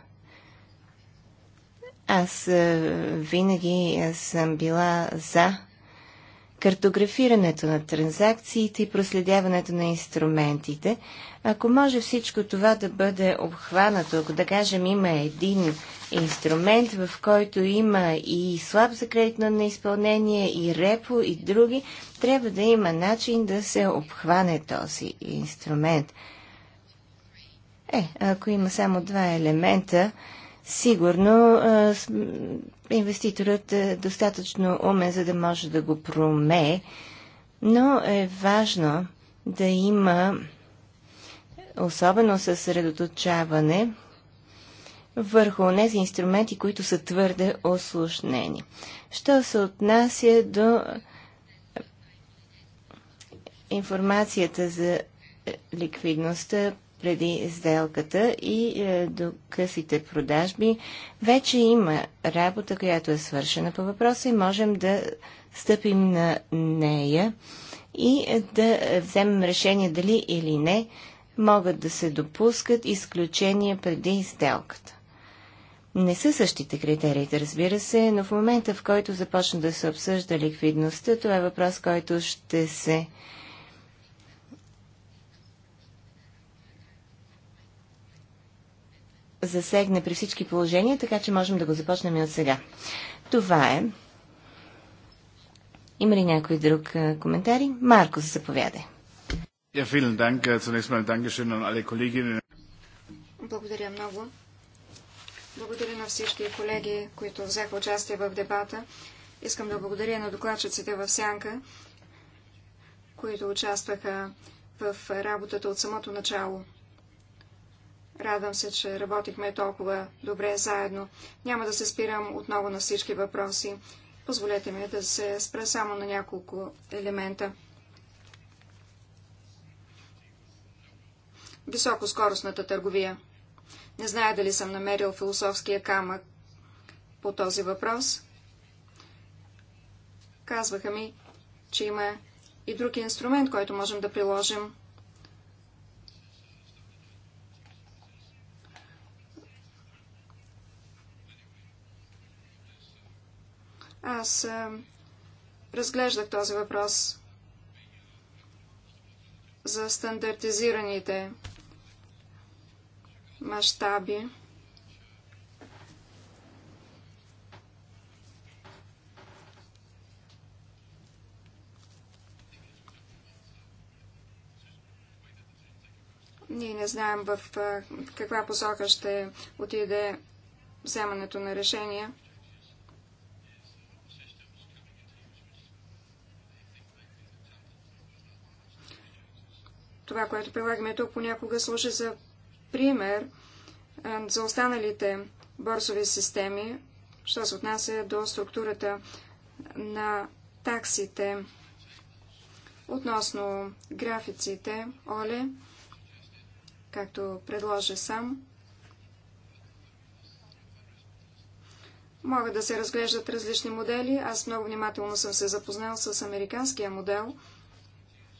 S2: Аз е, винаги е, съм била за картографирането на транзакциите и проследяването на инструментите. Ако може всичко това да бъде обхванато, ако да кажем има един инструмент, в който има и слаб за кредитно неизпълнение, и репо, и други, трябва да има начин да се обхване този инструмент. Е, ако има само два елемента, сигурно инвеститорът е достатъчно умен, за да може да го промее, но е важно да има особено съсредоточаване върху тези инструменти, които са твърде осложнени. Що се отнася до информацията за ликвидността, преди сделката и е, до късите продажби, вече има работа, която е свършена по въпроса и можем да стъпим на нея и е, да вземем решение дали или не могат да се допускат изключения преди сделката. Не са същите критериите, разбира се, но в момента, в който започна да се обсъжда ликвидността, това е въпрос, който ще се засегне при всички положения, така че можем да го започнем и от сега. Това е. Има ли някой друг коментари? Марко, заповядай. Äh,
S1: благодаря много. Благодаря на всички колеги, които взеха участие в дебата. Искам да благодаря на докладчиците в Сянка, които участваха в работата от самото начало. Радвам се, че работихме толкова добре заедно. Няма да се спирам отново на всички въпроси. Позволете ми да се спра само на няколко елемента. Високоскоростната търговия. Не зная дали съм намерил философския камък по този въпрос. Казваха ми, че има и друг инструмент, който можем да приложим Аз разглеждах този въпрос за стандартизираните мащаби. Ние не знаем в каква посока ще отиде вземането на решения. Това, което прилагаме тук, понякога служи за пример за останалите борсови системи, що се отнася до структурата на таксите. Относно графиците, Оле, както предложа сам, могат да се разглеждат различни модели. Аз много внимателно съм се запознал с американския модел –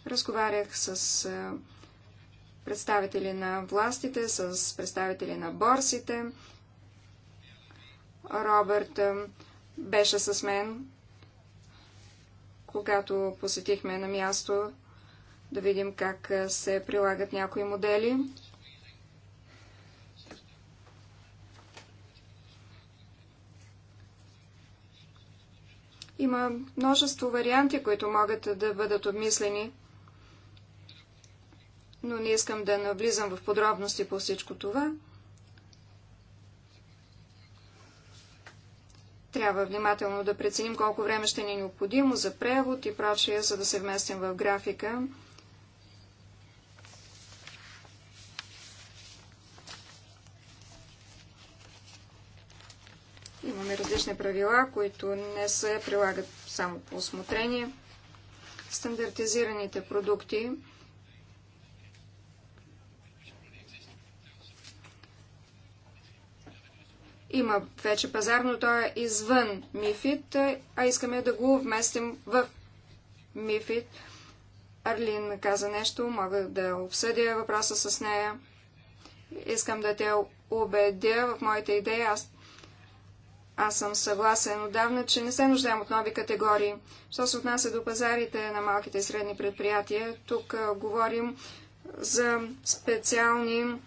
S1: Разговарях с е, представители на властите, с представители на борсите. Робърт е, беше с мен, когато посетихме на място да видим как е, се прилагат някои модели. Има множество варианти, които могат да бъдат обмислени но не искам да навлизам в подробности по всичко това. Трябва внимателно да преценим колко време ще ни е необходимо за превод и прочие, за да се вместим в графика. Имаме различни правила, които не се прилагат само по осмотрение. Стандартизираните продукти – Има вече пазар, но той е извън Мифит, а искаме да го вместим в Мифит. Арлин каза нещо, мога да обсъдя въпроса с нея. Искам да те убедя в моите идеи. Аз, аз съм съгласен отдавна, че не се нуждаем от нови категории. Що се отнася до пазарите на малките и средни предприятия, тук говорим за специални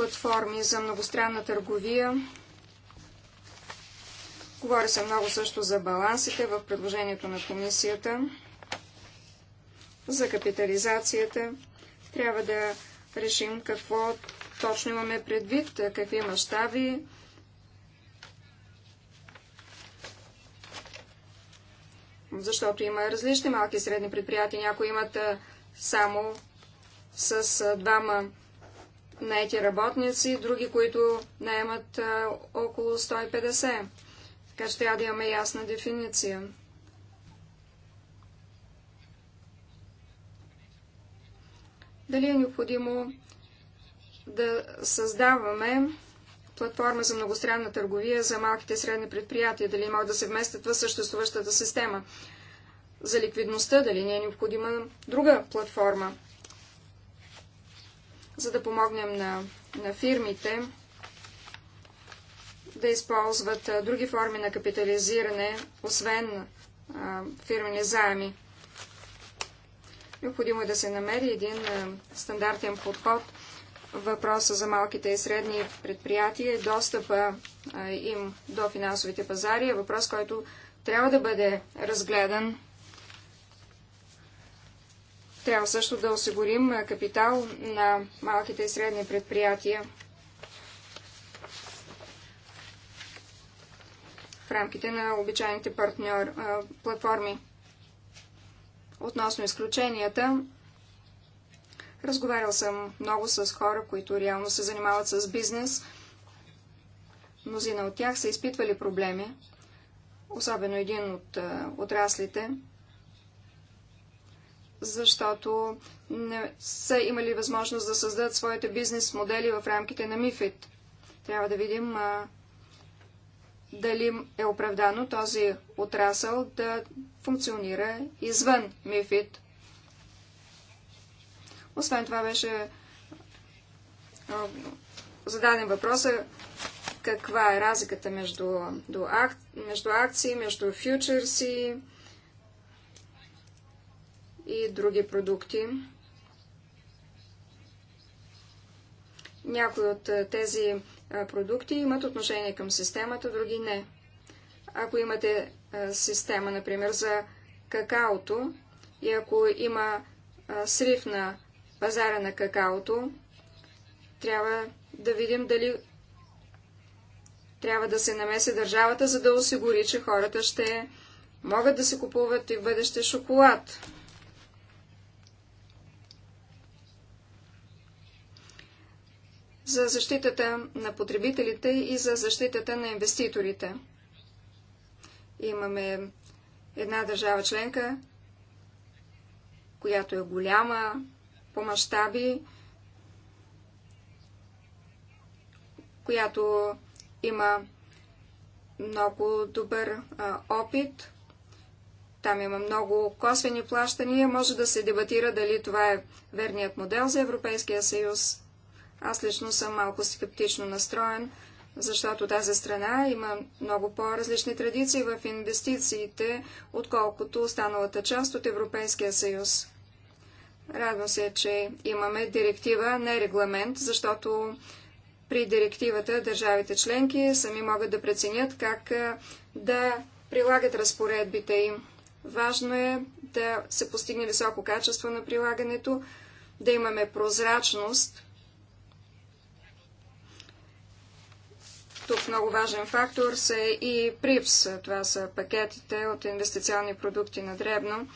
S1: платформи за многостранна търговия. Говори се много също за балансите в предложението на комисията, за капитализацията. Трябва да решим какво точно имаме предвид, какви мащаби. Защото има различни малки и средни предприятия. Някои имат само с двама наети работници, други, които наемат около 150. Така че трябва да имаме ясна дефиниция. Дали е необходимо да създаваме платформа за многостранна търговия за малките и средни предприятия, дали могат да се вместят в съществуващата система. За ликвидността, дали не е необходима друга платформа за да помогнем на, на фирмите да използват а, други форми на капитализиране, освен а, фирмени заеми. Необходимо е да се намери един а, стандартен подход. Въпроса за малките и средни предприятия достъпа достъпа им до финансовите пазари е въпрос, който трябва да бъде разгледан трябва също да осигурим капитал на малките и средни предприятия в рамките на обичайните партньор, платформи. Относно изключенията, разговарял съм много с хора, които реално се занимават с бизнес. Мнозина от тях са изпитвали проблеми, особено един от отраслите – защото не са имали възможност да създадат своите бизнес модели в рамките на Мифит. Трябва да видим а, дали е оправдано този отрасъл да функционира извън МИФИД. Освен това беше а, зададен въпроса каква е разликата между, между акции, между фьючерси, и други продукти. Някои от тези продукти имат отношение към системата, други не. Ако имате система, например, за какаото и ако има срив на пазара на какаото, трябва да видим дали трябва да се намеси държавата, за да осигури, че хората ще могат да се купуват и в бъдеще шоколад. за защитата на потребителите и за защитата на инвеститорите. Имаме една държава членка, която е голяма по мащаби, която има много добър а, опит. Там има много косвени плащания. Може да се дебатира дали това е верният модел за Европейския съюз. Аз лично съм малко скептично настроен, защото тази страна има много по-различни традиции в инвестициите, отколкото останалата част от Европейския съюз. Радвам се, че имаме директива, не регламент, защото при директивата държавите членки сами могат да преценят как да прилагат разпоредбите им. Важно е да се постигне високо качество на прилагането, да имаме прозрачност – Тук много важен фактор са и ПРИПС. Това са пакетите от инвестиционни продукти на дребно.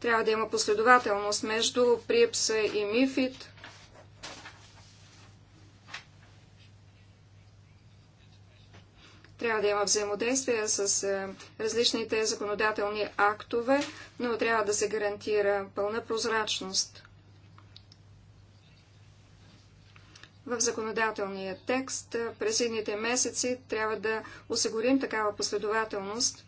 S1: Трябва да има последователност между ПРИПС и МИФИТ. Трябва да има взаимодействие с е, различните законодателни актове, но трябва да се гарантира пълна прозрачност. в законодателния текст. През едните месеци трябва да осигурим такава последователност.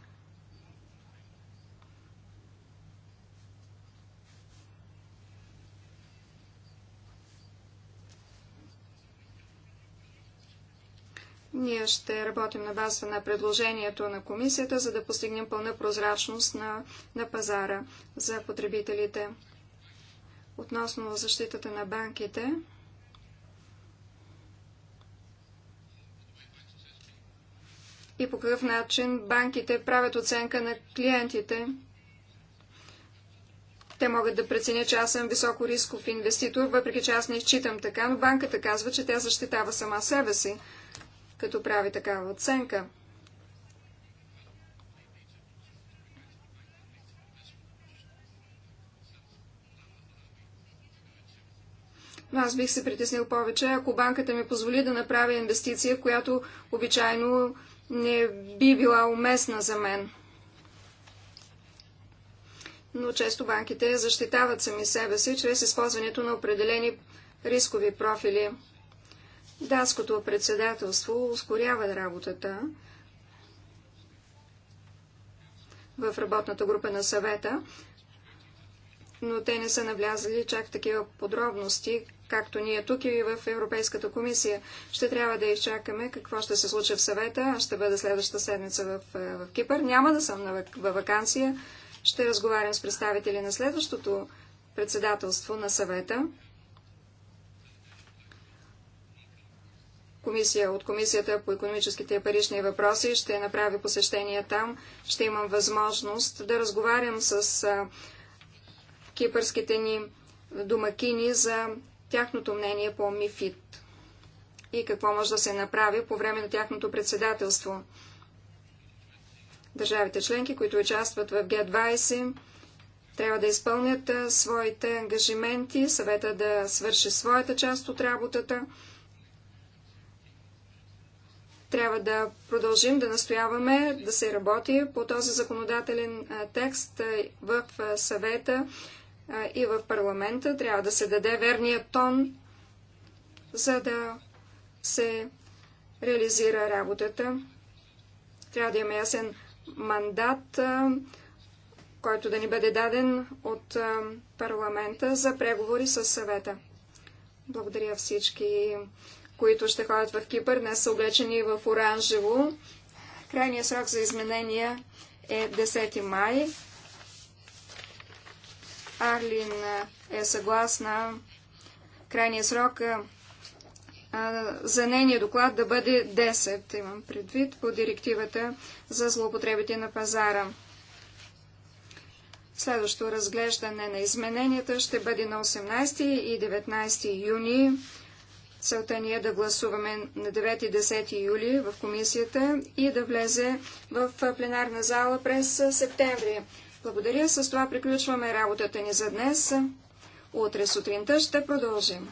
S1: Ние ще работим на база на предложението на комисията, за да постигнем пълна прозрачност на, на пазара за потребителите. Относно защитата на банките, и по какъв начин банките правят оценка на клиентите. Те могат да преценят, че аз съм високо рисков инвеститор, въпреки че аз не изчитам така, но банката казва, че тя защитава сама себе си, като прави такава оценка. но аз бих се притеснил повече, ако банката ми позволи да направя инвестиция, която обичайно не би била уместна за мен. Но често банките защитават сами себе си чрез използването на определени рискови профили. Датското председателство ускорява работата в работната група на съвета, но те не са навлязали чак такива подробности, както ние тук и в Европейската комисия. Ще трябва да изчакаме какво ще се случи в съвета. Аз ще бъда следващата седмица в, е, в Кипър. Няма да съм във вакансия. Ще разговарям с представители на следващото председателство на съвета. комисия от Комисията по економическите и парични въпроси ще направи посещение там. Ще имам възможност да разговарям с е, кипърските ни домакини за тяхното мнение по МИФИТ и какво може да се направи по време на тяхното председателство. Държавите членки, които участват в Г-20, трябва да изпълнят своите ангажименти, съвета да свърши своята част от работата. Трябва да продължим да настояваме да се работи по този законодателен текст в съвета и в парламента трябва да се даде верния тон, за да се реализира работата. Трябва да имаме ясен мандат, който да ни бъде даден от парламента за преговори с съвета. Благодаря всички, които ще ходят в Кипър. Днес са облечени в оранжево. Крайният срок за изменения е 10 май. Арлин е съгласна крайния срок за нейния доклад да бъде 10, имам предвид, по директивата за злоупотребите на пазара. Следващо разглеждане на измененията ще бъде на 18 и 19 юни. Целта ни е да гласуваме на 9 и 10 юли в комисията и да влезе в пленарна зала през септември. Благодаря. С това приключваме работата ни за днес. Утре сутринта ще продължим.